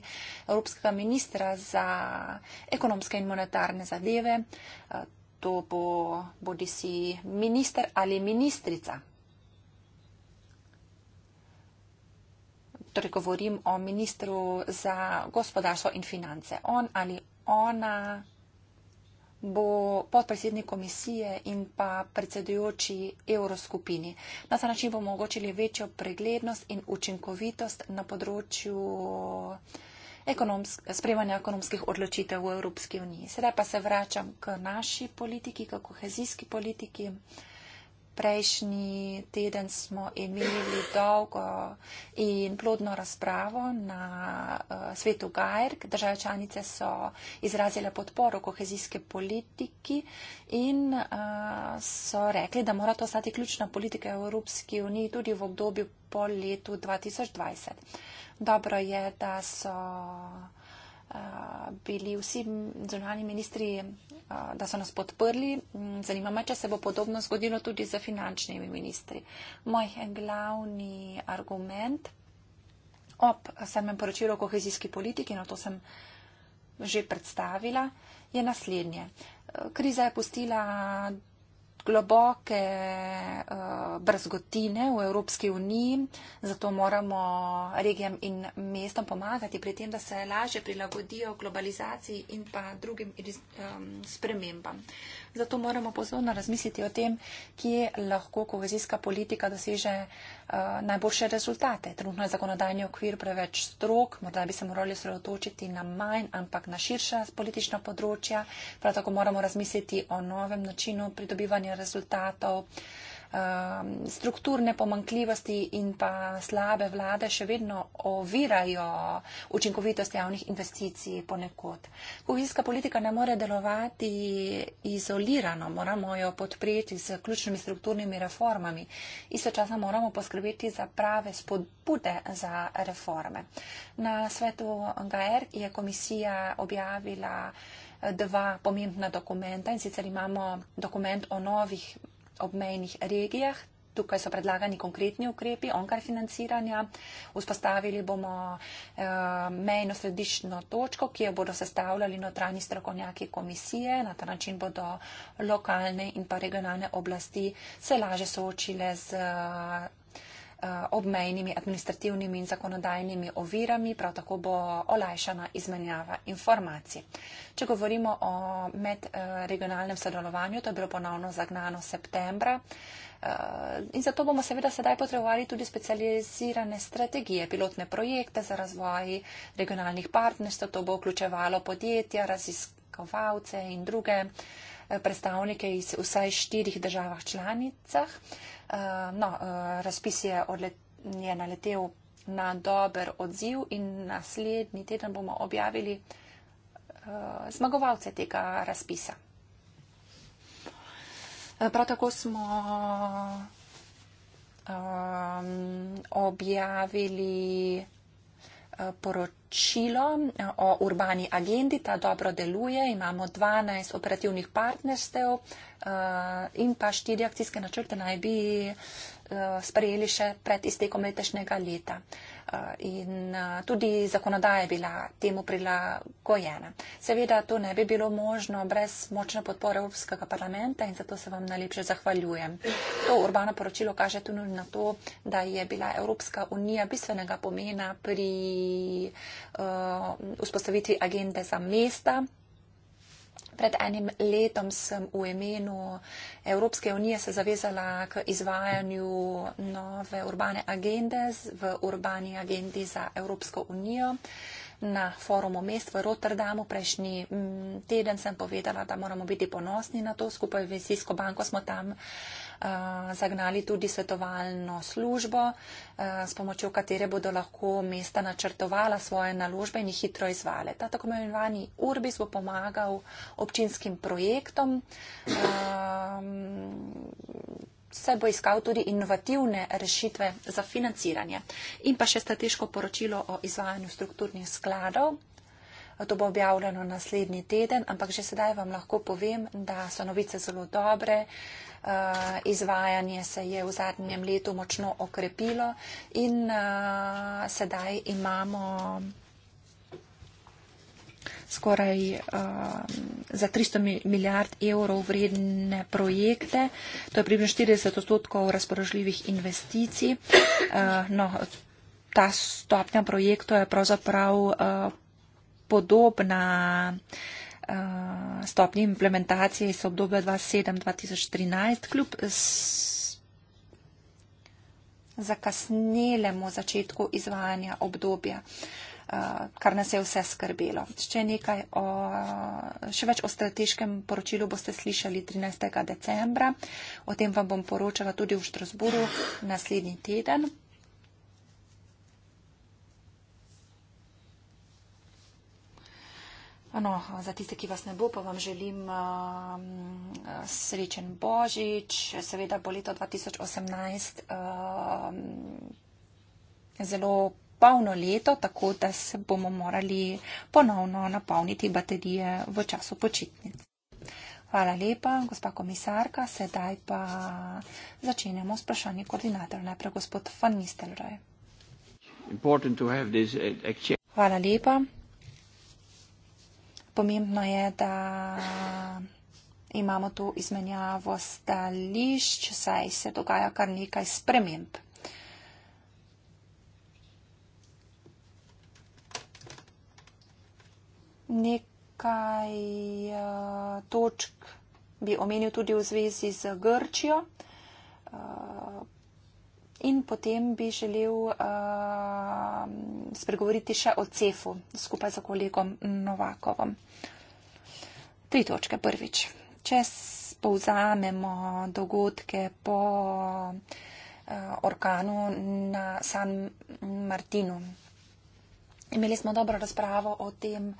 Evropskega ministra za ekonomske in monetarne zadeve. Uh, to bo bodi si minister ali ministrica. Torej govorim o ministru za gospodarstvo in finance. On ali ona bo podpredsednik komisije in pa predsedujoči evroskupini. Na ta način bomo omogočili večjo preglednost in učinkovitost na področju ekonomsk, sprejmanja ekonomskih odločitev v Evropski uniji. Sedaj pa se vračam k naši politiki, k kohezijski politiki. Prejšnji teden smo imeli dolgo in plodno razpravo na uh, svetu Gajrk. Države članice so izrazile podporo kohezijske politiki in uh, so rekli, da mora to ostati ključna politika Evropske unije tudi v obdobju po letu 2020. Dobro je, da so. Eh, bili vsi zunani ministri, eh, da so nas podprli. Mm, zanima me, če se bo podobno zgodilo tudi za finančnimi ministri. Moj glavni argument ob samem poročilu o kohezijski politiki, na no to sem že predstavila, je naslednje. Eh, kriza je pustila globoke uh, eh, brzgotine v Evropski uniji, zato moramo regijam in mestom pomagati pri tem, da se lažje prilagodijo globalizaciji in pa drugim um, spremembam. Zato moramo pozorno razmisliti o tem, kje lahko kohezijska politika doseže eh, najboljše rezultate. Trenutno je zakonodajni okvir preveč strok, morda bi se morali sredotočiti na manj, ampak na širša politična področja. Prav tako moramo razmisliti o novem načinu pridobivanja rezultatov. Um, strukturne pomankljivosti in pa slabe vlade še vedno ovirajo učinkovitost javnih investicij ponekod. Kohezijska politika ne more delovati izolirano, moramo jo podpreti z ključnimi strukturnimi reformami. Istočasno moramo poskrbeti za prave spodbude za reforme. Na svetu NGR je komisija objavila dva pomembna dokumenta in sicer imamo dokument o novih obmejnih regijah. Tukaj so predlagani konkretni ukrepi, onkar financiranja. Vzpostavili bomo eh, mejno središčno točko, ki jo bodo sestavljali notranji strokovnjaki komisije. Na ta način bodo lokalne in pa regionalne oblasti se laže soočile z. Eh, Eh, obmejnimi administrativnimi in zakonodajnimi ovirami, prav tako bo olajšana izmenjava informacij. Če govorimo o medregionalnem sodelovanju, to je bilo ponovno zagnano septembra. Eh, in zato bomo seveda sedaj potrebovali tudi specializirane strategije, pilotne projekte za razvoj regionalnih partnerstv. To bo vključevalo podjetja, raziskovalce in druge uh, Eh, predstavnike iz vsaj štirih državah članicah. Eh, no, eh, razpis je, odlet, je naletel na dober odziv in naslednji teden bomo objavili zmagovalce tega razpisa. Prav tako smo objavili poročilo eh, o urbani agendi, ta dobro deluje, imamo 12 operativnih partnerstev eh, in pa štiri akcijske načrte naj bi eh, sprejeli še pred iztekom letošnjega leta. Eh, in eh, tudi zakonodaja je bila temu prilagojena. Seveda to ne bi bilo možno brez močne podpore Evropskega parlamenta in zato se vam najlepše zahvaljujem. To urbano poročilo kaže tudi na to, da je bila Evropska unija bistvenega pomena pri uh, vzpostavitvi agende za mesta Pred enim letom sem v imenu Evropske unije se zavezala k izvajanju nove urbane agende v urbani agendi za Evropsko unijo na forumu mest v Rotterdamu. Prejšnji mm, teden sem povedala, da moramo biti ponosni na to. Skupaj v Vesijsko banko smo tam Eh, zagnali tudi svetovalno službo, eh, s pomočjo katere bodo lahko mesta načrtovala svoje naložbe in jih hitro izvale. Ta tako imenovani Urbis bo pomagal občinskim projektom. Ehm, se bo iskal tudi inovativne rešitve za financiranje. In pa še strateško poročilo o izvajanju strukturnih skladov To bo objavljeno naslednji teden, ampak že sedaj vam lahko povem, da so novice zelo dobre. Uh, izvajanje se je v zadnjem letu močno okrepilo in uh, sedaj imamo skoraj uh, za 300 milijard evrov vredne projekte. To je približno 40 odstotkov razpoložljivih investicij. Uh, no, ta stopnja projektov je pravzaprav uh, podobna eh, stopnji implementacije iz obdobja 2007-2013, kljub zakasnelemu začetku izvajanja obdobja, eh, kar nas je vse skrbelo. Še, nekaj o, še več o strateškem poročilu boste slišali 13. decembra. O tem vam bom poročala tudi v Štrasburu naslednji teden. No, za tiste, ki vas ne bo, pa vam želim uh, srečen Božič. Seveda bo leto 2018 uh, um, zelo polno leto, tako da se bomo morali ponovno napolniti baterije v času počitnic. Hvala lepa, gospa komisarka. Sedaj pa začenjamo s vprašanjem koordinatorja. Najprej gospod Van Nistelrooy.
Uh,
Hvala lepa pomembno je, da imamo tu izmenjavo stališč, saj se dogaja kar nekaj sprememb. Nekaj uh, točk bi omenil tudi v zvezi z Grčijo. Uh, in potem bi želel uh, spregovoriti še o CEF-u skupaj z kolegom Novakovom. Tri točke. Prvič, če povzamemo dogodke po uh, orkanu na San Martinu. Imeli smo dobro razpravo o tem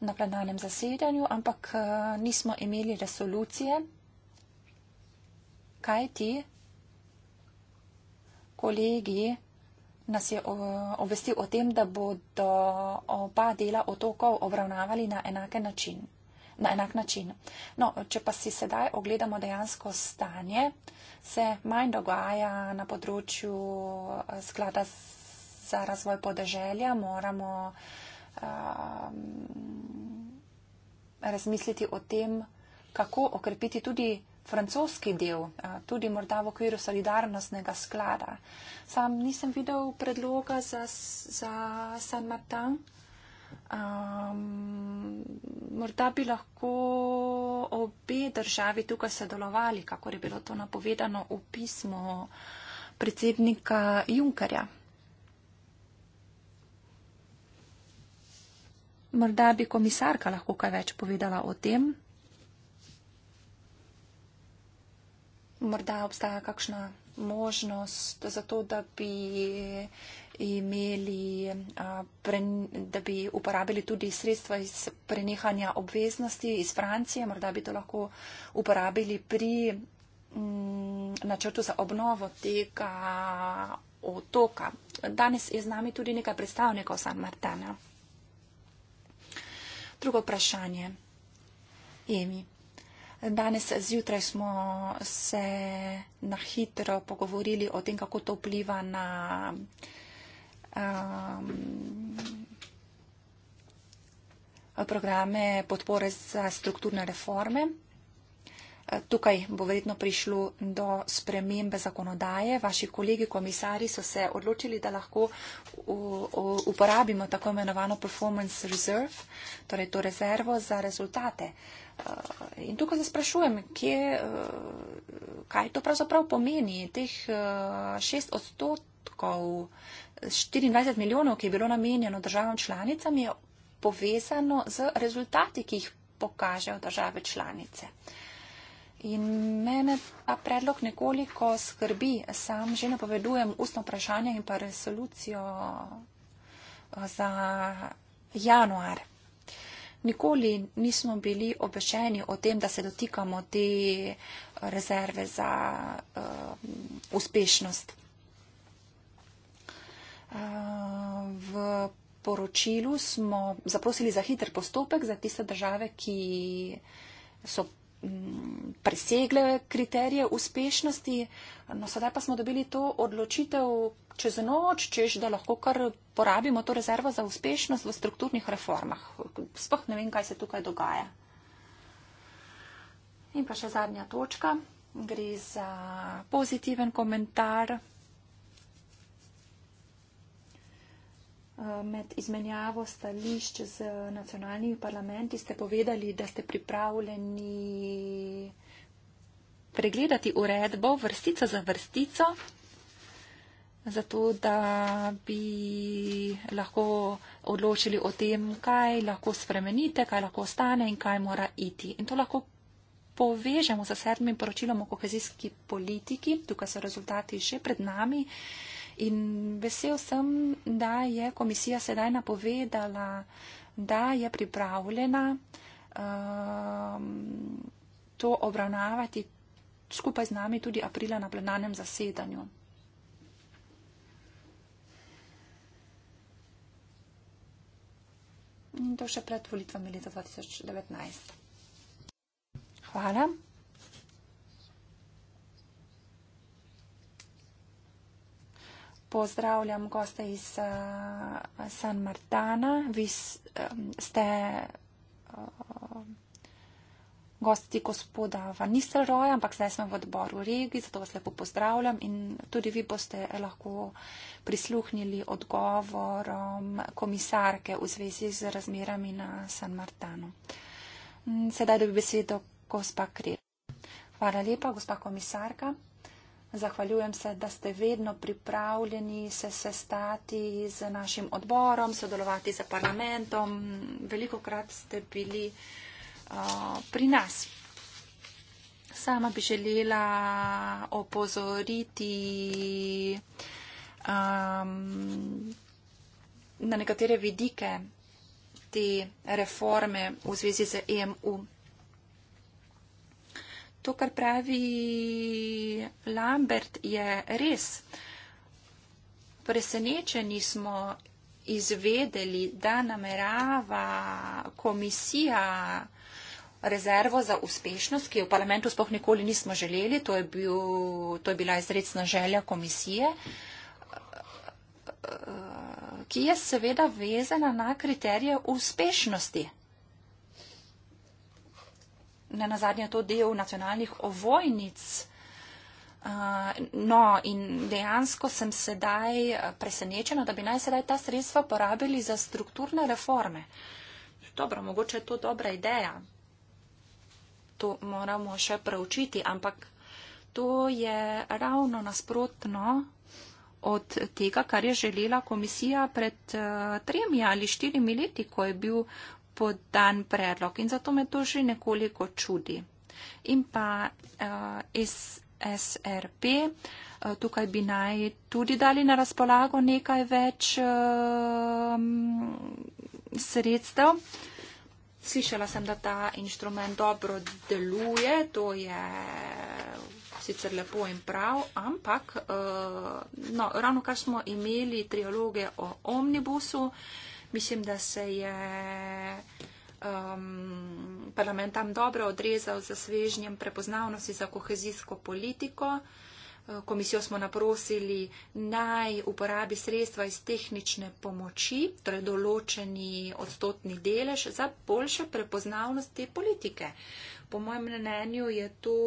na plenarnem zasedanju, ampak uh, nismo imeli resolucije. Kaj ti? kolegiji nas je obvestil o tem, da bodo oba dela otokov obravnavali na enak način. Na enak način. No, če pa si sedaj ogledamo dejansko stanje, se manj dogaja na področju eh, sklada za razvoj podeželja. Moramo um, razmisliti o tem, kako okrepiti tudi francoski del, eh, tudi morda v okviru solidarnostnega sklada. Sam nisem videl predloga za, za San Martin. Um, morda bi lahko obe državi tukaj sodelovali, kako je bilo to napovedano v pismo predsednika Junkarja. Morda bi komisarka lahko kaj več povedala o tem. morda obstaja kakšna možnost za to, da bi imeli, da bi uporabili tudi sredstva iz prenehanja obveznosti iz Francije, morda bi to lahko uporabili pri načrtu za obnovo tega otoka. Danes je z nami tudi nekaj predstavnikov San Martana. Drugo vprašanje. Emi. Danes zjutraj smo se na hitro pogovorili o tem, kako to vpliva na um, programe podpore za strukturne reforme. Tukaj bo verjetno prišlo do spremembe zakonodaje. Vaši kolegi komisari so se odločili, da lahko uporabimo tako imenovano performance reserve, torej to rezervo za rezultate. Uh, Eh, in tukaj se sprašujem, kje, eh, kaj to pravzaprav pomeni. Teh 6 eh, odstotkov 24 milijonov, ki je bilo namenjeno državam članicam, je povezano z rezultati, ki jih pokažejo države članice. In mene ta predlog nekoliko skrbi. Sam že napovedujem ustno vprašanje in pa resolucijo za januar nikoli nismo bili obešeni o tem, da se dotikamo te eh, rezerve za uh, uspešnost. Uh, v poročilu smo zaprosili za hiter postopek za tiste države, ki so presegle kriterije uspešnosti. No, sedaj pa smo dobili to odločitev čez noč, čež, da lahko kar porabimo to rezervo za uspešnost v strukturnih reformah. Sploh ne vem, kaj se tukaj dogaja. In pa še zadnja točka. Gre za pozitiven komentar. Eh, med izmenjavo stališč z nacionalnimi parlamenti ste povedali, da ste pripravljeni pregledati uredbo vrstico za vrstico, zato da bi lahko odločili o tem, kaj lahko spremenite, kaj lahko ostane in kaj mora iti. In to lahko povežemo z sedmim poročilom o kohezijski politiki. Tukaj so rezultati še pred nami. In vesel sem, da je komisija sedaj napovedala, da je pripravljena um, to obravnavati skupaj z nami tudi aprila na plenarnem zasedanju. In to še pred volitvami leta 2019. Hvala. pozdravljam goste iz uh, San Martana. Vi um, ste uh, eh, gosti gospoda Van Nistelrooja, ampak zdaj smo v odboru regi, zato vas lepo pozdravljam in tudi vi boste lahko prisluhnili odgovorom komisarke v zvezi z razmerami na San Martanu. Mm, sedaj dobi besedo gospa Kril. Hvala lepa, gospa komisarka. Zahvaljujem se, da ste vedno pripravljeni se sestati z našim odborom, sodelovati z parlamentom. Veliko krat ste bili uh, pri nas. Sama bi želela opozoriti um, na nekatere vidike te reforme v zvezi z EMU. To, kar pravi Lambert, je res. Presenečeni smo izvedeli, da namerava komisija rezervo za uspešnost, ki jo v parlamentu spoh nikoli nismo želeli, to je, bil, to je bila izredna želja komisije, ki je seveda vezana na kriterije uspešnosti ne nazadnje to del nacionalnih ovojnic. Uh, no, in dejansko sem sedaj uh, presenečena, da bi naj sedaj ta sredstva porabili za strukturne reforme. Dobro, mogoče je to dobra ideja. To moramo še preučiti, ampak to je ravno nasprotno od tega, kar je želela komisija pred uh, tremi ali štirimi leti, ko je bil podan predlog in zato me to že nekoliko čudi. In pa uh, iz SRP, uh, eh, tukaj bi naj tudi dali na razpolago nekaj več uh, sredstev. Slišala sem, da ta inštrument dobro deluje, to je sicer lepo in prav, ampak uh, no, ravno kar smo imeli trialoge o omnibusu, uh, Mislim, da se je um, parlament tam dobro odrezal za svežnjem prepoznavnosti za kohezijsko politiko. Uh, komisijo smo naprosili naj uporabi sredstva iz tehnične pomoči, torej določeni odstotni delež za boljše prepoznavnost te politike. Po mojem mnenju je to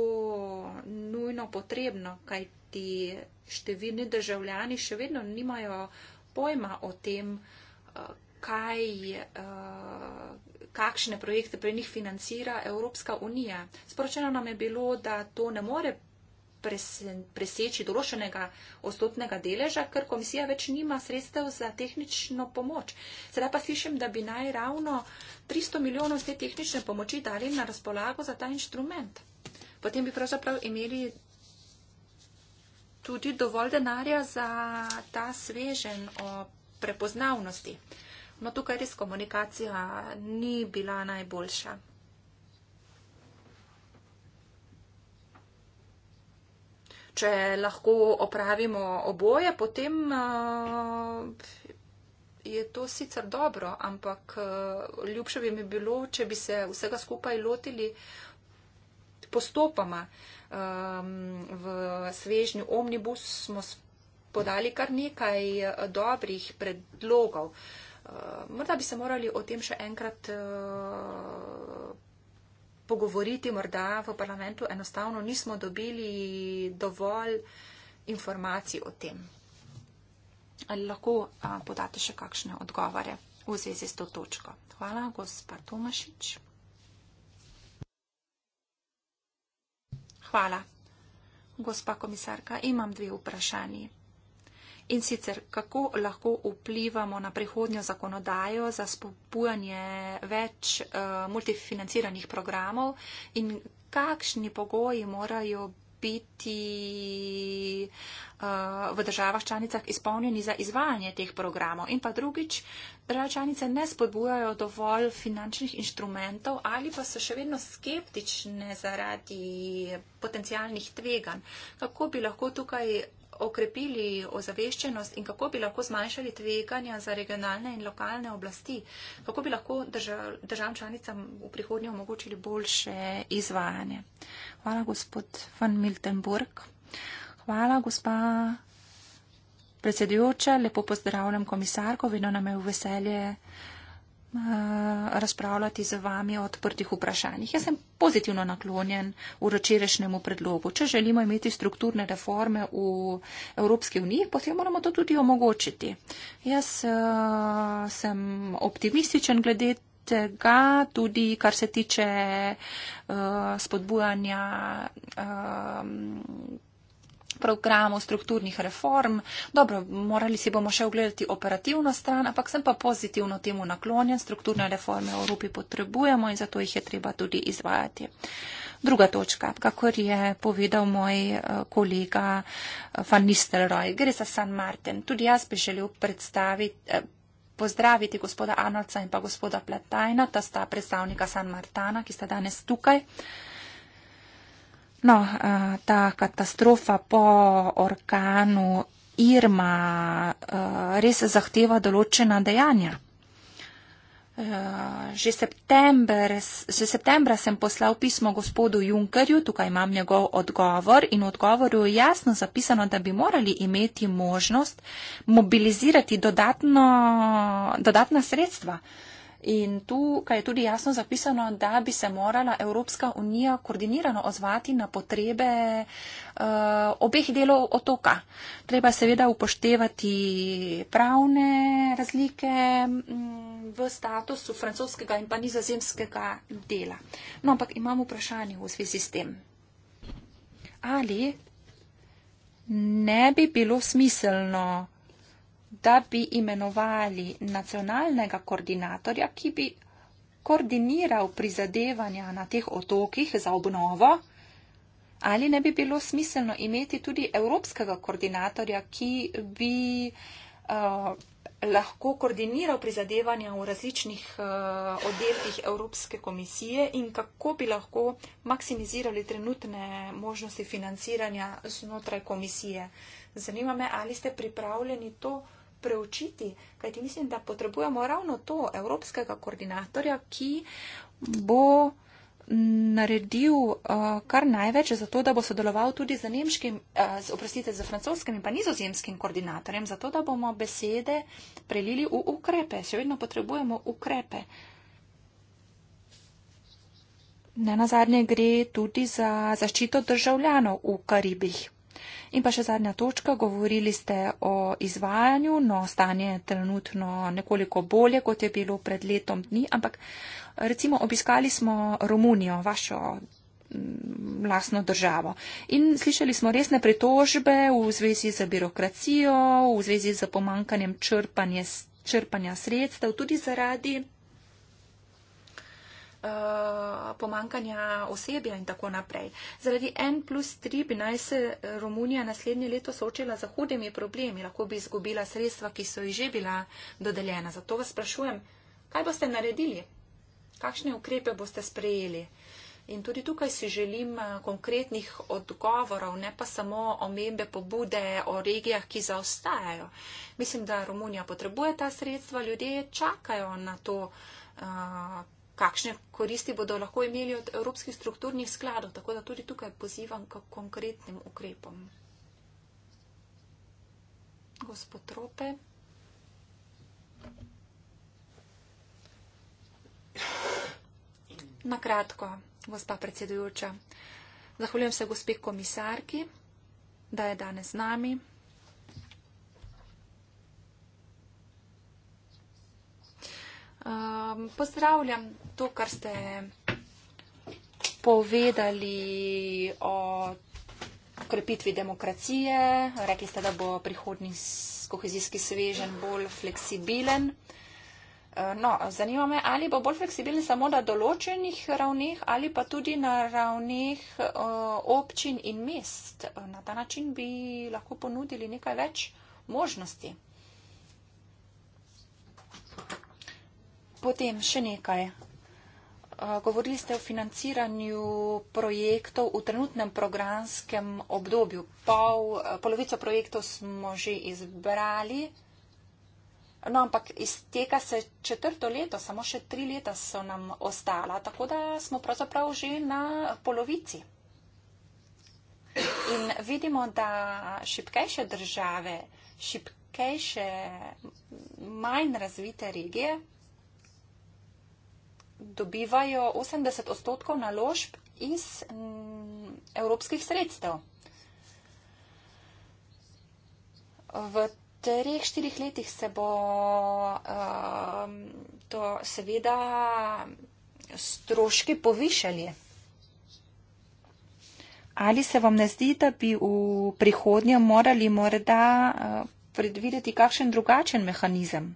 nujno potrebno, kaj ti številni državljani še vedno nimajo pojma o tem, uh, kaj, uh, kakšne projekte pri njih financira Evropska unija. Sporočeno nam je bilo, da to ne more preseči določenega ostotnega deleža, ker komisija več nima sredstev za tehnično pomoč. Sedaj pa slišim, da bi naj ravno 300 milijonov te tehnične pomoči dali na razpolago za ta inštrument. Potem bi pravzaprav imeli tudi dovolj denarja za ta svežen o prepoznavnosti. Uh, No, tukaj res komunikacija ni bila najboljša. Če lahko opravimo oboje, potem eh, je to sicer dobro, ampak eh, ljubše bi mi bilo, če bi se vsega skupaj lotili postopoma. Ehm, v svežnju omnibus smo podali kar nekaj eh, dobrih predlogov. Eh, morda bi se morali o tem še enkrat eh, pogovoriti, morda v parlamentu enostavno nismo dobili dovolj informacij o tem. Ali lahko eh, podate še kakšne odgovore v zvezi s to točko? Hvala, gospa Tomašič. Hvala. Gospa komisarka, imam dve vprašanji in sicer kako lahko vplivamo na prihodnjo zakonodajo za spopujanje več uh, multifinanciranih programov in kakšni pogoji morajo biti uh, v državah članicah izpolnjeni za izvajanje teh programov. In pa drugič, države članice ne spodbujajo dovolj finančnih inštrumentov ali pa so še vedno skeptične zaradi potencijalnih tveganj. Kako bi lahko tukaj okrepili ozaveščenost in kako bi lahko zmanjšali tveganja za regionalne in lokalne oblasti, kako bi lahko državam članicam v prihodnje omogočili boljše izvajanje. Hvala, gospod van Miltenburg. Hvala, gospa predsedujoča. Lepo pozdravljam komisarko. Vino nam je v veselje. Eh, razpravljati z vami o odprtih vprašanjih. Jaz sem pozitivno naklonjen uročerešnjemu predlogu. Če želimo imeti strukturne reforme v Evropski uniji, potem moramo to tudi omogočiti. Jaz uh, sem optimističen glede tega, tudi kar se tiče uh, spodbujanja. Uh, programov, strukturnih reform. Dobro, morali si bomo še ogledati operativno stran, ampak sem pa pozitivno temu naklonjen. Strukturne reforme v Evropi potrebujemo in zato jih je treba tudi izvajati. Druga točka, kakor je povedal moj eh, kolega eh, Van Nistelrooy, gre za San Martin. Tudi jaz bi želel predstaviti. Eh, pozdraviti gospoda Arnolca in pa gospoda Platajna, ta sta predstavnika San Martana, ki sta danes tukaj. Uh, No, eh, ta katastrofa po orkanu Irma eh, res zahteva določena dejanja. Eh, že, september, že septembra sem poslal pismo gospodu Junkerju, tukaj imam njegov odgovor in v odgovoru je jasno zapisano, da bi morali imeti možnost mobilizirati dodatno, dodatna sredstva. In tukaj je tudi jasno zapisano, da bi se morala Evropska unija koordinirano ozvati na potrebe uh, obeh delov otoka. Treba seveda upoštevati pravne razlike v statusu francoskega in pa nizozemskega dela. No, ampak imam vprašanje v zvezi s tem. Ali ne bi bilo smiselno da bi imenovali nacionalnega koordinatorja, ki bi koordiniral prizadevanja na teh otokih za obnovo, ali ne bi bilo smiselno imeti tudi evropskega koordinatorja, ki bi uh, lahko koordiniral prizadevanja v različnih uh, oddelkih Evropske komisije in kako bi lahko maksimizirali trenutne možnosti financiranja znotraj komisije. Zanima me, ali ste pripravljeni to preučiti, kajti mislim, da potrebujemo ravno to evropskega koordinatorja, ki bo naredil uh, kar največ za to, da bo sodeloval tudi z nemškim, uh, oprostite, z francoskim in pa nizozemskim koordinatorjem, zato da bomo besede prelili v ukrepe. Še vedno potrebujemo ukrepe. Ne nazadnje gre tudi za zaščito državljanov v Karibih. In pa še zadnja točka, govorili ste o izvajanju, no stanje je trenutno nekoliko bolje, kot je bilo pred letom dni, ampak recimo obiskali smo Romunijo, vašo vlastno mm, državo. In slišali smo resne pritožbe v zvezi z birokracijo, v zvezi z pomankanjem črpanja sredstev, tudi zaradi uh, pomankanja osebja in tako naprej. Zaradi N plus 3 bi naj se Romunija naslednje leto soočila za hudimi problemi, lahko bi izgubila sredstva, ki so ji že bila dodeljena. Zato vas sprašujem, kaj boste naredili? Kakšne ukrepe boste sprejeli? In tudi tukaj si želim eh, konkretnih odgovorov, ne pa samo omembe pobude o regijah, ki zaostajajo. Mislim, da Romunija potrebuje ta sredstva, ljudje čakajo na to. Uh, kakšne koristi bodo lahko imeli od evropskih strukturnih skladov. Tako da tudi tukaj pozivam k konkretnim ukrepom. Gospod Trope. Na kratko, gospa predsedujoča. Zahvaljujem se gospe komisarki, da je danes z nami. Um, pozdravljam to, kar ste povedali o krepitvi demokracije. Rekli ste, da bo prihodni kohezijski svežen bolj fleksibilen. Ehm, no, zanima me, ali bo bolj fleksibilen samo na določenih ravneh ali pa tudi na ravneh e, občin in mest. Na ta način bi lahko ponudili nekaj več možnosti. Potem še nekaj. Govorili ste o financiranju projektov v trenutnem programskem obdobju. Pol, polovico projektov smo že izbrali, no, ampak izteka se četrto leto, samo še tri leta so nam ostala, tako da smo pravzaprav že na polovici. In vidimo, da šipkejše države, šipkejše, manj razvite regije, dobivajo 80 odstotkov naložb iz mm, evropskih sredstev. V treh, štirih letih se bo ehm, to seveda stroški povišali. Ali se vam ne zdi, da bi v prihodnje morali morda eh, predvideti kakšen drugačen mehanizem?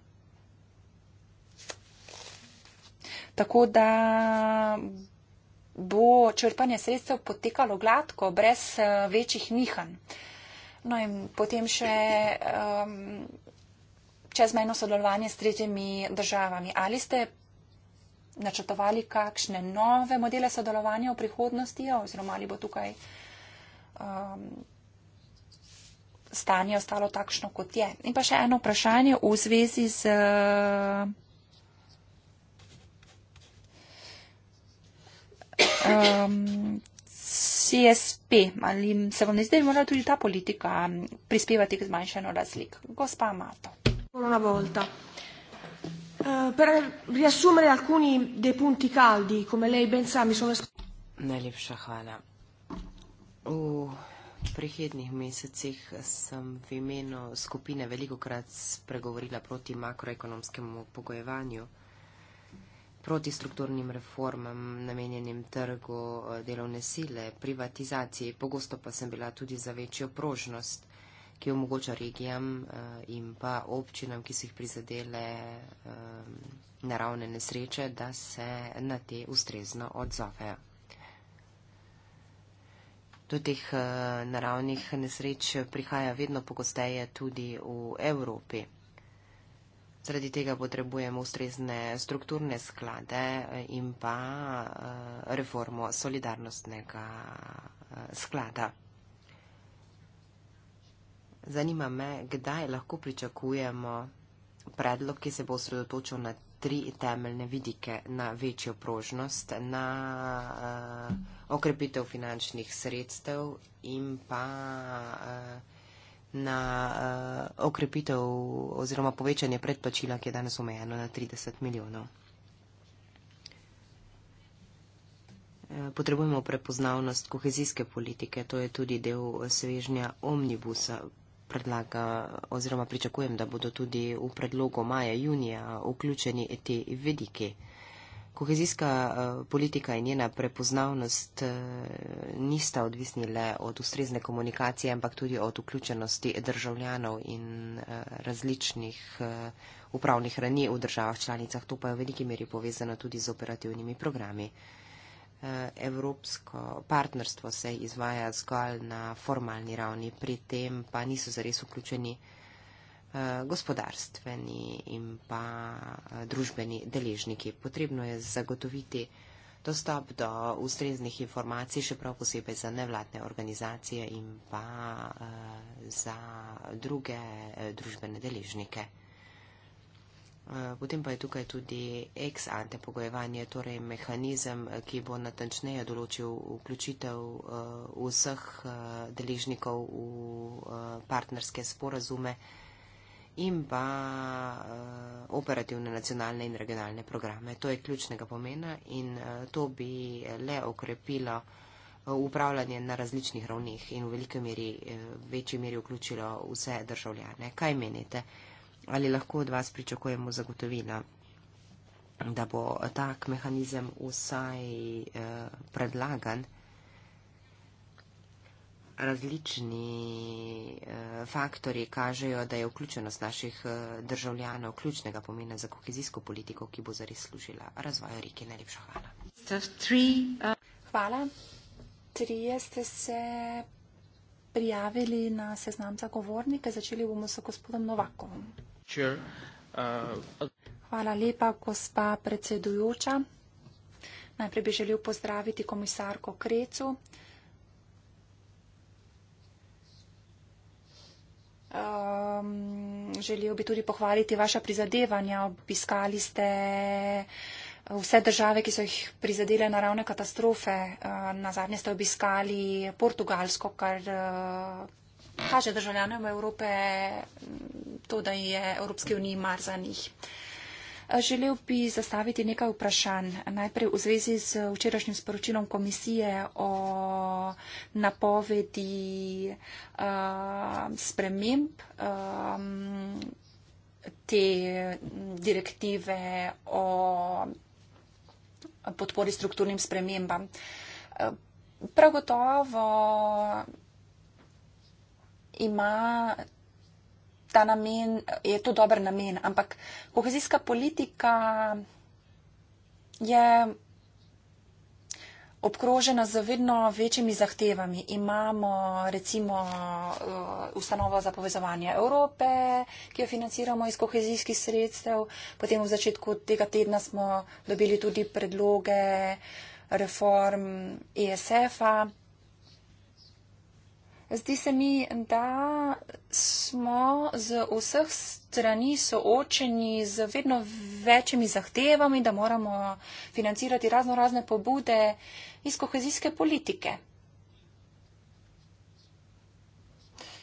Tako da bo črpanje sredstev potekalo gladko, brez eh, večjih nihanj. No in potem še um, čezmejno sodelovanje s tretjimi državami. Ali ste načrtovali kakšne nove modele sodelovanja v prihodnosti oziroma ali bo tukaj um, stanje ostalo takšno, kot je? In pa še eno vprašanje v zvezi z. Uh, um, CSP ali se vam ne zdi, da bi morala tudi ta politika um, prispevati k zmanjšanju razlik? Gospa Mato. Una
volta. Uh, per riassumere alcuni dei punti caldi,
come lei ben sa, mi sono esplicata.
V prihednih mesecih sem v imenu skupine veliko krat spregovorila proti makroekonomskemu pogojevanju proti strukturnim reformam, namenjenim trgu eh, delovne sile, privatizaciji, pogosto pa sem bila tudi za večjo prožnost, ki omogoča regijam eh, in pa občinam, ki so jih prizadele eh, naravne nesreče, da se na te ustrezno odzovejo. Do teh naravnih nesreč prihaja vedno pogosteje tudi v Evropi. Zaradi tega potrebujemo ustrezne strukturne sklade in pa eh, reformo solidarnostnega eh, sklada. Zanima me, kdaj lahko pričakujemo predlog, ki se bo osredotočil na tri temeljne vidike, na večjo prožnost, na eh, okrepitev finančnih sredstev in pa na uh, okrepitev oziroma povečanje predplačila, ki je danes omejeno na 30 milijonov. Eh, potrebujemo prepoznavnost kohezijske politike, to je tudi del svežnja omnibusa. Predlaga oziroma pričakujem, da bodo tudi v predlogu maja-junija vključeni te vidiki kohezijska eh, politika in njena prepoznavnost eh, nista odvisni le od ustrezne komunikacije, ampak tudi od vključenosti državljanov in eh, različnih upravnih rani v državah članicah. To pa je v veliki meri povezano tudi z operativnimi programi. Evropsko partnerstvo se izvaja zgolj na formalni ravni, pri tem pa niso zares vključeni Eh, gospodarstveni in pa eh, družbeni deležniki. Potrebno je zagotoviti dostop do ustreznih informacij, še prav posebej za nevladne organizacije in pa eh, za druge družbene deležnike. Potem pa je tukaj tudi ex ante pogojevanje, torej mehanizem, ki bo natančneje določil vključitev vseh deležnikov v partnerske sporazume in pa uh, operativne nacionalne in regionalne programe. To je ključnega pomena in uh, to bi le okrepilo eh, upravljanje na različnih ravnih in v veliki meri, uh, večji meri vključilo vse državljane. Kaj menite? Ali lahko od vas pričakujemo zagotovila, da bo tak mehanizem vsaj uh, predlagan? različni eh, faktori kažejo, da je vključenost naših eh, državljanov ključnega pomena za kohezijsko politiko, ki bo zares služila razvoju reke. Najlepša hvala.
Uh, hvala. Trije ste se prijavili na seznam zagovornike. Začeli bomo s gospodom Novakovom.
Uh,
hvala lepa, gospa predsedujoča. Najprej bi želel pozdraviti komisarko Krecu. um, želel bi tudi pohvaliti vaša prizadevanja. Obiskali ste eh, vse države, ki so jih prizadele naravne katastrofe. Uh, na zadnje ste obiskali Portugalsko, kar uh, kaže državljanom Evrope mm, to, da je Evropske unije mar za njih. Uh, Želel bi zastaviti nekaj vprašanj. Najprej v zvezi z včerajšnjim sporočilom komisije o napovedi uh, sprememb um, te direktive o podpori strukturnim spremembam. Eh, prav gotovo ima ta namen, je to dober namen, ampak kohezijska politika je obkrožena z vedno večjimi zahtevami. Imamo recimo eh, ustanovo za povezovanje Evrope, ki jo financiramo iz kohezijskih sredstev. Potem v začetku tega tedna smo dobili tudi predloge reform ESF-a. Zdi se mi, da smo z vseh strani soočeni z vedno večjimi zahtevami, da moramo financirati razno razne pobude iz kohezijske politike.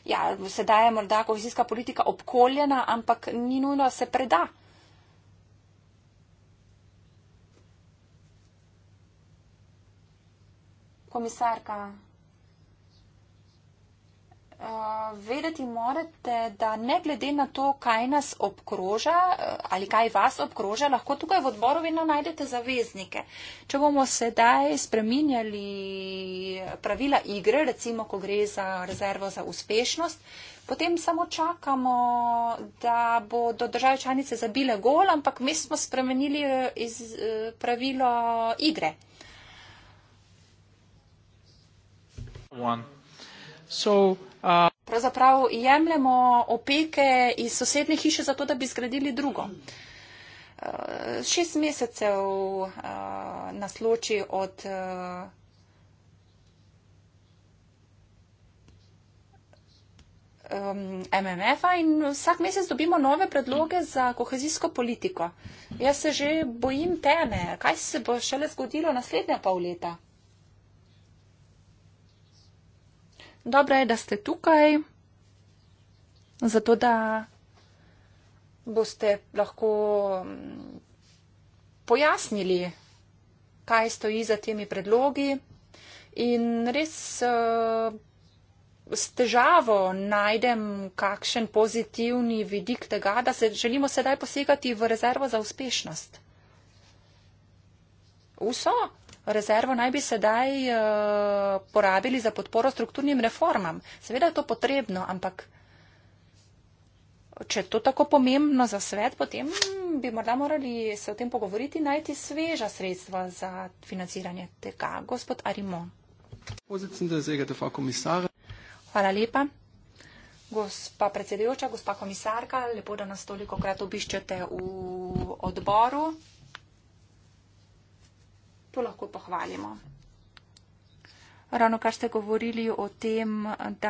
Ja, sedaj je morda kohezijska politika obkoljena, ampak ni nujno, da se preda. Komisarka. Eh, vedeti morate, da ne glede na to, kaj nas obkroža eh, ali kaj vas obkroža, lahko tukaj v odboru vedno najdete zaveznike. Če bomo sedaj spreminjali pravila igre, recimo, ko gre za rezervo za uspešnost, potem samo čakamo, da bodo države članice zabile gol, ampak mi smo spremenili eh, iz, pravilo igre.
One. So,
uh,
Pravzaprav jemljemo opeke iz sosedne hiše zato, da bi zgradili drugo. Uh, šest mesecev uh, nas loči od. Uh, MMF-a um, in vsak mesec dobimo nove predloge za kohezijsko politiko. Jaz se že bojim teme, kaj se bo šele zgodilo naslednja pol leta. dobro je, da ste tukaj, zato da boste lahko mm, pojasnili, kaj stoji za temi predlogi in res eh, s težavo najdem kakšen pozitivni vidik tega, da se želimo sedaj posegati v rezervo za uspešnost. Vso rezervo naj bi sedaj eh, porabili za podporo strukturnim reformam. Seveda je to potrebno, ampak če je to tako pomembno za svet, potem bi morda morali se o tem pogovoriti, najti sveža sredstva za financiranje tega. Gospod Arimo. Hvala lepa. Gospa predsedujoča, gospa komisarka, lepo, da nas toliko krat obiščete v odboru to lahko pohvalimo. Ravno kar ste govorili o tem, da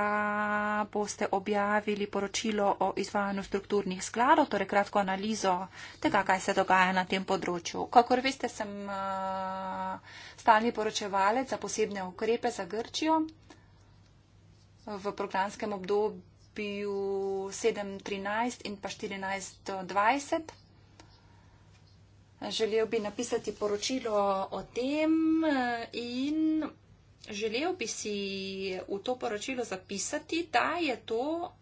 boste objavili poročilo o izvajanju strukturnih skladov, torej kratko analizo tega, kaj se dogaja na tem področju. Kakor veste, sem eh, stalni poročevalec za posebne ukrepe za Grčijo v programskem obdobju 7.13 in pa 14.20. Želel bi napisati poročilo o tem eh, in želel bi si v to poročilo zapisati, da je to,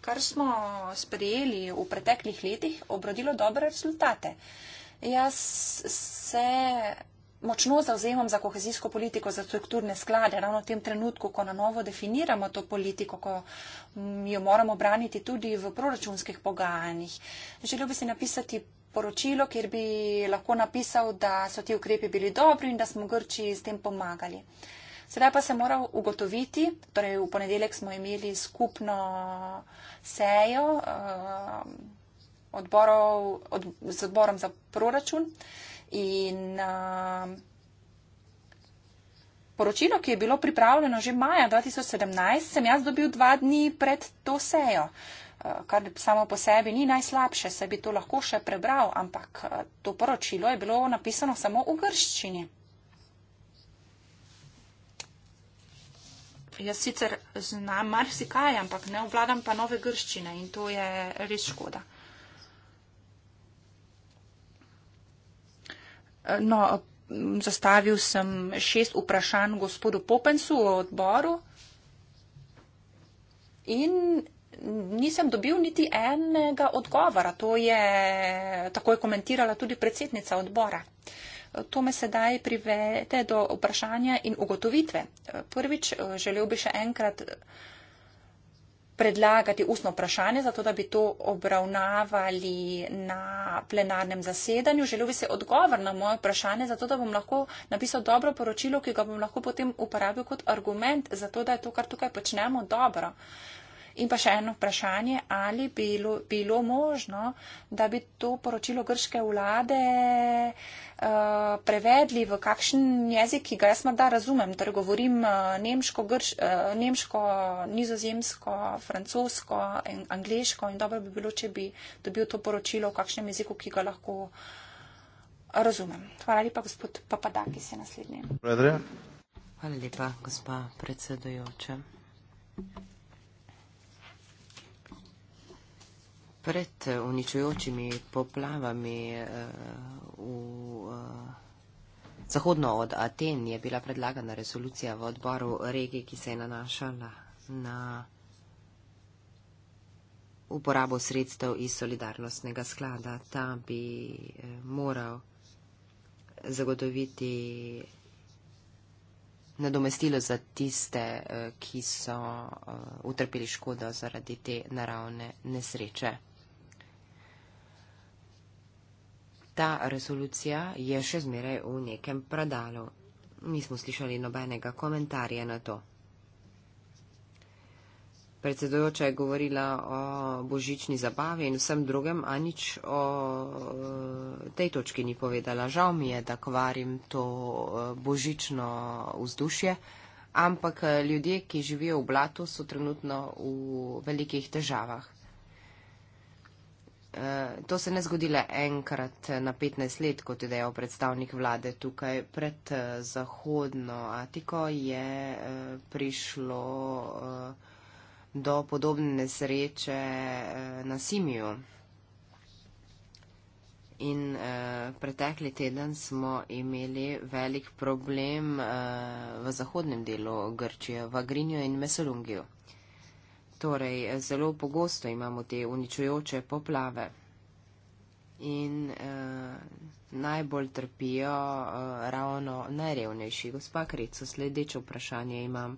kar smo sprejeli v preteklih letih, obrodilo dobre rezultate. Jaz se močno zauzemam za kohezijsko politiko, za strukturne sklade, ravno v tem trenutku, ko na novo definiramo to politiko, ko jo moramo braniti tudi v proračunskih pogajanjih. Želel bi si napisati poročilo, kjer bi lahko napisal, da so ti ukrepi bili dobri in da smo Grči s tem pomagali. Sedaj pa se mora ugotoviti, torej v ponedeljek smo imeli skupno sejo eh, odborov, od, z odborom za proračun. In um, poročilo, ki je bilo pripravljeno že maja 2017, sem jaz dobil dva dni pred to sejo. Uh, kar samo po sebi ni najslabše, se bi to lahko še prebral, ampak uh, to poročilo je bilo napisano samo v grščini. Jaz sicer znam marsikaj, ampak ne obvladam pa nove grščine in to je res škoda. No, zastavil sem šest vprašanj gospodu Popensu v odboru in nisem dobil niti enega odgovora. To je takoj komentirala tudi predsednica odbora. To me sedaj privede do vprašanja in ugotovitve. Prvič, želel bi še enkrat predlagati ustno vprašanje, zato da bi to obravnavali na plenarnem zasedanju. Želel bi se odgovor na moje vprašanje, zato da bom lahko napisal dobro poročilo, ki ga bom lahko potem uporabil kot argument, zato da je to, kar tukaj počnemo, dobro. In pa še eno vprašanje, ali bi bilo, bilo možno, da bi to poročilo grške vlade uh, prevedli v kakšen jezik, ki ga jaz morda razumem, torej govorim uh, nemško, grš, uh, nemško, nizozemsko, francosko, en, angliško in dobro bi bilo, če bi dobil to poročilo v kakšnem jeziku, ki ga lahko razumem. Hvala lepa, gospod
Papadaki, se naslednji. Hvala lepa, gospa predsedujoča. pred uničujočimi poplavami eh, v eh, zahodno od Aten je bila predlagana resolucija v odboru regije, ki se je nanašala na uporabo sredstev iz solidarnostnega sklada. Ta bi eh, moral zagotoviti nadomestilo za tiste, ki so utrpeli škodo zaradi te naravne nesreče. ta resolucija je še zmeraj v nekem predalu. Nismo slišali nobenega komentarja na to. Predsedojoča je govorila o božični zabavi in vsem drugem, a nič o e, tej točki ni povedala. Žal mi je, da kvarim to e, božično vzdušje, ampak e, ljudje, ki živijo v blatu, so trenutno v velikih težavah. Eh, to se ne zgodi le enkrat na 15 let, kot je dejal predstavnik vlade tukaj pred eh, Zahodno Atiko, je eh, prišlo do podobne nesreče na Simiju. In eh, pretekli teden smo imeli velik problem eh, v zahodnem delu Grčije, v Agrinju in Mesolungiju. Torej, zelo pogosto imamo te uničujoče poplave. In eh, najbolj trpijo eh, ravno najrevnejši. Gospa Krico, sledeče vprašanje imam.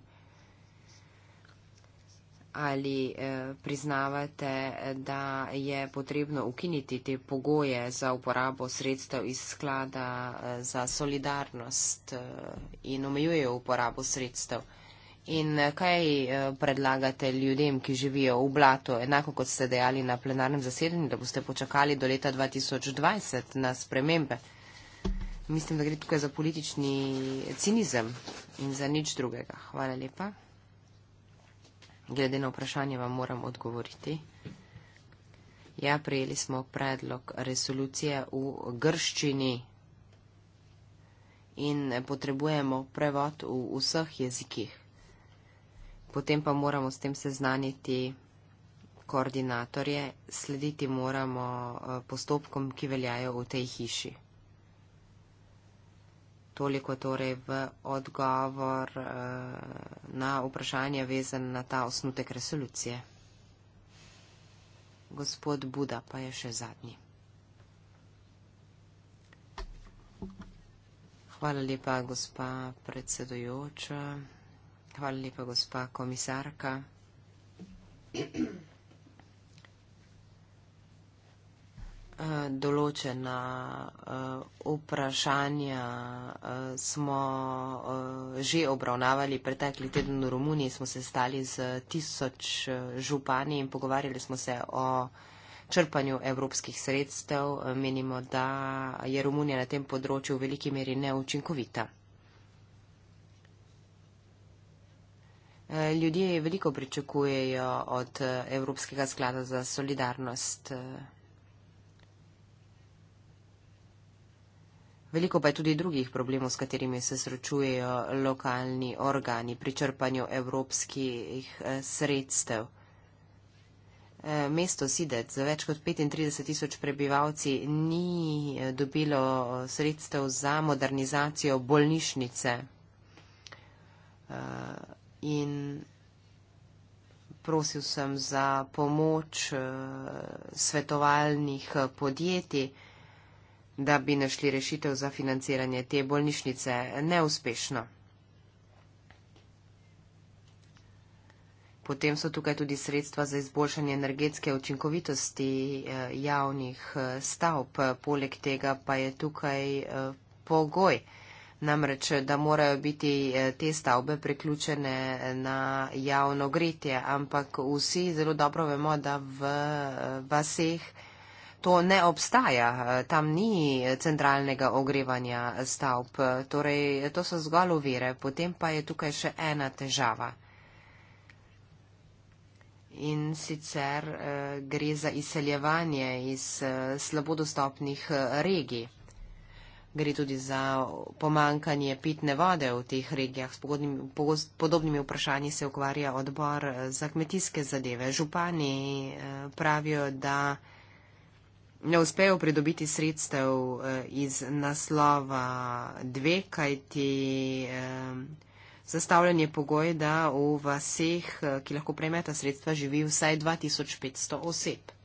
Ali eh, priznavate, da je potrebno ukiniti te pogoje za uporabo sredstev iz sklada eh, za solidarnost eh, in omejujejo uporabo sredstev? Eh, In eh, kaj eh, predlagate ljudem, ki živijo v blato, enako kot ste dejali na plenarnem zasedanju, da boste počakali do leta 2020 na spremembe? Mislim, da gre tukaj za politični cinizem in za nič drugega. Hvala lepa. Glede na vprašanje vam moram odgovoriti. Ja, prijeli smo predlog resolucije v grščini in potrebujemo prevod v vseh jezikih potem pa moramo s tem seznaniti koordinatorje, slediti moramo eh, postopkom, ki veljajo v tej hiši. Toliko torej v odgovor eh, na vprašanje vezan na ta osnutek resolucije. Gospod Buda pa je še zadnji. Hvala lepa, gospa predsedujoča. Hvala lepa, gospa komisarka. Eh, določena eh, vprašanja eh, smo že obravnavali pretekli teden v Romuniji, smo se stali z tisoč župani in pogovarjali smo se o črpanju evropskih sredstev. Menimo, da je Romunija na tem področju v veliki meri neučinkovita. Ljudje veliko pričakujejo od eh, Evropskega sklada za solidarnost. Eh. Veliko pa je tudi drugih problemov, s katerimi se srečujejo lokalni organi pri črpanju evropskih eh, sredstev. Mesto Sidec za več kot 35 tisoč prebivalci ni dobilo sredstev za modernizacijo bolnišnice in prosil sem za pomoč eh, svetovalnih eh, podjetij, da bi našli rešitev za financiranje te bolnišnice neuspešno. Potem so tukaj tudi sredstva za izboljšanje energetske učinkovitosti eh, javnih stavb. Poleg tega pa je tukaj pogoj namreč, da morajo biti eh, te stavbe priključene eh, na javno gretje, ampak vsi zelo dobro vemo, da v eh, vaseh to ne obstaja, tam ni centralnega ogrevanja stavb, torej to so zgolj uvire, potem pa je tukaj še ena težava. In sicer gre za izseljevanje iz slabodostopnih regij gre tudi za pomankanje pitne vode v teh regijah. S pogodnimi, podobnimi vprašanji se ukvarja odbor za kmetijske zadeve. Župani eh, pravijo, da ne uspejo pridobiti sredstev eh, iz naslova dve, kajti eh, zastavljen je pogoj, da v vaseh, ki lahko prejmeta sredstva, živi vsaj 2500 oseb.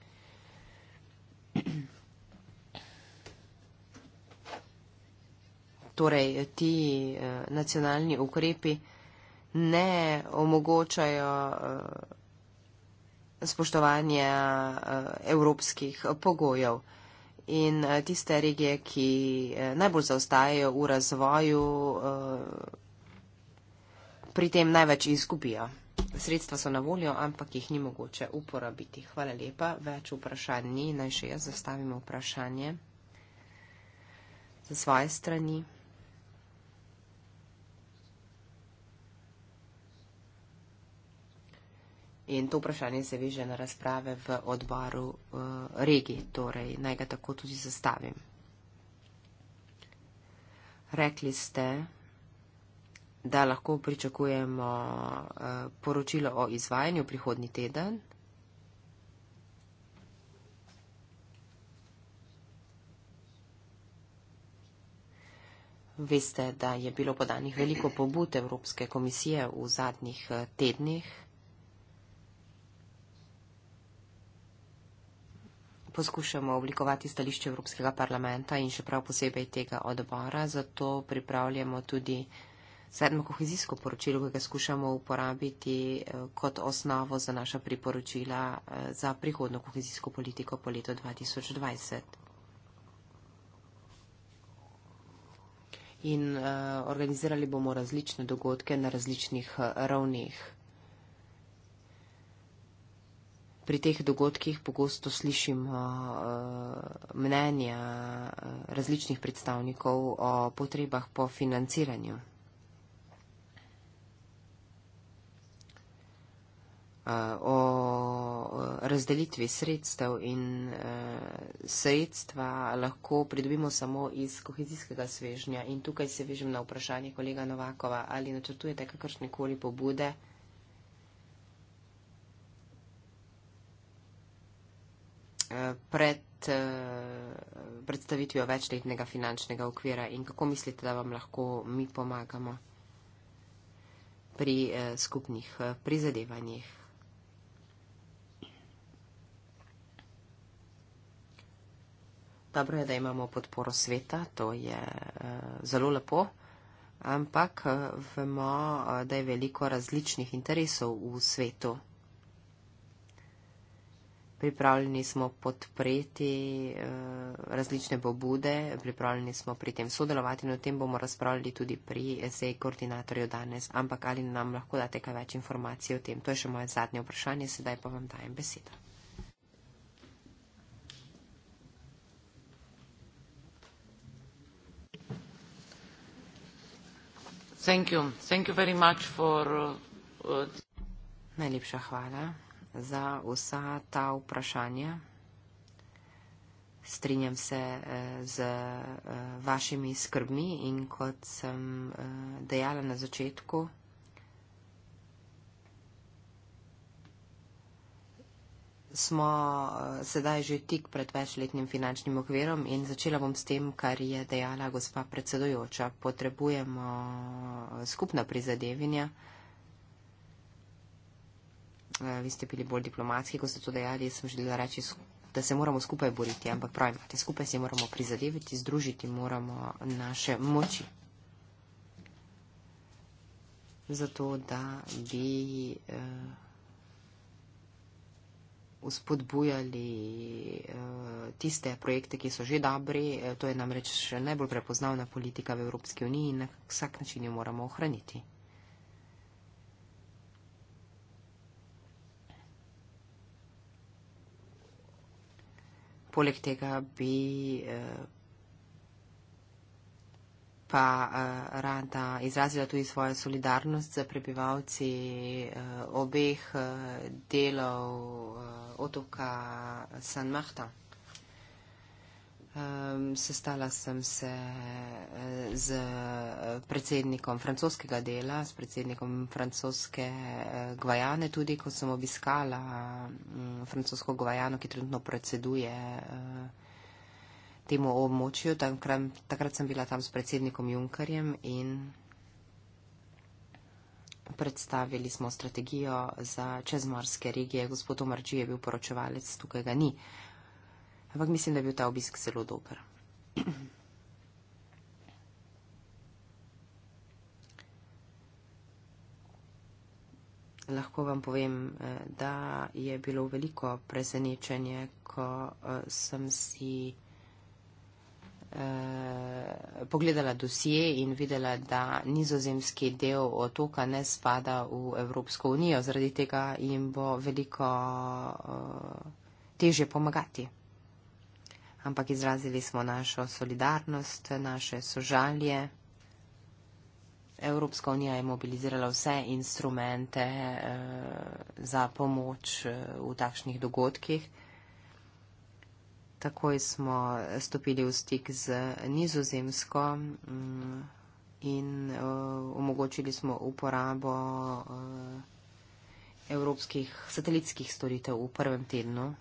torej ti uh, nacionalni ukrepi ne omogočajo uh, spoštovanja uh, evropskih pogojev. In uh, tiste regije, ki uh, najbolj zaostajajo v razvoju, uh, pri tem največ izgubijo. Sredstva so na voljo, ampak jih ni mogoče uporabiti. Hvala lepa. Več vprašanj ni. Naj še jaz zastavim vprašanje za svoje strani. In to vprašanje se veže na razprave v odboru uh, eh, regi, torej naj ga tako tudi zastavim. Rekli ste, da lahko pričakujemo uh, poročilo o izvajanju prihodni teden. Veste, da je bilo podanih veliko pobud Evropske komisije v zadnjih eh, tednih. poskušamo oblikovati stališče Evropskega parlamenta in še prav posebej tega odbora, zato pripravljamo tudi sedmo kohezijsko poročilo, ki ga skušamo uporabiti eh, kot osnovo za naša priporočila eh, za prihodno kohezijsko politiko po letu 2020. In uh, organizirali bomo različne dogodke na različnih ravneh. pri teh dogodkih pogosto slišimo uh, uh, mnenja uh, različnih predstavnikov o potrebah po financiranju. o razdelitvi sredstev in sredstva lahko pridobimo samo iz kohezijskega svežnja. In tukaj se vežem na vprašanje kolega Novakova, ali načrtujete kakršne koli pobude? Eh, pred eh, predstavitvijo večletnega finančnega okvira in kako mislite, da vam lahko mi pomagamo pri eh, skupnih prizadevanjih? Dobro je, da imamo podporo sveta, to je zelo lepo. Ampak vemo, da je veliko različnih interesov v svetu pripravljeni smo podpreti eh, različne pobude, pripravljeni smo pri tem sodelovati in o tem bomo razpravljali tudi pri SE koordinatorju danes. Ampak ali nam lahko date kaj več informacij o tem? To je še moje zadnje vprašanje, sedaj pa vam dajem besedo.
Thank you. Thank you for, uh, uh, Najlepša hvala za vsa ta vprašanja.
Strinjam se eh, z eh, vašimi skrbmi in kot sem eh, dejala na začetku, smo sedaj že tik pred večletnim finančnim okvirom in začela bom s tem, kar je dejala gospa predsedojoča. Potrebujemo skupna prizadevanja. Eh, vi ste bili bolj diplomatski, ko ste to dejali, sem želela reči, da se moramo skupaj boriti, ampak pravim, te skupaj se moramo prizadeviti, združiti moramo naše moči. Zato, da bi uh, eh, uspodbujali uh, eh, tiste projekte, ki so že dobri, to je namreč najbolj prepoznavna politika v Evropski uniji in na vsak način jo moramo ohraniti. poleg tega bi eh, pa eh, rada izrazila tudi svojo solidarnost za prebivalci eh, obeh delov otoka San Mahta. Um, sestala sem se eh, z eh, predsednikom francoskega dela, s predsednikom francoske uh, Gvajane, tudi ko sem obiskala um, francosko Gvajano, ki trenutno predseduje uh, temu območju. Takrat, takrat sem bila tam s predsednikom Junkerjem in predstavili smo strategijo za čezmorske regije. Gospod Omarči je bil poročevalec, tukaj ga ni. Uh, ampak mislim, da je bil ta obisk zelo dober. Lahko vam povem, eh, da je bilo veliko presenečenje, ko eh, sem si eh, pogledala dosje in videla, da nizozemski del otoka ne spada v Evropsko unijo. Zaradi tega jim bo veliko teže pomagati ampak izrazili smo našo solidarnost, naše sožalje. Evropska unija je mobilizirala vse instrumente eh, za pomoč eh, v takšnih dogodkih. Takoj smo stopili v stik z nizozemsko mm, in eh, omogočili smo uporabo eh, evropskih satelitskih storitev v prvem tednu.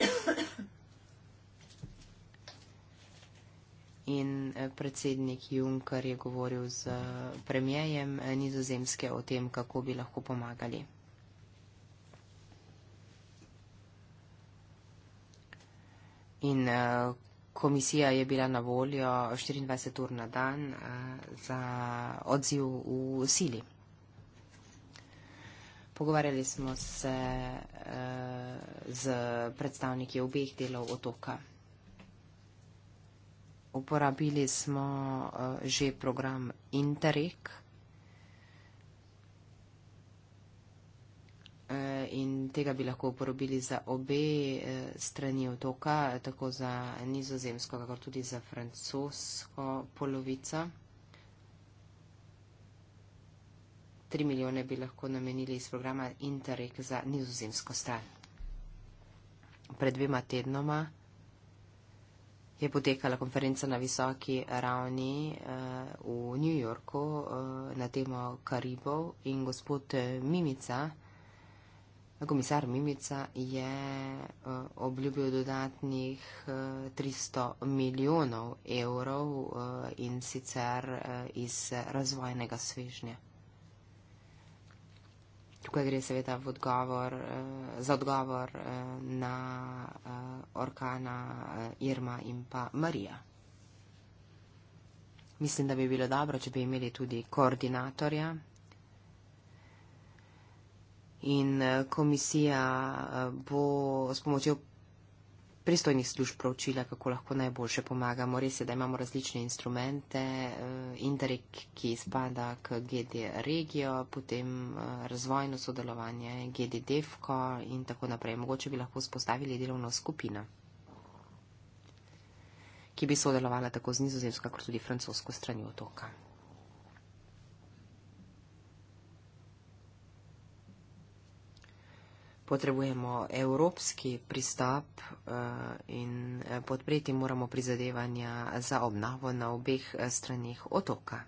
In eh, predsednik Juncker je govoril z eh, premijejem eh, nizozemske o tem, kako bi lahko pomagali. In komisija je bila na voljo 24 ur na dan za odziv v sili. Pogovarjali smo se z predstavniki obeh delov otoka uporabili smo eh, že program Interreg. Eh, in tega bi lahko uporabili za obe eh, strani otoka, tako za nizozemsko, kako tudi za francosko polovico. 3 milijone bi lahko namenili iz programa Interreg za nizozemsko stran. Pred dvema tednoma je potekala konferenca na visoki ravni eh, v New Yorku eh, na temo Karibov in gospod eh, Mimica, komisar Mimica, je eh, obljubil dodatnih eh, 300 milijonov evrov eh, in sicer eh, iz razvojnega svežnja. Tukaj gre seveda odgovor, eh, za odgovor eh, na eh, orkana Irma in pa Marija. Mislim, da bi bilo dobro, če bi imeli tudi koordinatorja. In komisija bo s pomočjo pristojnih služb pravčila, kako lahko najboljše pomagamo. Res je, da imamo različne instrumente, eh, Interreg, ki spada k GD regijo, potem eh, razvojno sodelovanje, GD Defko in tako naprej. Mogoče bi lahko spostavili delovno skupino, ki bi sodelovala tako z nizozemsko, kot tudi francosko stranjo otoka. potrebujemo evropski pristop eh, in eh, podpreti moramo prizadevanja za obnavo na obeh eh, stranih otoka.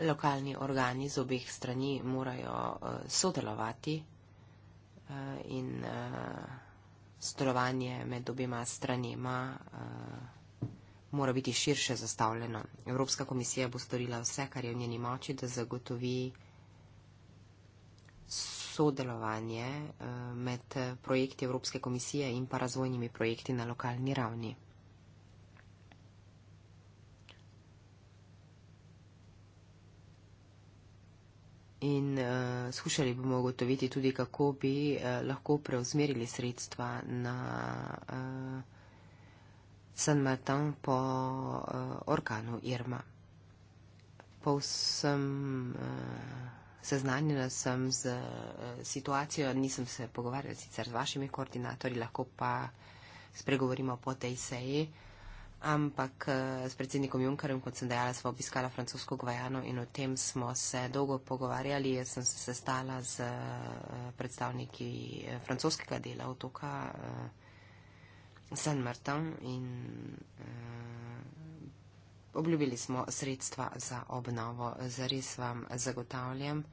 Lokalni organi z obeh strani morajo sodelovati in sodelovanje med obima stranima vsega mora biti širše zastavljeno. Evropska komisija bo storila vse, kar je v njeni moči, da zagotovi sodelovanje eh, med projekti Evropske komisije in pa razvojnimi projekti na lokalni ravni. In uh, skušali bomo ugotoviti tudi, kako bi uh, lahko preusmerili sredstva na uh, Saint-Martin po uh, orkanu Irma. Povsem uh, seznanjena sem z uh, situacijo, nisem se pogovarjala sicer z vašimi koordinatorji, lahko pa spregovorimo po tej seji, ampak uh, s predsednikom Junkerjem, kot sem dejala, smo obiskala francosko Gvajano in o tem smo se dolgo pogovarjali. Jaz sem se sestala z uh, predstavniki francoskega dela otoka. Uh, San Martin in uh, obljubili smo sredstva za obnovo. Zares vam zagotavljam,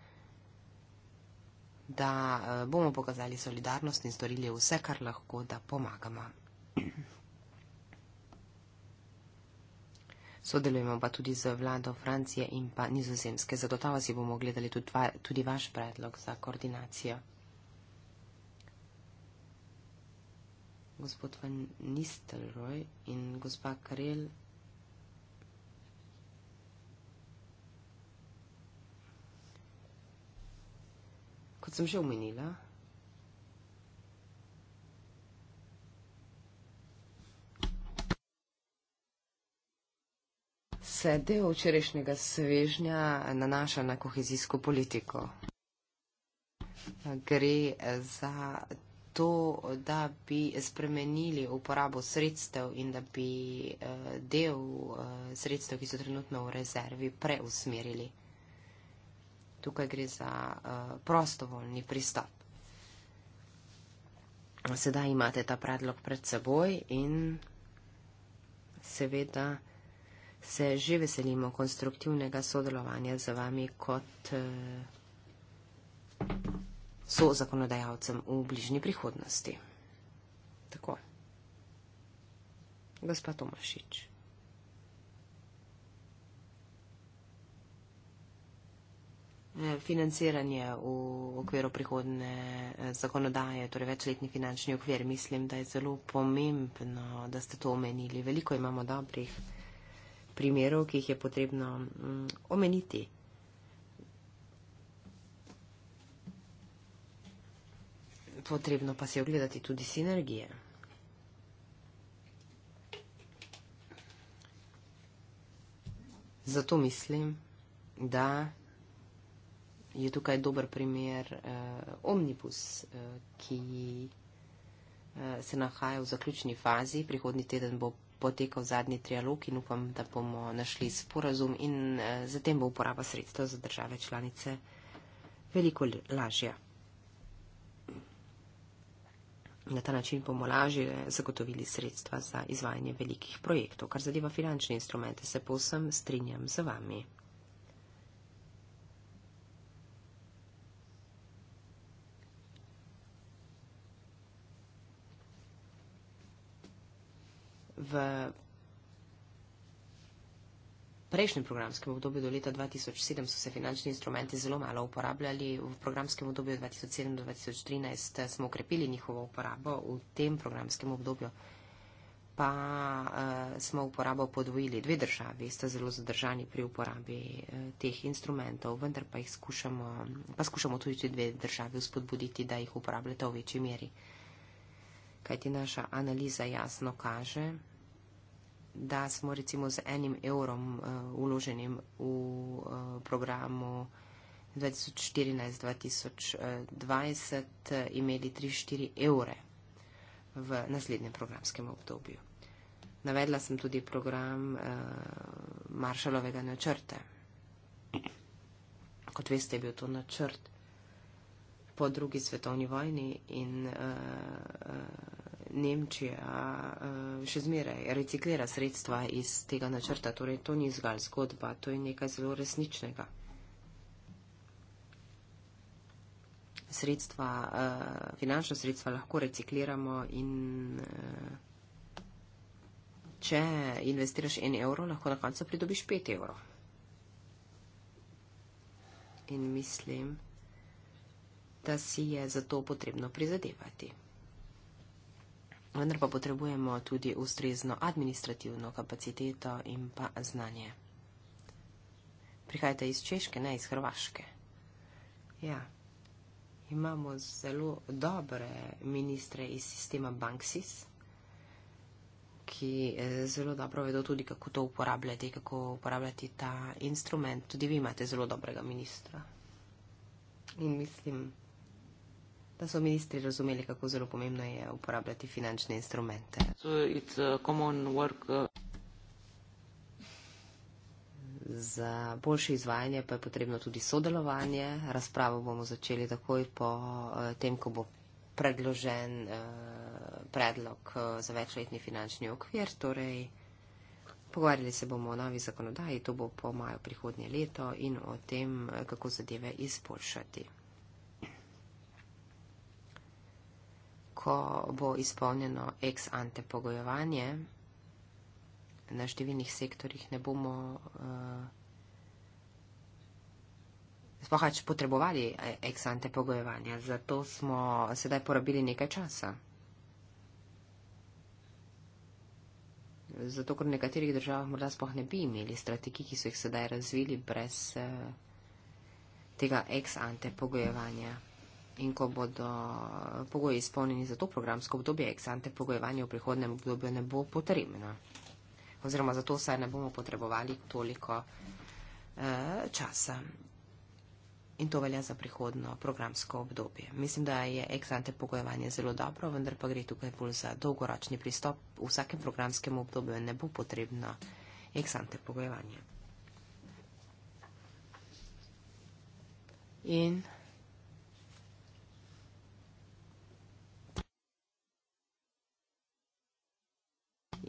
da uh, bomo pokazali solidarnost in storili vse, kar lahko, da pomagamo. Sodelujemo pa tudi z vlado Francije in pa nizozemske. Zagotovo si bomo gledali tudi, tudi vaš predlog za koordinacijo. gospod Van Nistelrooy in gospa Karel. Kot sem že omenila, se del včerajšnjega svežnja nanaša na kohezijsko politiko. Gre za to, da bi spremenili uporabo sredstev in da bi eh, del eh, sredstev, ki so trenutno v rezervi, preusmerili. Tukaj gre za eh, prostovoljni pristop. Sedaj imate ta predlog pred seboj in seveda se že veselimo konstruktivnega sodelovanja z vami kot so zakonodajalcem v bližnji prihodnosti. Tako. Gospa Tomašič. E, financiranje v okviru prihodne e, zakonodaje, torej večletni finančni okvir, mislim, da je zelo pomembno, da ste to omenili. Veliko imamo dobrih primerov, ki jih je potrebno mm, omeniti. potrebno pa si ogledati tudi sinergije. Zato mislim, da je tukaj dober primer eh, omnibus, eh, ki eh, se nahaja v zaključni fazi. Prihodni teden bo potekal zadnji trialog in upam, da bomo našli sporazum in eh, zatem bo uporaba sredstva za države članice veliko lažja na ta način bomo lažje zagotovili sredstva za izvajanje velikih projektov. Kar zadeva finančne instrumente, se povsem strinjam z vami. V prejšnjem programskem obdobju do leta 2007 so se finančni instrumenti zelo malo uporabljali, v programskem obdobju 2007-2013 eh, smo ukrepili njihovo uporabo, v tem programskem obdobju pa uh, smo uporabo podvojili. Dve državi sta zelo zadržani pri uporabi uh, teh instrumentov, vendar pa jih skušamo, pa skušamo tudi dve državi vzpodbuditi, da jih uporabljata v večji meri. Kajti naša analiza jasno kaže, da smo recimo z enim evrom uh, eh, uloženim v uh, programu 2014-2020 eh, imeli 3-4 evre v naslednjem programskem obdobju. Navedla sem tudi program uh, Maršalovega načrte. Kot veste, je bil to načrt po drugi svetovni vojni in uh, uh, Nemčija eh, še zmeraj reciklira sredstva iz tega načrta, torej to ni zgolj zgodba, to je nekaj zelo resničnega. Sredstva, eh, finančno sredstva lahko recikliramo in eh, če investiraš en evro, lahko na koncu pridobiš pet evrov. In mislim, da si je za to potrebno prizadevati vendar pa potrebujemo tudi ustrezno administrativno kapaciteto in pa znanje. Prihajate iz Češke, ne iz Hrvaške. Ja, imamo zelo dobre ministre iz sistema Banksis, ki eh, zelo dobro vedo tudi, kako to uporabljati, kako uporabljati ta instrument. Tudi vi imate zelo dobrega ministra. In mislim, da so ministri razumeli, kako zelo pomembno je uporabljati finančne instrumente.
Uh,
za boljše izvajanje pa je potrebno tudi sodelovanje. Razpravo bomo začeli takoj po eh, tem, ko bo predložen eh, predlog eh, za večletni finančni okvir. Torej, pogovarjali se bomo o novi zakonodaji, to bo po maju prihodnje leto in o tem, kako zadeve izboljšati. ko bo izpolnjeno ex ante pogojevanje, na številnih sektorjih ne bomo uh, eh, spohač potrebovali eh, ex ante pogojevanja, zato smo sedaj porabili nekaj časa. Zato, ker v nekaterih državah morda spoh ne bi imeli strategij, ki so jih sedaj razvili brez uh, tega ex ante pogojevanja. Mm in ko bodo pogoji izpolnjeni za to programsko obdobje, eksante pogojevanje v prihodnem obdobju ne bo potrebno. Oziroma, zato saj ne bomo potrebovali toliko eh, časa. In to velja za prihodno programsko obdobje. Mislim, da je eksante pogojevanje zelo dobro, vendar pa gre tukaj bolj za dolgoročni pristop. V vsakem programskem obdobju ne bo potrebno eksante pogojevanje. In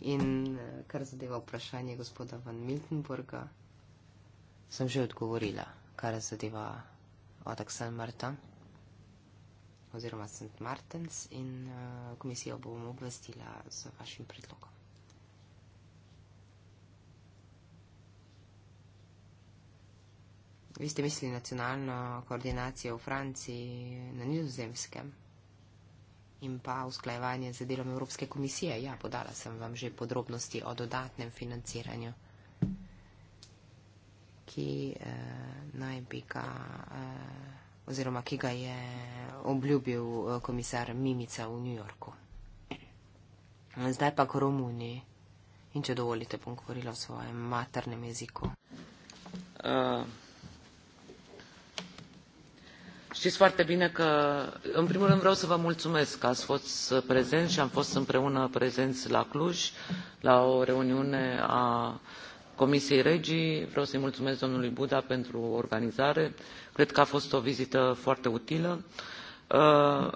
In eh, kar zadeva vprašanje gospoda Van Miltenburga, sem že odgovorila, kar zadeva otok San Marta oziroma St. Martens in uh, komisijo bom obvestila z vašim predlogom. Vi ste mislili nacionalno koordinacijo v Franciji, na nizozemskem in pa usklajevanje z delom Evropske komisije. Ja, podala sem vam že podrobnosti o dodatnem financiranju, ki eh, naj bi ga. Eh, oziroma ki ga je obljubil eh, komisar Mimica v New Yorku. Zdaj pa k Romuniji. In če dovolite, bom govorila v svojem maternem jeziku.
Uh. Știți foarte bine că, în primul rând, vreau să vă mulțumesc că ați fost prezenți și am fost împreună prezenți la Cluj, la o reuniune a Comisiei Regii. Vreau să-i mulțumesc domnului Buda pentru organizare. Cred că a fost o vizită foarte utilă. Uh,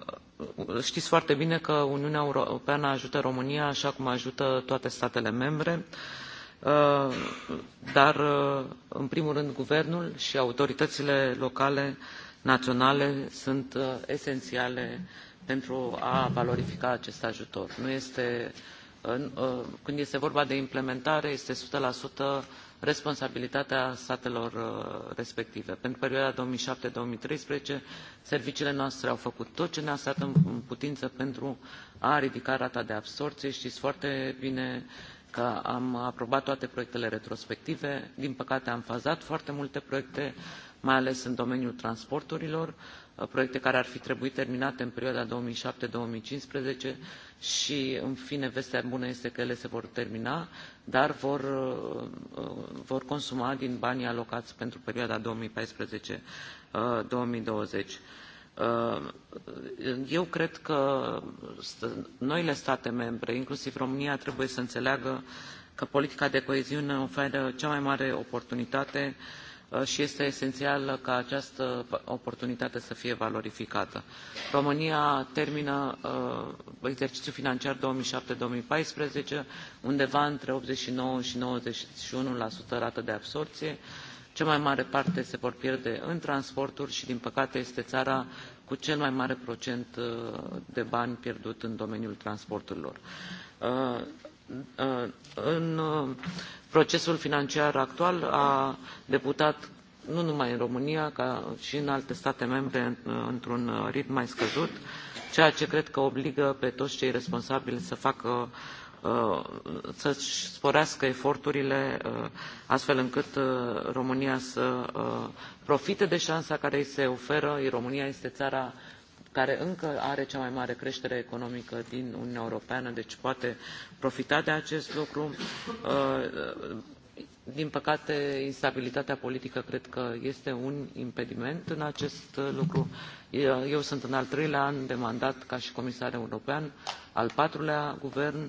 știți foarte bine că Uniunea Europeană ajută România așa cum ajută toate statele membre. Uh, dar, uh, în primul rând, guvernul și autoritățile locale naționale sunt uh, esențiale pentru a valorifica acest ajutor. Nu este, uh, când este vorba de implementare, este 100% responsabilitatea statelor uh, respective. Pentru perioada 2007-2013, serviciile noastre au făcut tot ce ne-a stat în putință pentru a ridica rata de absorție. Știți foarte bine că am aprobat toate proiectele retrospective. Din păcate am fazat foarte multe proiecte uh, mai ales în domeniul transporturilor uh, proiecte care ar fi trebuit terminate în perioada două mii șapte două mii cincisprezece și în fine vestea bună este că ele se vor termina dar vor, uh, uh, vor consuma din banii alocați pentru perioada 2014-2020. Eu cred că noile state membre, inclusiv România, trebuie să înțeleagă că politica de coeziune oferă cea mai mare oportunitate uh, Uh, i este esenial ca această oportunitate să fie valorificată. România termină uh, exerciiul financiar 2007-2014 undeva între 89 și 91% rată de absorție. Cea mai mare parte se vor pierde în transporturi și, din păcate, este țara cu cel mai mare procent uh, de bani pierdut în domeniul transporturilor în uh, procesul financiar actual a debutat nu numai în România, ca și în alte state membre într-un ritm mai scăzut, ceea ce cred că obligă pe toți cei responsabili să facă uh, să-și sporească eforturile uh, astfel încât România să profite de șansa care îi se oferă. România este țara care încă are cea mai mare creștere economică din Uniunea Europeană, deci poate profita de acest lucru. Uh, din păcate, instabilitatea politică cred că este un impediment în acest lucru. Eu sunt în al treilea an de mandat ca și comisar european, al patrulea guvern.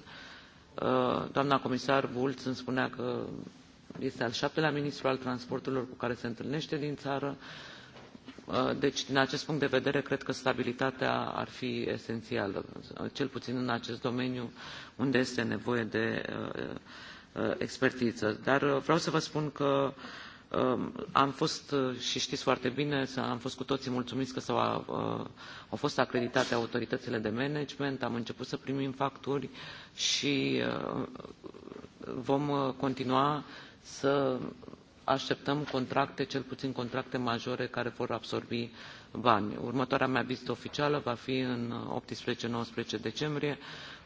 Uh, doamna comisar Bulț îmi spunea că este al șaptelea ministru al transporturilor cu care se întâlnește din țară. Uh, deci, din acest punct de vedere, cred că stabilitatea ar fi esențială, cel puțin în acest domeniu unde este nevoie de uh, uh, expertiză. Dar vreau să vă spun că um, am fost, și știți foarte bine, am fost cu toții mulțumiți că s-au, au fost acreditate autoritățile de management, am început să primim facturi și vom continua să așteptăm contracte, cel puțin contracte majore, care vor absorbi bani. Următoarea mea vizită oficială va fi în 18-19 decembrie,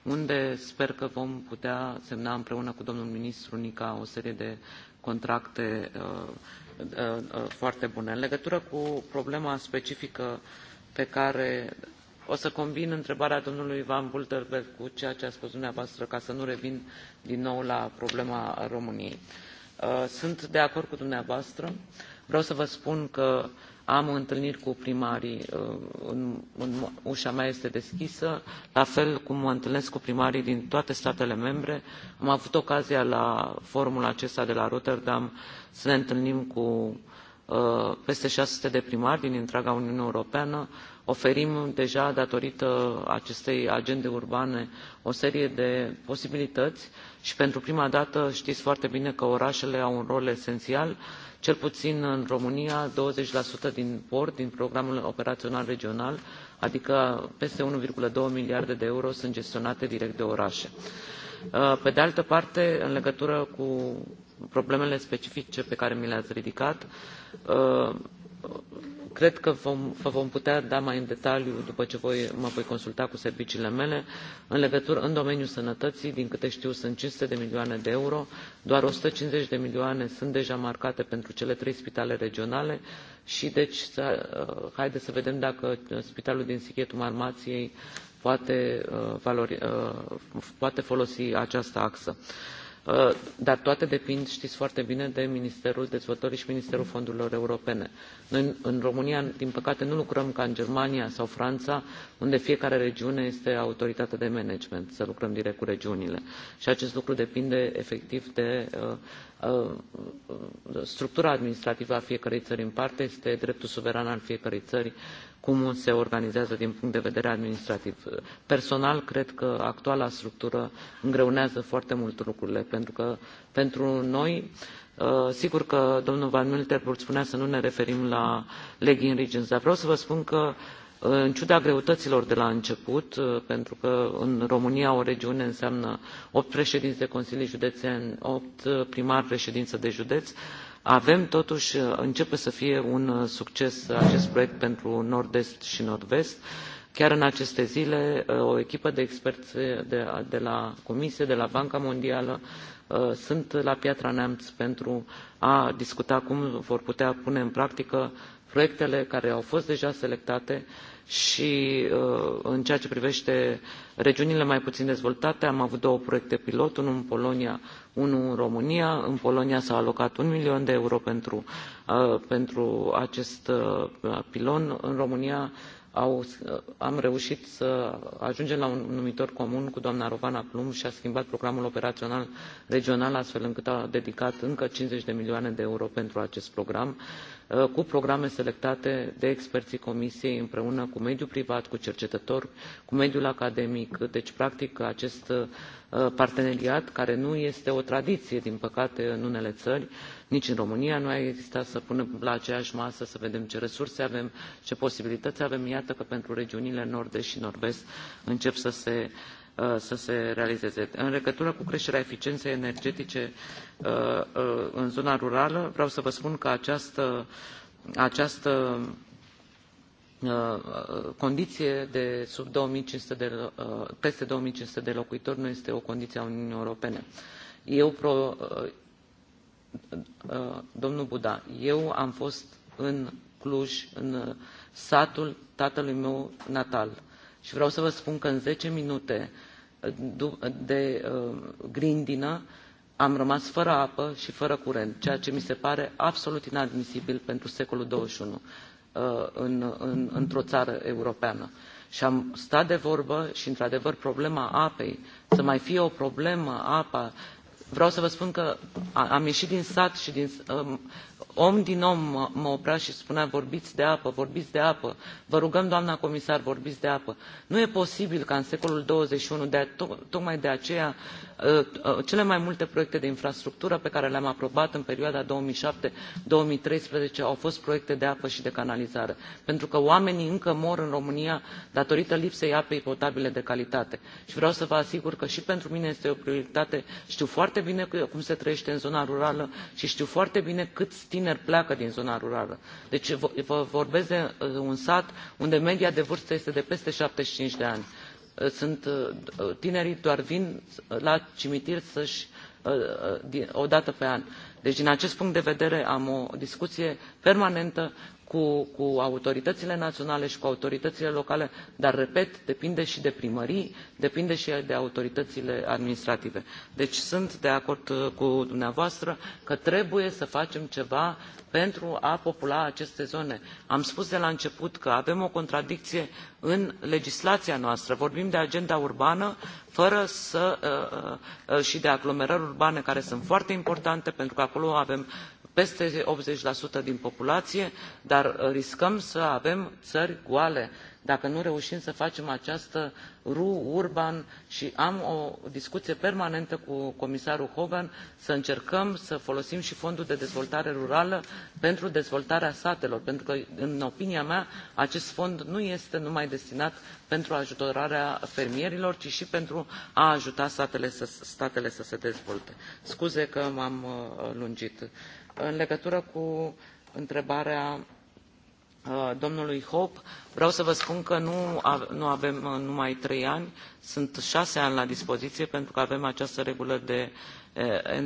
unde sper că vom putea semna împreună cu domnul ministru Nica o serie de contracte uh, uh, uh, foarte bune. În legătură cu problema specifică pe care o să combin întrebarea domnului Ivan Bulterberg cu ceea ce a spus dumneavoastră ca să nu revin din nou la problema României. Uh, Uh, sunt de acord cu dumneavoastră. Vreau să vă spun că am întâlniri cu primarii, uh, în, în, ușa mea este deschisă, la fel cum mă întâlnesc cu primarii din toate statele membre. Am avut ocazia la forumul acesta de la Rotterdam să ne întâlnim cu uh, peste 600 de primari din întreaga Uniunea Europeană oferim deja datorită acestei agende urbane o serie de posibilităi i pentru prima dată tii foarte bine că oraele au un rol esenial cel puin în românia douăzeci din bord din programul operaional regional adică peste unu doi miliarde de euro sunt gestionate direct de orae. Uh, pe de altă parte în legătură cu problemele specifice pe care mi le ai ridicat uh, cred că vă vom putea da mai în detaliu după ce mă voi consulta cu serviciile mele în domeniul sănătății din câte știu sunt 500 de milioane de euro doar 150 de milioane sunt deja marcate pentru cele trei spitale regionale și deci uh, haide să vedem dacă uh, spitalul din Sighetul Marmației poate, uh, valori, poate folosi această axă. Uh, dar toate depind, știți foarte bine, de Ministerul Dezvoltării și Ministerul Fondurilor Europene. Noi în România, din păcate, nu lucrăm ca în Germania sau Franța, unde fiecare regiune este autoritatea de management, să lucrăm direct cu regiunile. Și acest lucru depinde efectiv de uh, uh, uh structura administrativă a fiecărei țări în parte, este dreptul suveran al fiecărei țări uh, cum se organizează din punct de vedere administrativ. Personal, cred că actuala structură îngreunează foarte mult lucrurile, pentru că pentru noi, uh, sigur că domnul Van Milterburg spunea să nu ne referim la Legging Regions, dar vreau să vă spun că uh, în ciuda greutăților de la început, uh, pentru că în România o regiune înseamnă 8 președinți de Consilii Județeni, 8 primari președință de județ, avem totuși, uh, începe să fie un uh, succes acest proiect pentru Nord-Est și Nord-Vest. Chiar în aceste zile, uh, o echipă de experți de, de la Comisie, de la Banca Mondială, sunt la Piatra Neamț pentru a discuta cum vor putea pune în practică proiectele care au fost deja selectate și în ceea ce privește regiunile mai puțin dezvoltate, am avut două proiecte pilot, unul în Polonia, unu în românia în polonia s a alocat un milion de euro pentru uh, acest uh, pilon în românia uh, am reuit să ajungem la un numitor comun cu doamna rovana plumb i a schimbat programul operaional regional astfel încât a dedicat încă cincizeci de milioane de euro pentru acest program. Eh, cu programe selectate de experii comisiei împreună cu mediul privat cu cercetători cu mediul academic deci practic acest eh, parteneriat care nu este o tradiie din păcate în unele ări nici în românia nu a existat să punem la aceeai masă să vedem ce resurse avem ce posibilităi avem iată că pentru regiunile nord est i nord vest încep să se Uh, să se realizeze. În legătură cu creșterea eficienței energetice uh, uh, în zona rurală, vreau să vă spun că această, această condiție de sub 2500 de, peste 2500 de locuitori nu este o condiție a Uniunii Europene. Eu, pro, domnul Buda, eu am fost în Cluj, în satul tatălui meu natal. Și vreau să vă spun că în 10 minute uh, de uh, grindină, am rămas fără apă și fără curent, ceea ce mi se pare absolut inadmisibil pentru secolul XXI uh, în, în, într-o țară europeană. Și am stat de vorbă și, într-adevăr, problema apei, să mai fie o problemă apa. Vreau să vă spun că am ieșit din sat și din, um, om din om mă oprea și spunea vorbiți de apă, vorbiți de apă, vă rugăm, doamna comisar, vorbiți de apă. Nu e posibil ca în secolul 21, de, to- tocmai de aceea, cele mai multe proiecte de infrastructură pe care le-am aprobat în perioada 2007-2013 au fost proiecte de apă și de canalizare, pentru că oamenii încă mor în România datorită lipsei apei potabile de calitate. Și vreau să vă asigur că și pentru mine este o prioritate. Știu foarte bine cum se trăiește în zona rurală și știu foarte bine câți tineri pleacă din zona rurală. Deci vă vorbesc de un sat unde media de vârstă este de peste 75 de ani. Uh, sunt uh, uh, tinerii doar vin la cimitir să-și o dată pe an. Deci din acest punct de vedere am o discuție permanentă cu autoritățile naționale și cu autoritățile locale dar repet depinde și de primării depinde și de autoritățile administrative. deci sunt de acord uh, cu dumneavoastră că trebuie să facem ceva pentru a popula aceste zone. am spus de la început că avem o contradicție în legislația noastră vorbim de agenda urbană fără să, uh, uh, și de aglomerări urbane care sunt foarte importante pentru că acolo avem peste optzeci din populaie dar uh, riscăm să avem ări goale dacă nu reuim să facem această ru urban i am o discuie permanentă cu comisarul hogan să încercăm să folosim i fondul de dezvoltare rurală pentru dezvoltarea satelor pentru că în opinia mea acest fond nu este numai destinat pentru ajutorarea fermierilor ci i pentru a ajuta statele să se dezvolte. scuze că m am uh, lungit în legătură cu întrebarea uh, domnului hope vreau să vă spun că nu avem uh, numai trei ani sunt șase ani la dispoziție pentru că avem această regulă de uh,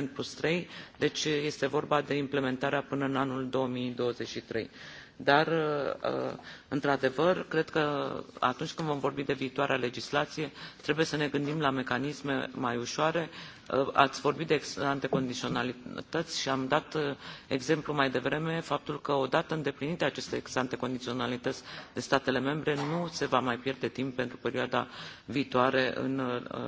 n trei deci este vorba de implementarea până în anul două mii douăzeci și trei dar uh, într adevăr cred că atunci când vom vorbi de viitoarea legislație trebuie să ne gândim la mecanisme mai ușoare uh, ați vorbit de ante condiționalități și am dat uh, exemplu mai devreme faptul că odată îndeplinite aceste ante condiționalități de statele membre nu se va mai pierde timp pentru perioada viitoare în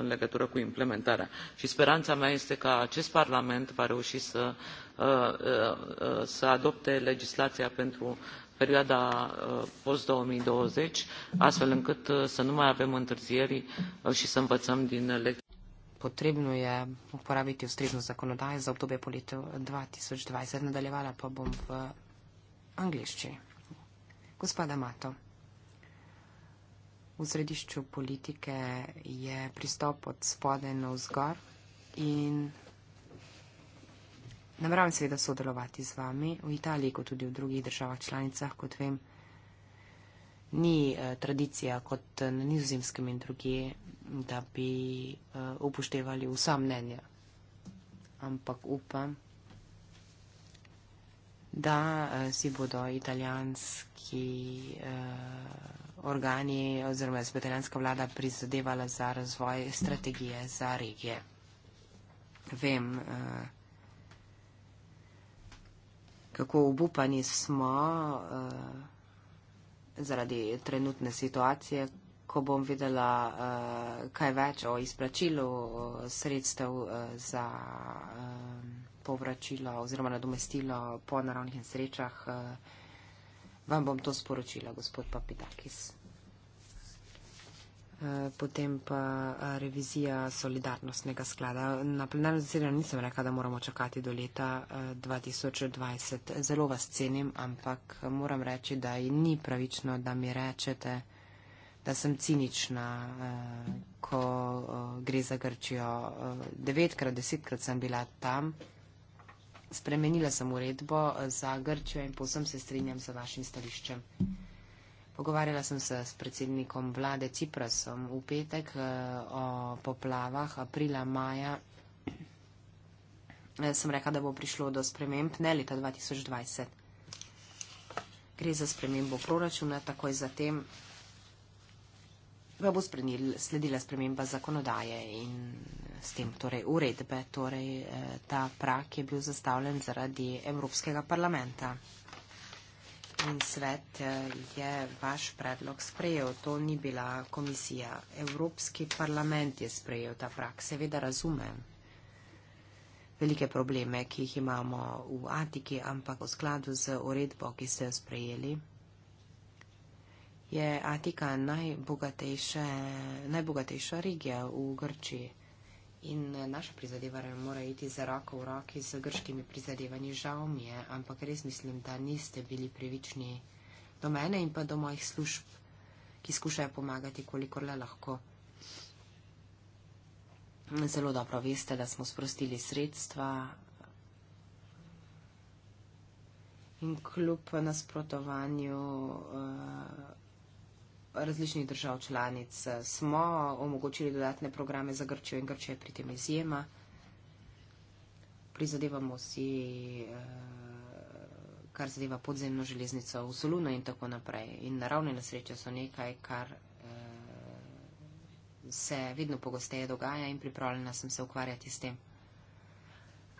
legătură cu implementarea și speranța mea este ca acest parlament va reuși să Uh, uh, să adopte legislația pentru perioada uh, post-2020, astfel încât să nu mai avem întârzieri și să învățăm din lecții.
potrebno je uporabiti ustrezno zakonodajo za obdobje po letu 2020. Nadaljevala pa bom v angliščini. Gospoda Mato, v središču politike je pristop od spode na vzgor in Namravam seveda sodelovati z vami v Italiji, kot tudi v drugih državah članicah, kot vem. Ni uh, tradicija kot na nizozemskem in druge, da bi uh, upoštevali vsa mnenja. Ampak upam, da uh, si bodo italijanski uh, organi oziroma italijanska vlada prizadevala za razvoj strategije za regije. Vem, uh, kako obupani smo eh, zaradi trenutne situacije, ko bom videla eh, kaj več o izplačilu eh, sredstev za povračilo oziroma nadomestilo po naravnih nesrečah. Vam bom to sporočila, gospod Papidakis. Eh, potem pa eh, revizija solidarnostnega sklada. Na plenarno zasedanje nisem rekla, da moramo čakati do leta 2020. Eh, Zelo vas cenim, ampak moram reči, da ni pravično, da mi rečete, da sem cinična, ko gre za Grčijo. Devetkrat, desetkrat sem bila tam. Spremenila sem uredbo za Grčijo in povsem se strinjam z vašim stališčem. Pogovarjala sem se s predsednikom vlade Ciprasom v petek eh, o poplavah aprila, maja. Eh, sem rekla, da bo prišlo do sprememb, ne leta 2020. Gre za spremembo proračuna, takoj zatem pa bo sprenil, sledila sprememba zakonodaje in s tem torej uredbe. Torej, eh, ta prak je bil zastavljen zaradi Evropskega parlamenta in svet eh, je vaš predlog sprejel. To ni bila komisija. Evropski parlament je sprejel ta prak. Seveda razumem velike probleme, ki jih imamo v Atiki, ampak v skladu z uredbo, ki ste jo sprejeli, je Atika najbogatejša regija v Grčiji. In eh, naša prizadevanja mora iti za roko v roki z grškimi prizadevanji. Žal mi je, ampak res mislim, da niste bili prevični do mene in pa do mojih služb, ki skušajo pomagati, kolikor le lahko. Zelo dobro veste, da smo sprostili sredstva in kljub nasprotovanju. Uh, različnih držav članic. Eh, smo omogočili dodatne programe za Grčijo in Grčija je pri tem izjema. Prizadevamo si, eh, kar zadeva podzemno železnico v Soluno in tako naprej. In naravne nesreče so nekaj, kar eh, se vedno pogosteje dogaja in pripravljena sem se ukvarjati s tem.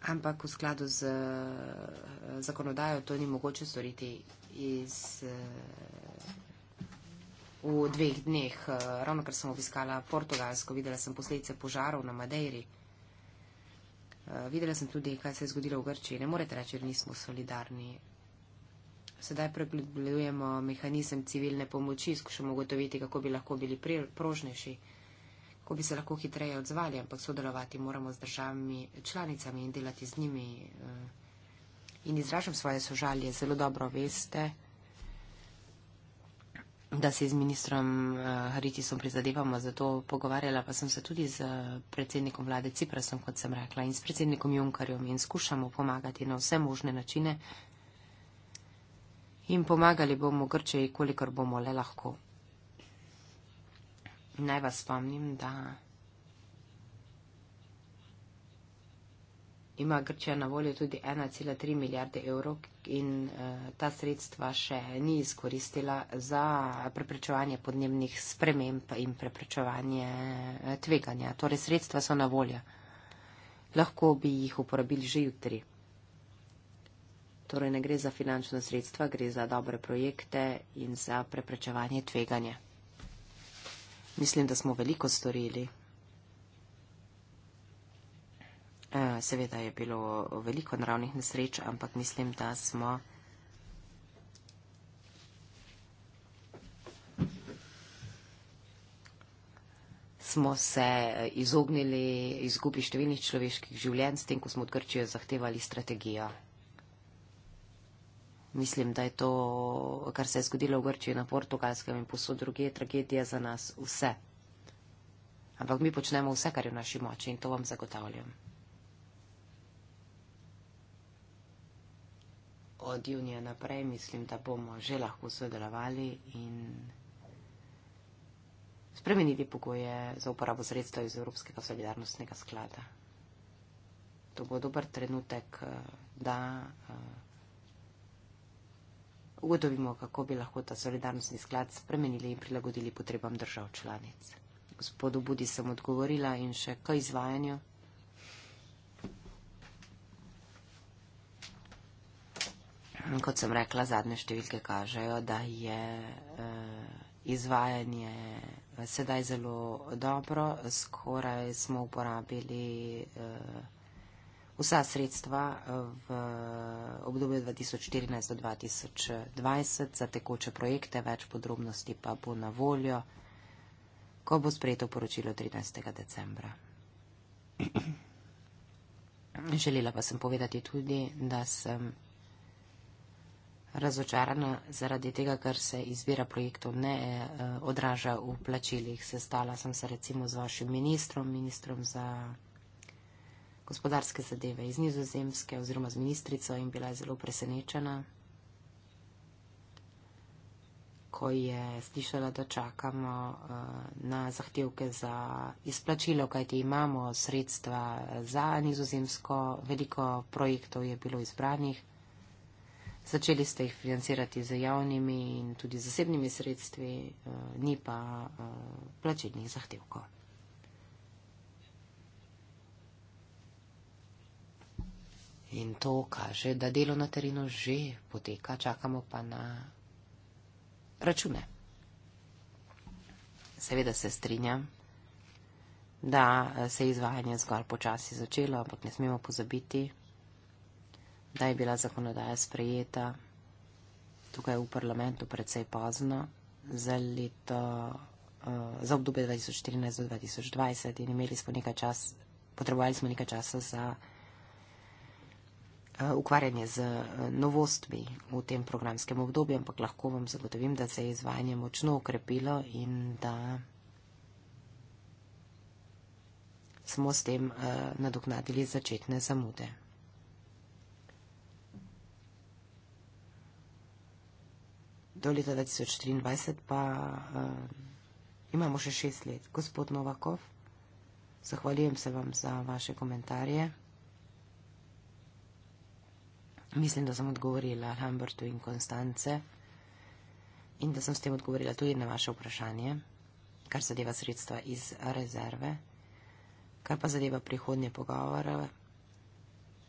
Ampak v skladu z zakonodajo to ni mogoče storiti iz v dveh dneh. Eh, ravno kar sem obiskala Portugalsko, videla sem posledice požarov na Madeiri. Eh, videla sem tudi, kaj se je zgodilo v Grčiji. Ne morete reči, da nismo solidarni. Sedaj pregledujemo mehanizem civilne pomoči, skušamo ugotoviti, kako bi lahko bili prožnejši, kako bi se lahko hitreje odzvali, ampak sodelovati moramo z državami članicami in delati z njimi. Eh. In izražam svoje sožalje, zelo dobro veste, da si z ministrom uh, Haritisom prizadevamo za to. Pogovarjala pa sem se tudi z eh, predsednikom vlade Ciprasom, kot sem rekla, in s predsednikom Junkarjem in skušamo pomagati na vse možne načine. In pomagali bomo Grčeji, kolikor bomo le lahko. Naj vas spomnim, da ima Grčija na voljo tudi 1,3 milijarde evrov in eh, ta sredstva še ni izkoristila za preprečevanje podnebnih sprememb in preprečevanje eh, tveganja. Torej, sredstva so na voljo. Lahko bi jih uporabili že jutri. Torej, ne gre za finančna sredstva, gre za dobre projekte in za preprečevanje tveganja. Mislim, da smo veliko storili. Eh, seveda je bilo veliko naravnih nesreč, ampak mislim, da smo. Smo se eh, izognili izgubi številnih človeških življenj, s tem, ko smo od Grčije zahtevali strategijo. Mislim, da je to, kar se je zgodilo v Grčiji, na portugalskem in posod druge, tragedija za nas vse. Ampak mi počnemo vse, kar je v naši moči in to vam zagotavljam. od junija naprej mislim, da bomo že lahko sodelovali in spremenili pogoje za uporabo sredstev iz Evropskega solidarnostnega sklada. To bo dober trenutek, eh, da eh, ugotovimo, kako bi lahko ta solidarnostni sklad spremenili in prilagodili potrebam držav članic. Gospodu Budi sem odgovorila in še k izvajanju. kot sem rekla, zadnje številke kažejo, da je eh, izvajanje eh, sedaj zelo dobro. Skoraj smo uporabili eh, vsa sredstva v obdobju 2014 do 2020 za tekoče projekte, več podrobnosti pa bo na voljo, ko bo sprejeto poročilo 13. decembra. Želela pa sem povedati tudi, da sem razočarana zaradi tega, ker se izbira projektov ne eh, odraža v plačilih. Sestala sem se recimo z vašim ministrom, ministrom za gospodarske zadeve iz Nizozemske oziroma z ministrico in bila je zelo presenečena, ko je slišala, da čakamo eh, na zahtevke za izplačilo, kajti imamo sredstva za Nizozemsko, veliko projektov je bilo izbranih. Začeli ste jih financirati z javnimi in tudi zasebnimi sredstvi, eh, ni pa eh, plačilnih zahtevkov. In to kaže, da delo na terenu že poteka, čakamo pa na račune. Seveda se strinjam, da eh, se je izvajanje zgolj počasi začelo, ampak ne smemo pozabiti, da je bila zakonodaja sprejeta tukaj v parlamentu predvsej pozno za, leto, uh, za obdobje 2014 do 2020 in imeli smo nekaj časa, potrebovali smo nekaj časa za eh, ukvarjanje z eh, novostmi v tem programskem obdobju, ampak lahko vam zagotovim, da se je izvajanje močno okrepilo in da smo s tem nadoknadili začetne zamude. do leta 2023 pa uh, imamo še šest let. Gospod Novakov, zahvaljujem se vam za vaše komentarje. Mislim, da sem odgovorila Humbertu in Konstance in da sem s tem odgovorila tudi na vaše vprašanje, kar zadeva sredstva iz rezerve, kar pa zadeva prihodnje pogovore.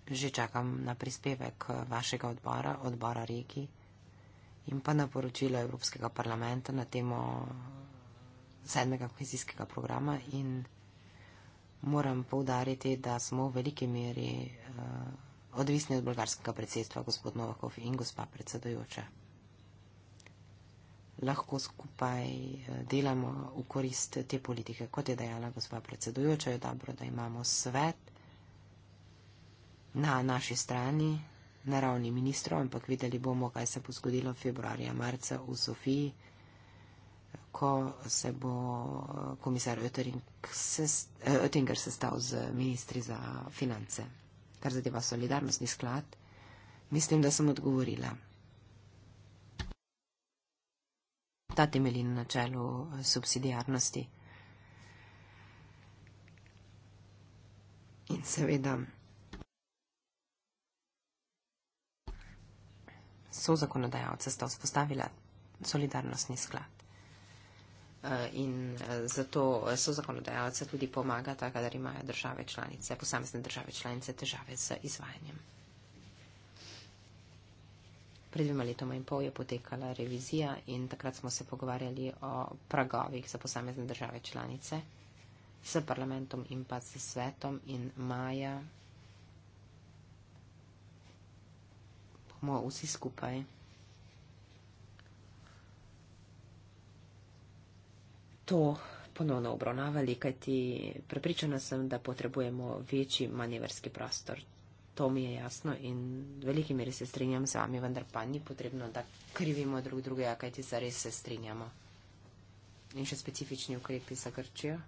Že čakam na prispevek eh, vašega odbora, odbora regije in pa na poročilo Evropskega parlamenta na temo sedmega kohezijskega programa in moram povdariti, da smo v veliki meri uh, odvisni od bolgarskega predsedstva, gospod Novakov in gospa predsedojoča. Lahko skupaj eh, delamo v korist te politike, kot je dejala gospa predsedojoča, je dobro, da imamo svet na naši strani, na ravni ministrov, ampak videli bomo, kaj se bo zgodilo februarja, marca v Sofiji, ko se bo eh, komisar eh, Oettinger sestal z ministri za finance. Kar zadeva solidarnostni sklad, mislim, da sem odgovorila. Ta temelji na načelu eh, subsidijarnosti. In seveda. so zakonodajalce, sta vzpostavila solidarnostni sklad. E, in e, zato so zakonodajalce tudi pomagata, kadar imajo države članice, posamezne države članice težave z izvajanjem. Pred dvema letoma in pol je potekala revizija in takrat smo se pogovarjali o pragovih za posamezne države članice s parlamentom in pa s svetom in maja lahko vsi skupaj. To ponovno obravnavali, kajti prepričana sem, da potrebujemo večji manevrski prostor. To mi je jasno in v veliki meri se strinjam z vami, vendar pa ni potrebno, da krivimo drug drugega, kajti zares se strinjamo. In še specifični ukrepi za Grčijo,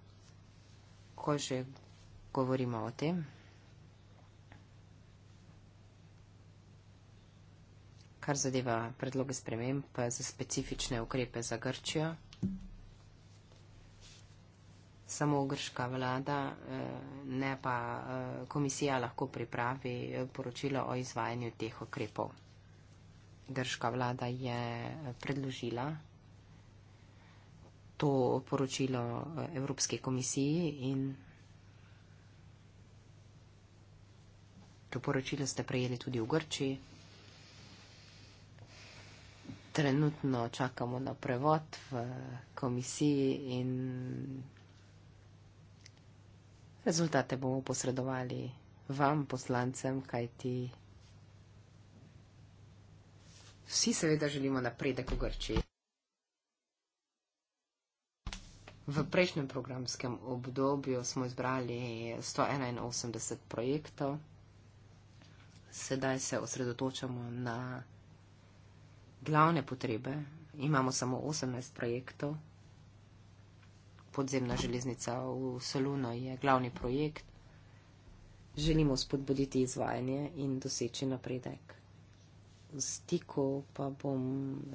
ko že govorimo o tem. kar zadeva predloge sprememb za specifične ukrepe za Grčijo. Samo grška vlada, eh, ne pa eh, komisija lahko pripravi eh, poročilo o izvajanju teh ukrepov. Grška vlada je predložila to poročilo Evropske komisiji in to poročilo ste prejeli tudi v Grčiji trenutno čakamo na prevod v komisiji in rezultate bomo posredovali vam, poslancem, kajti vsi seveda želimo napredek v Grčiji. V prejšnjem programskem obdobju smo izbrali 181 projektov, sedaj se osredotočamo na glavne potrebe. Imamo samo 18 projektov. Podzemna železnica v Salunu je glavni projekt. Želimo spodbuditi izvajanje in doseči napredek. V stiku pa bom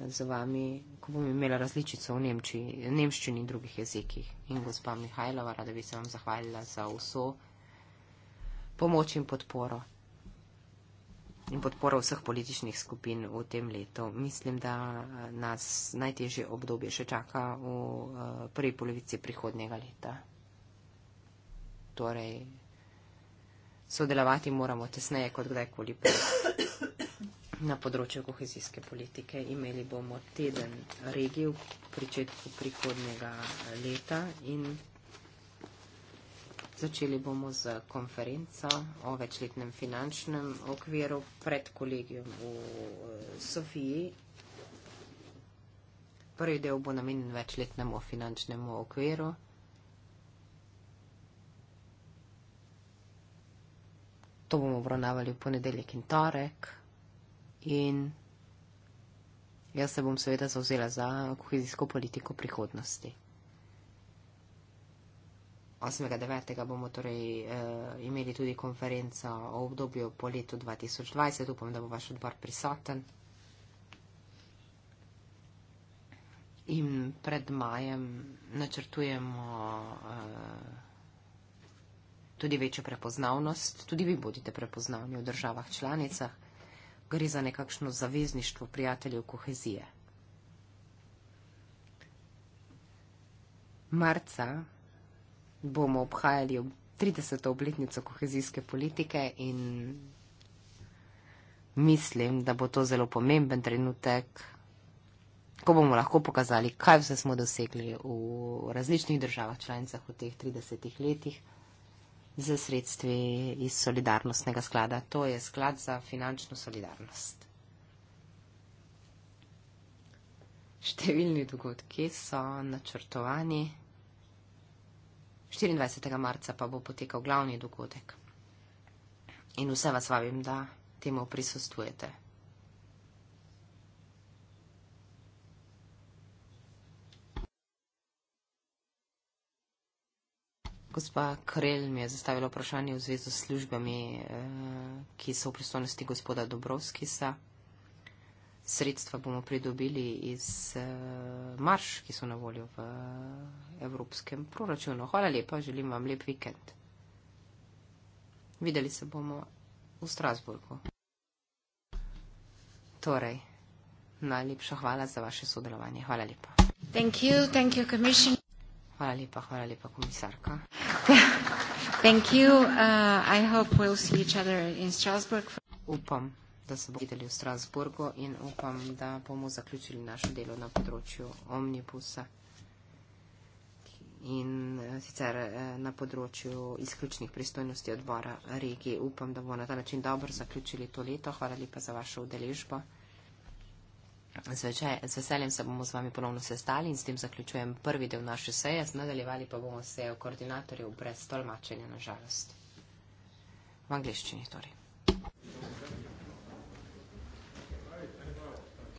z vami, ko bom imela različico v Nemči, nemščini in drugih jezikih. In gospa Mihajlova, rada bi se vam zahvalila za vso pomoč in podporo in podporo vseh političnih skupin v tem letu. Mislim, da nas najtežje obdobje še čaka v eh, prvi polovici prihodnjega leta. Torej, sodelovati moramo tesneje kot kdajkoli prej na področju kohezijske politike. Imeli bomo teden regij v pričetku prihodnjega leta in. Začeli bomo z konferenco o večletnem finančnem okviru pred kolegijom v eh, Sofiji. Prvi del bo namenjen večletnemu finančnemu okviru. To bomo obravnavali v ponedeljek in torek. In jaz se bom seveda zauzela za kohezijsko politiko prihodnosti. 8. 9. bomo torej uh, imeli tudi konferenco o obdobju po letu 2020. Upam, da bo vaš odbor prisoten. In pred majem načrtujemo uh, tudi večjo prepoznavnost. Tudi vi bodite prepoznavni v državah članicah. Gre za nekakšno zavezništvo prijateljev kohezije. Marca bomo obhajali ob 30. obletnico kohezijske politike in mislim, da bo to zelo pomemben trenutek, ko bomo lahko pokazali, kaj vse smo dosegli v različnih državah članicah v teh 30. letih za sredstvi iz solidarnostnega sklada. To je sklad za finančno solidarnost. Številni dogodki so načrtovani. 24. marca pa bo potekal glavni dogodek. In vse vas vabim, da temu prisostujete. Gospa Krel mi je zastavila vprašanje v zvezi s službami, eh, ki so v pristojnosti gospoda Dobrovskisa sredstva bomo pridobili iz eh, marš, ki so na voljo v eh, evropskem proračunu. Hvala lepa, želim vam lep vikend. Videli se bomo v Strasburgu. Torej, najlepša hvala za vaše sodelovanje. Hvala lepa. Thank you, thank you, hvala lepa, hvala lepa, komisarka. Thank you. Uh, I hope we'll see each other in Strasbourg. For... Upam da se bomo videli v Strasburgu in upam, da bomo zaključili našo delo na področju omnibusa in eh, sicer eh, na področju izključnih pristojnosti odbora regije. Upam, da bomo na ta način dobro zaključili to leto. Hvala lepa za vašo udeležbo. Z veseljem se bomo z vami ponovno sestali in s tem zaključujem prvi del naše seje. Nadaljevali pa bomo sejo koordinatorjev brez tolmačenja, nažalost. V angliščini torej.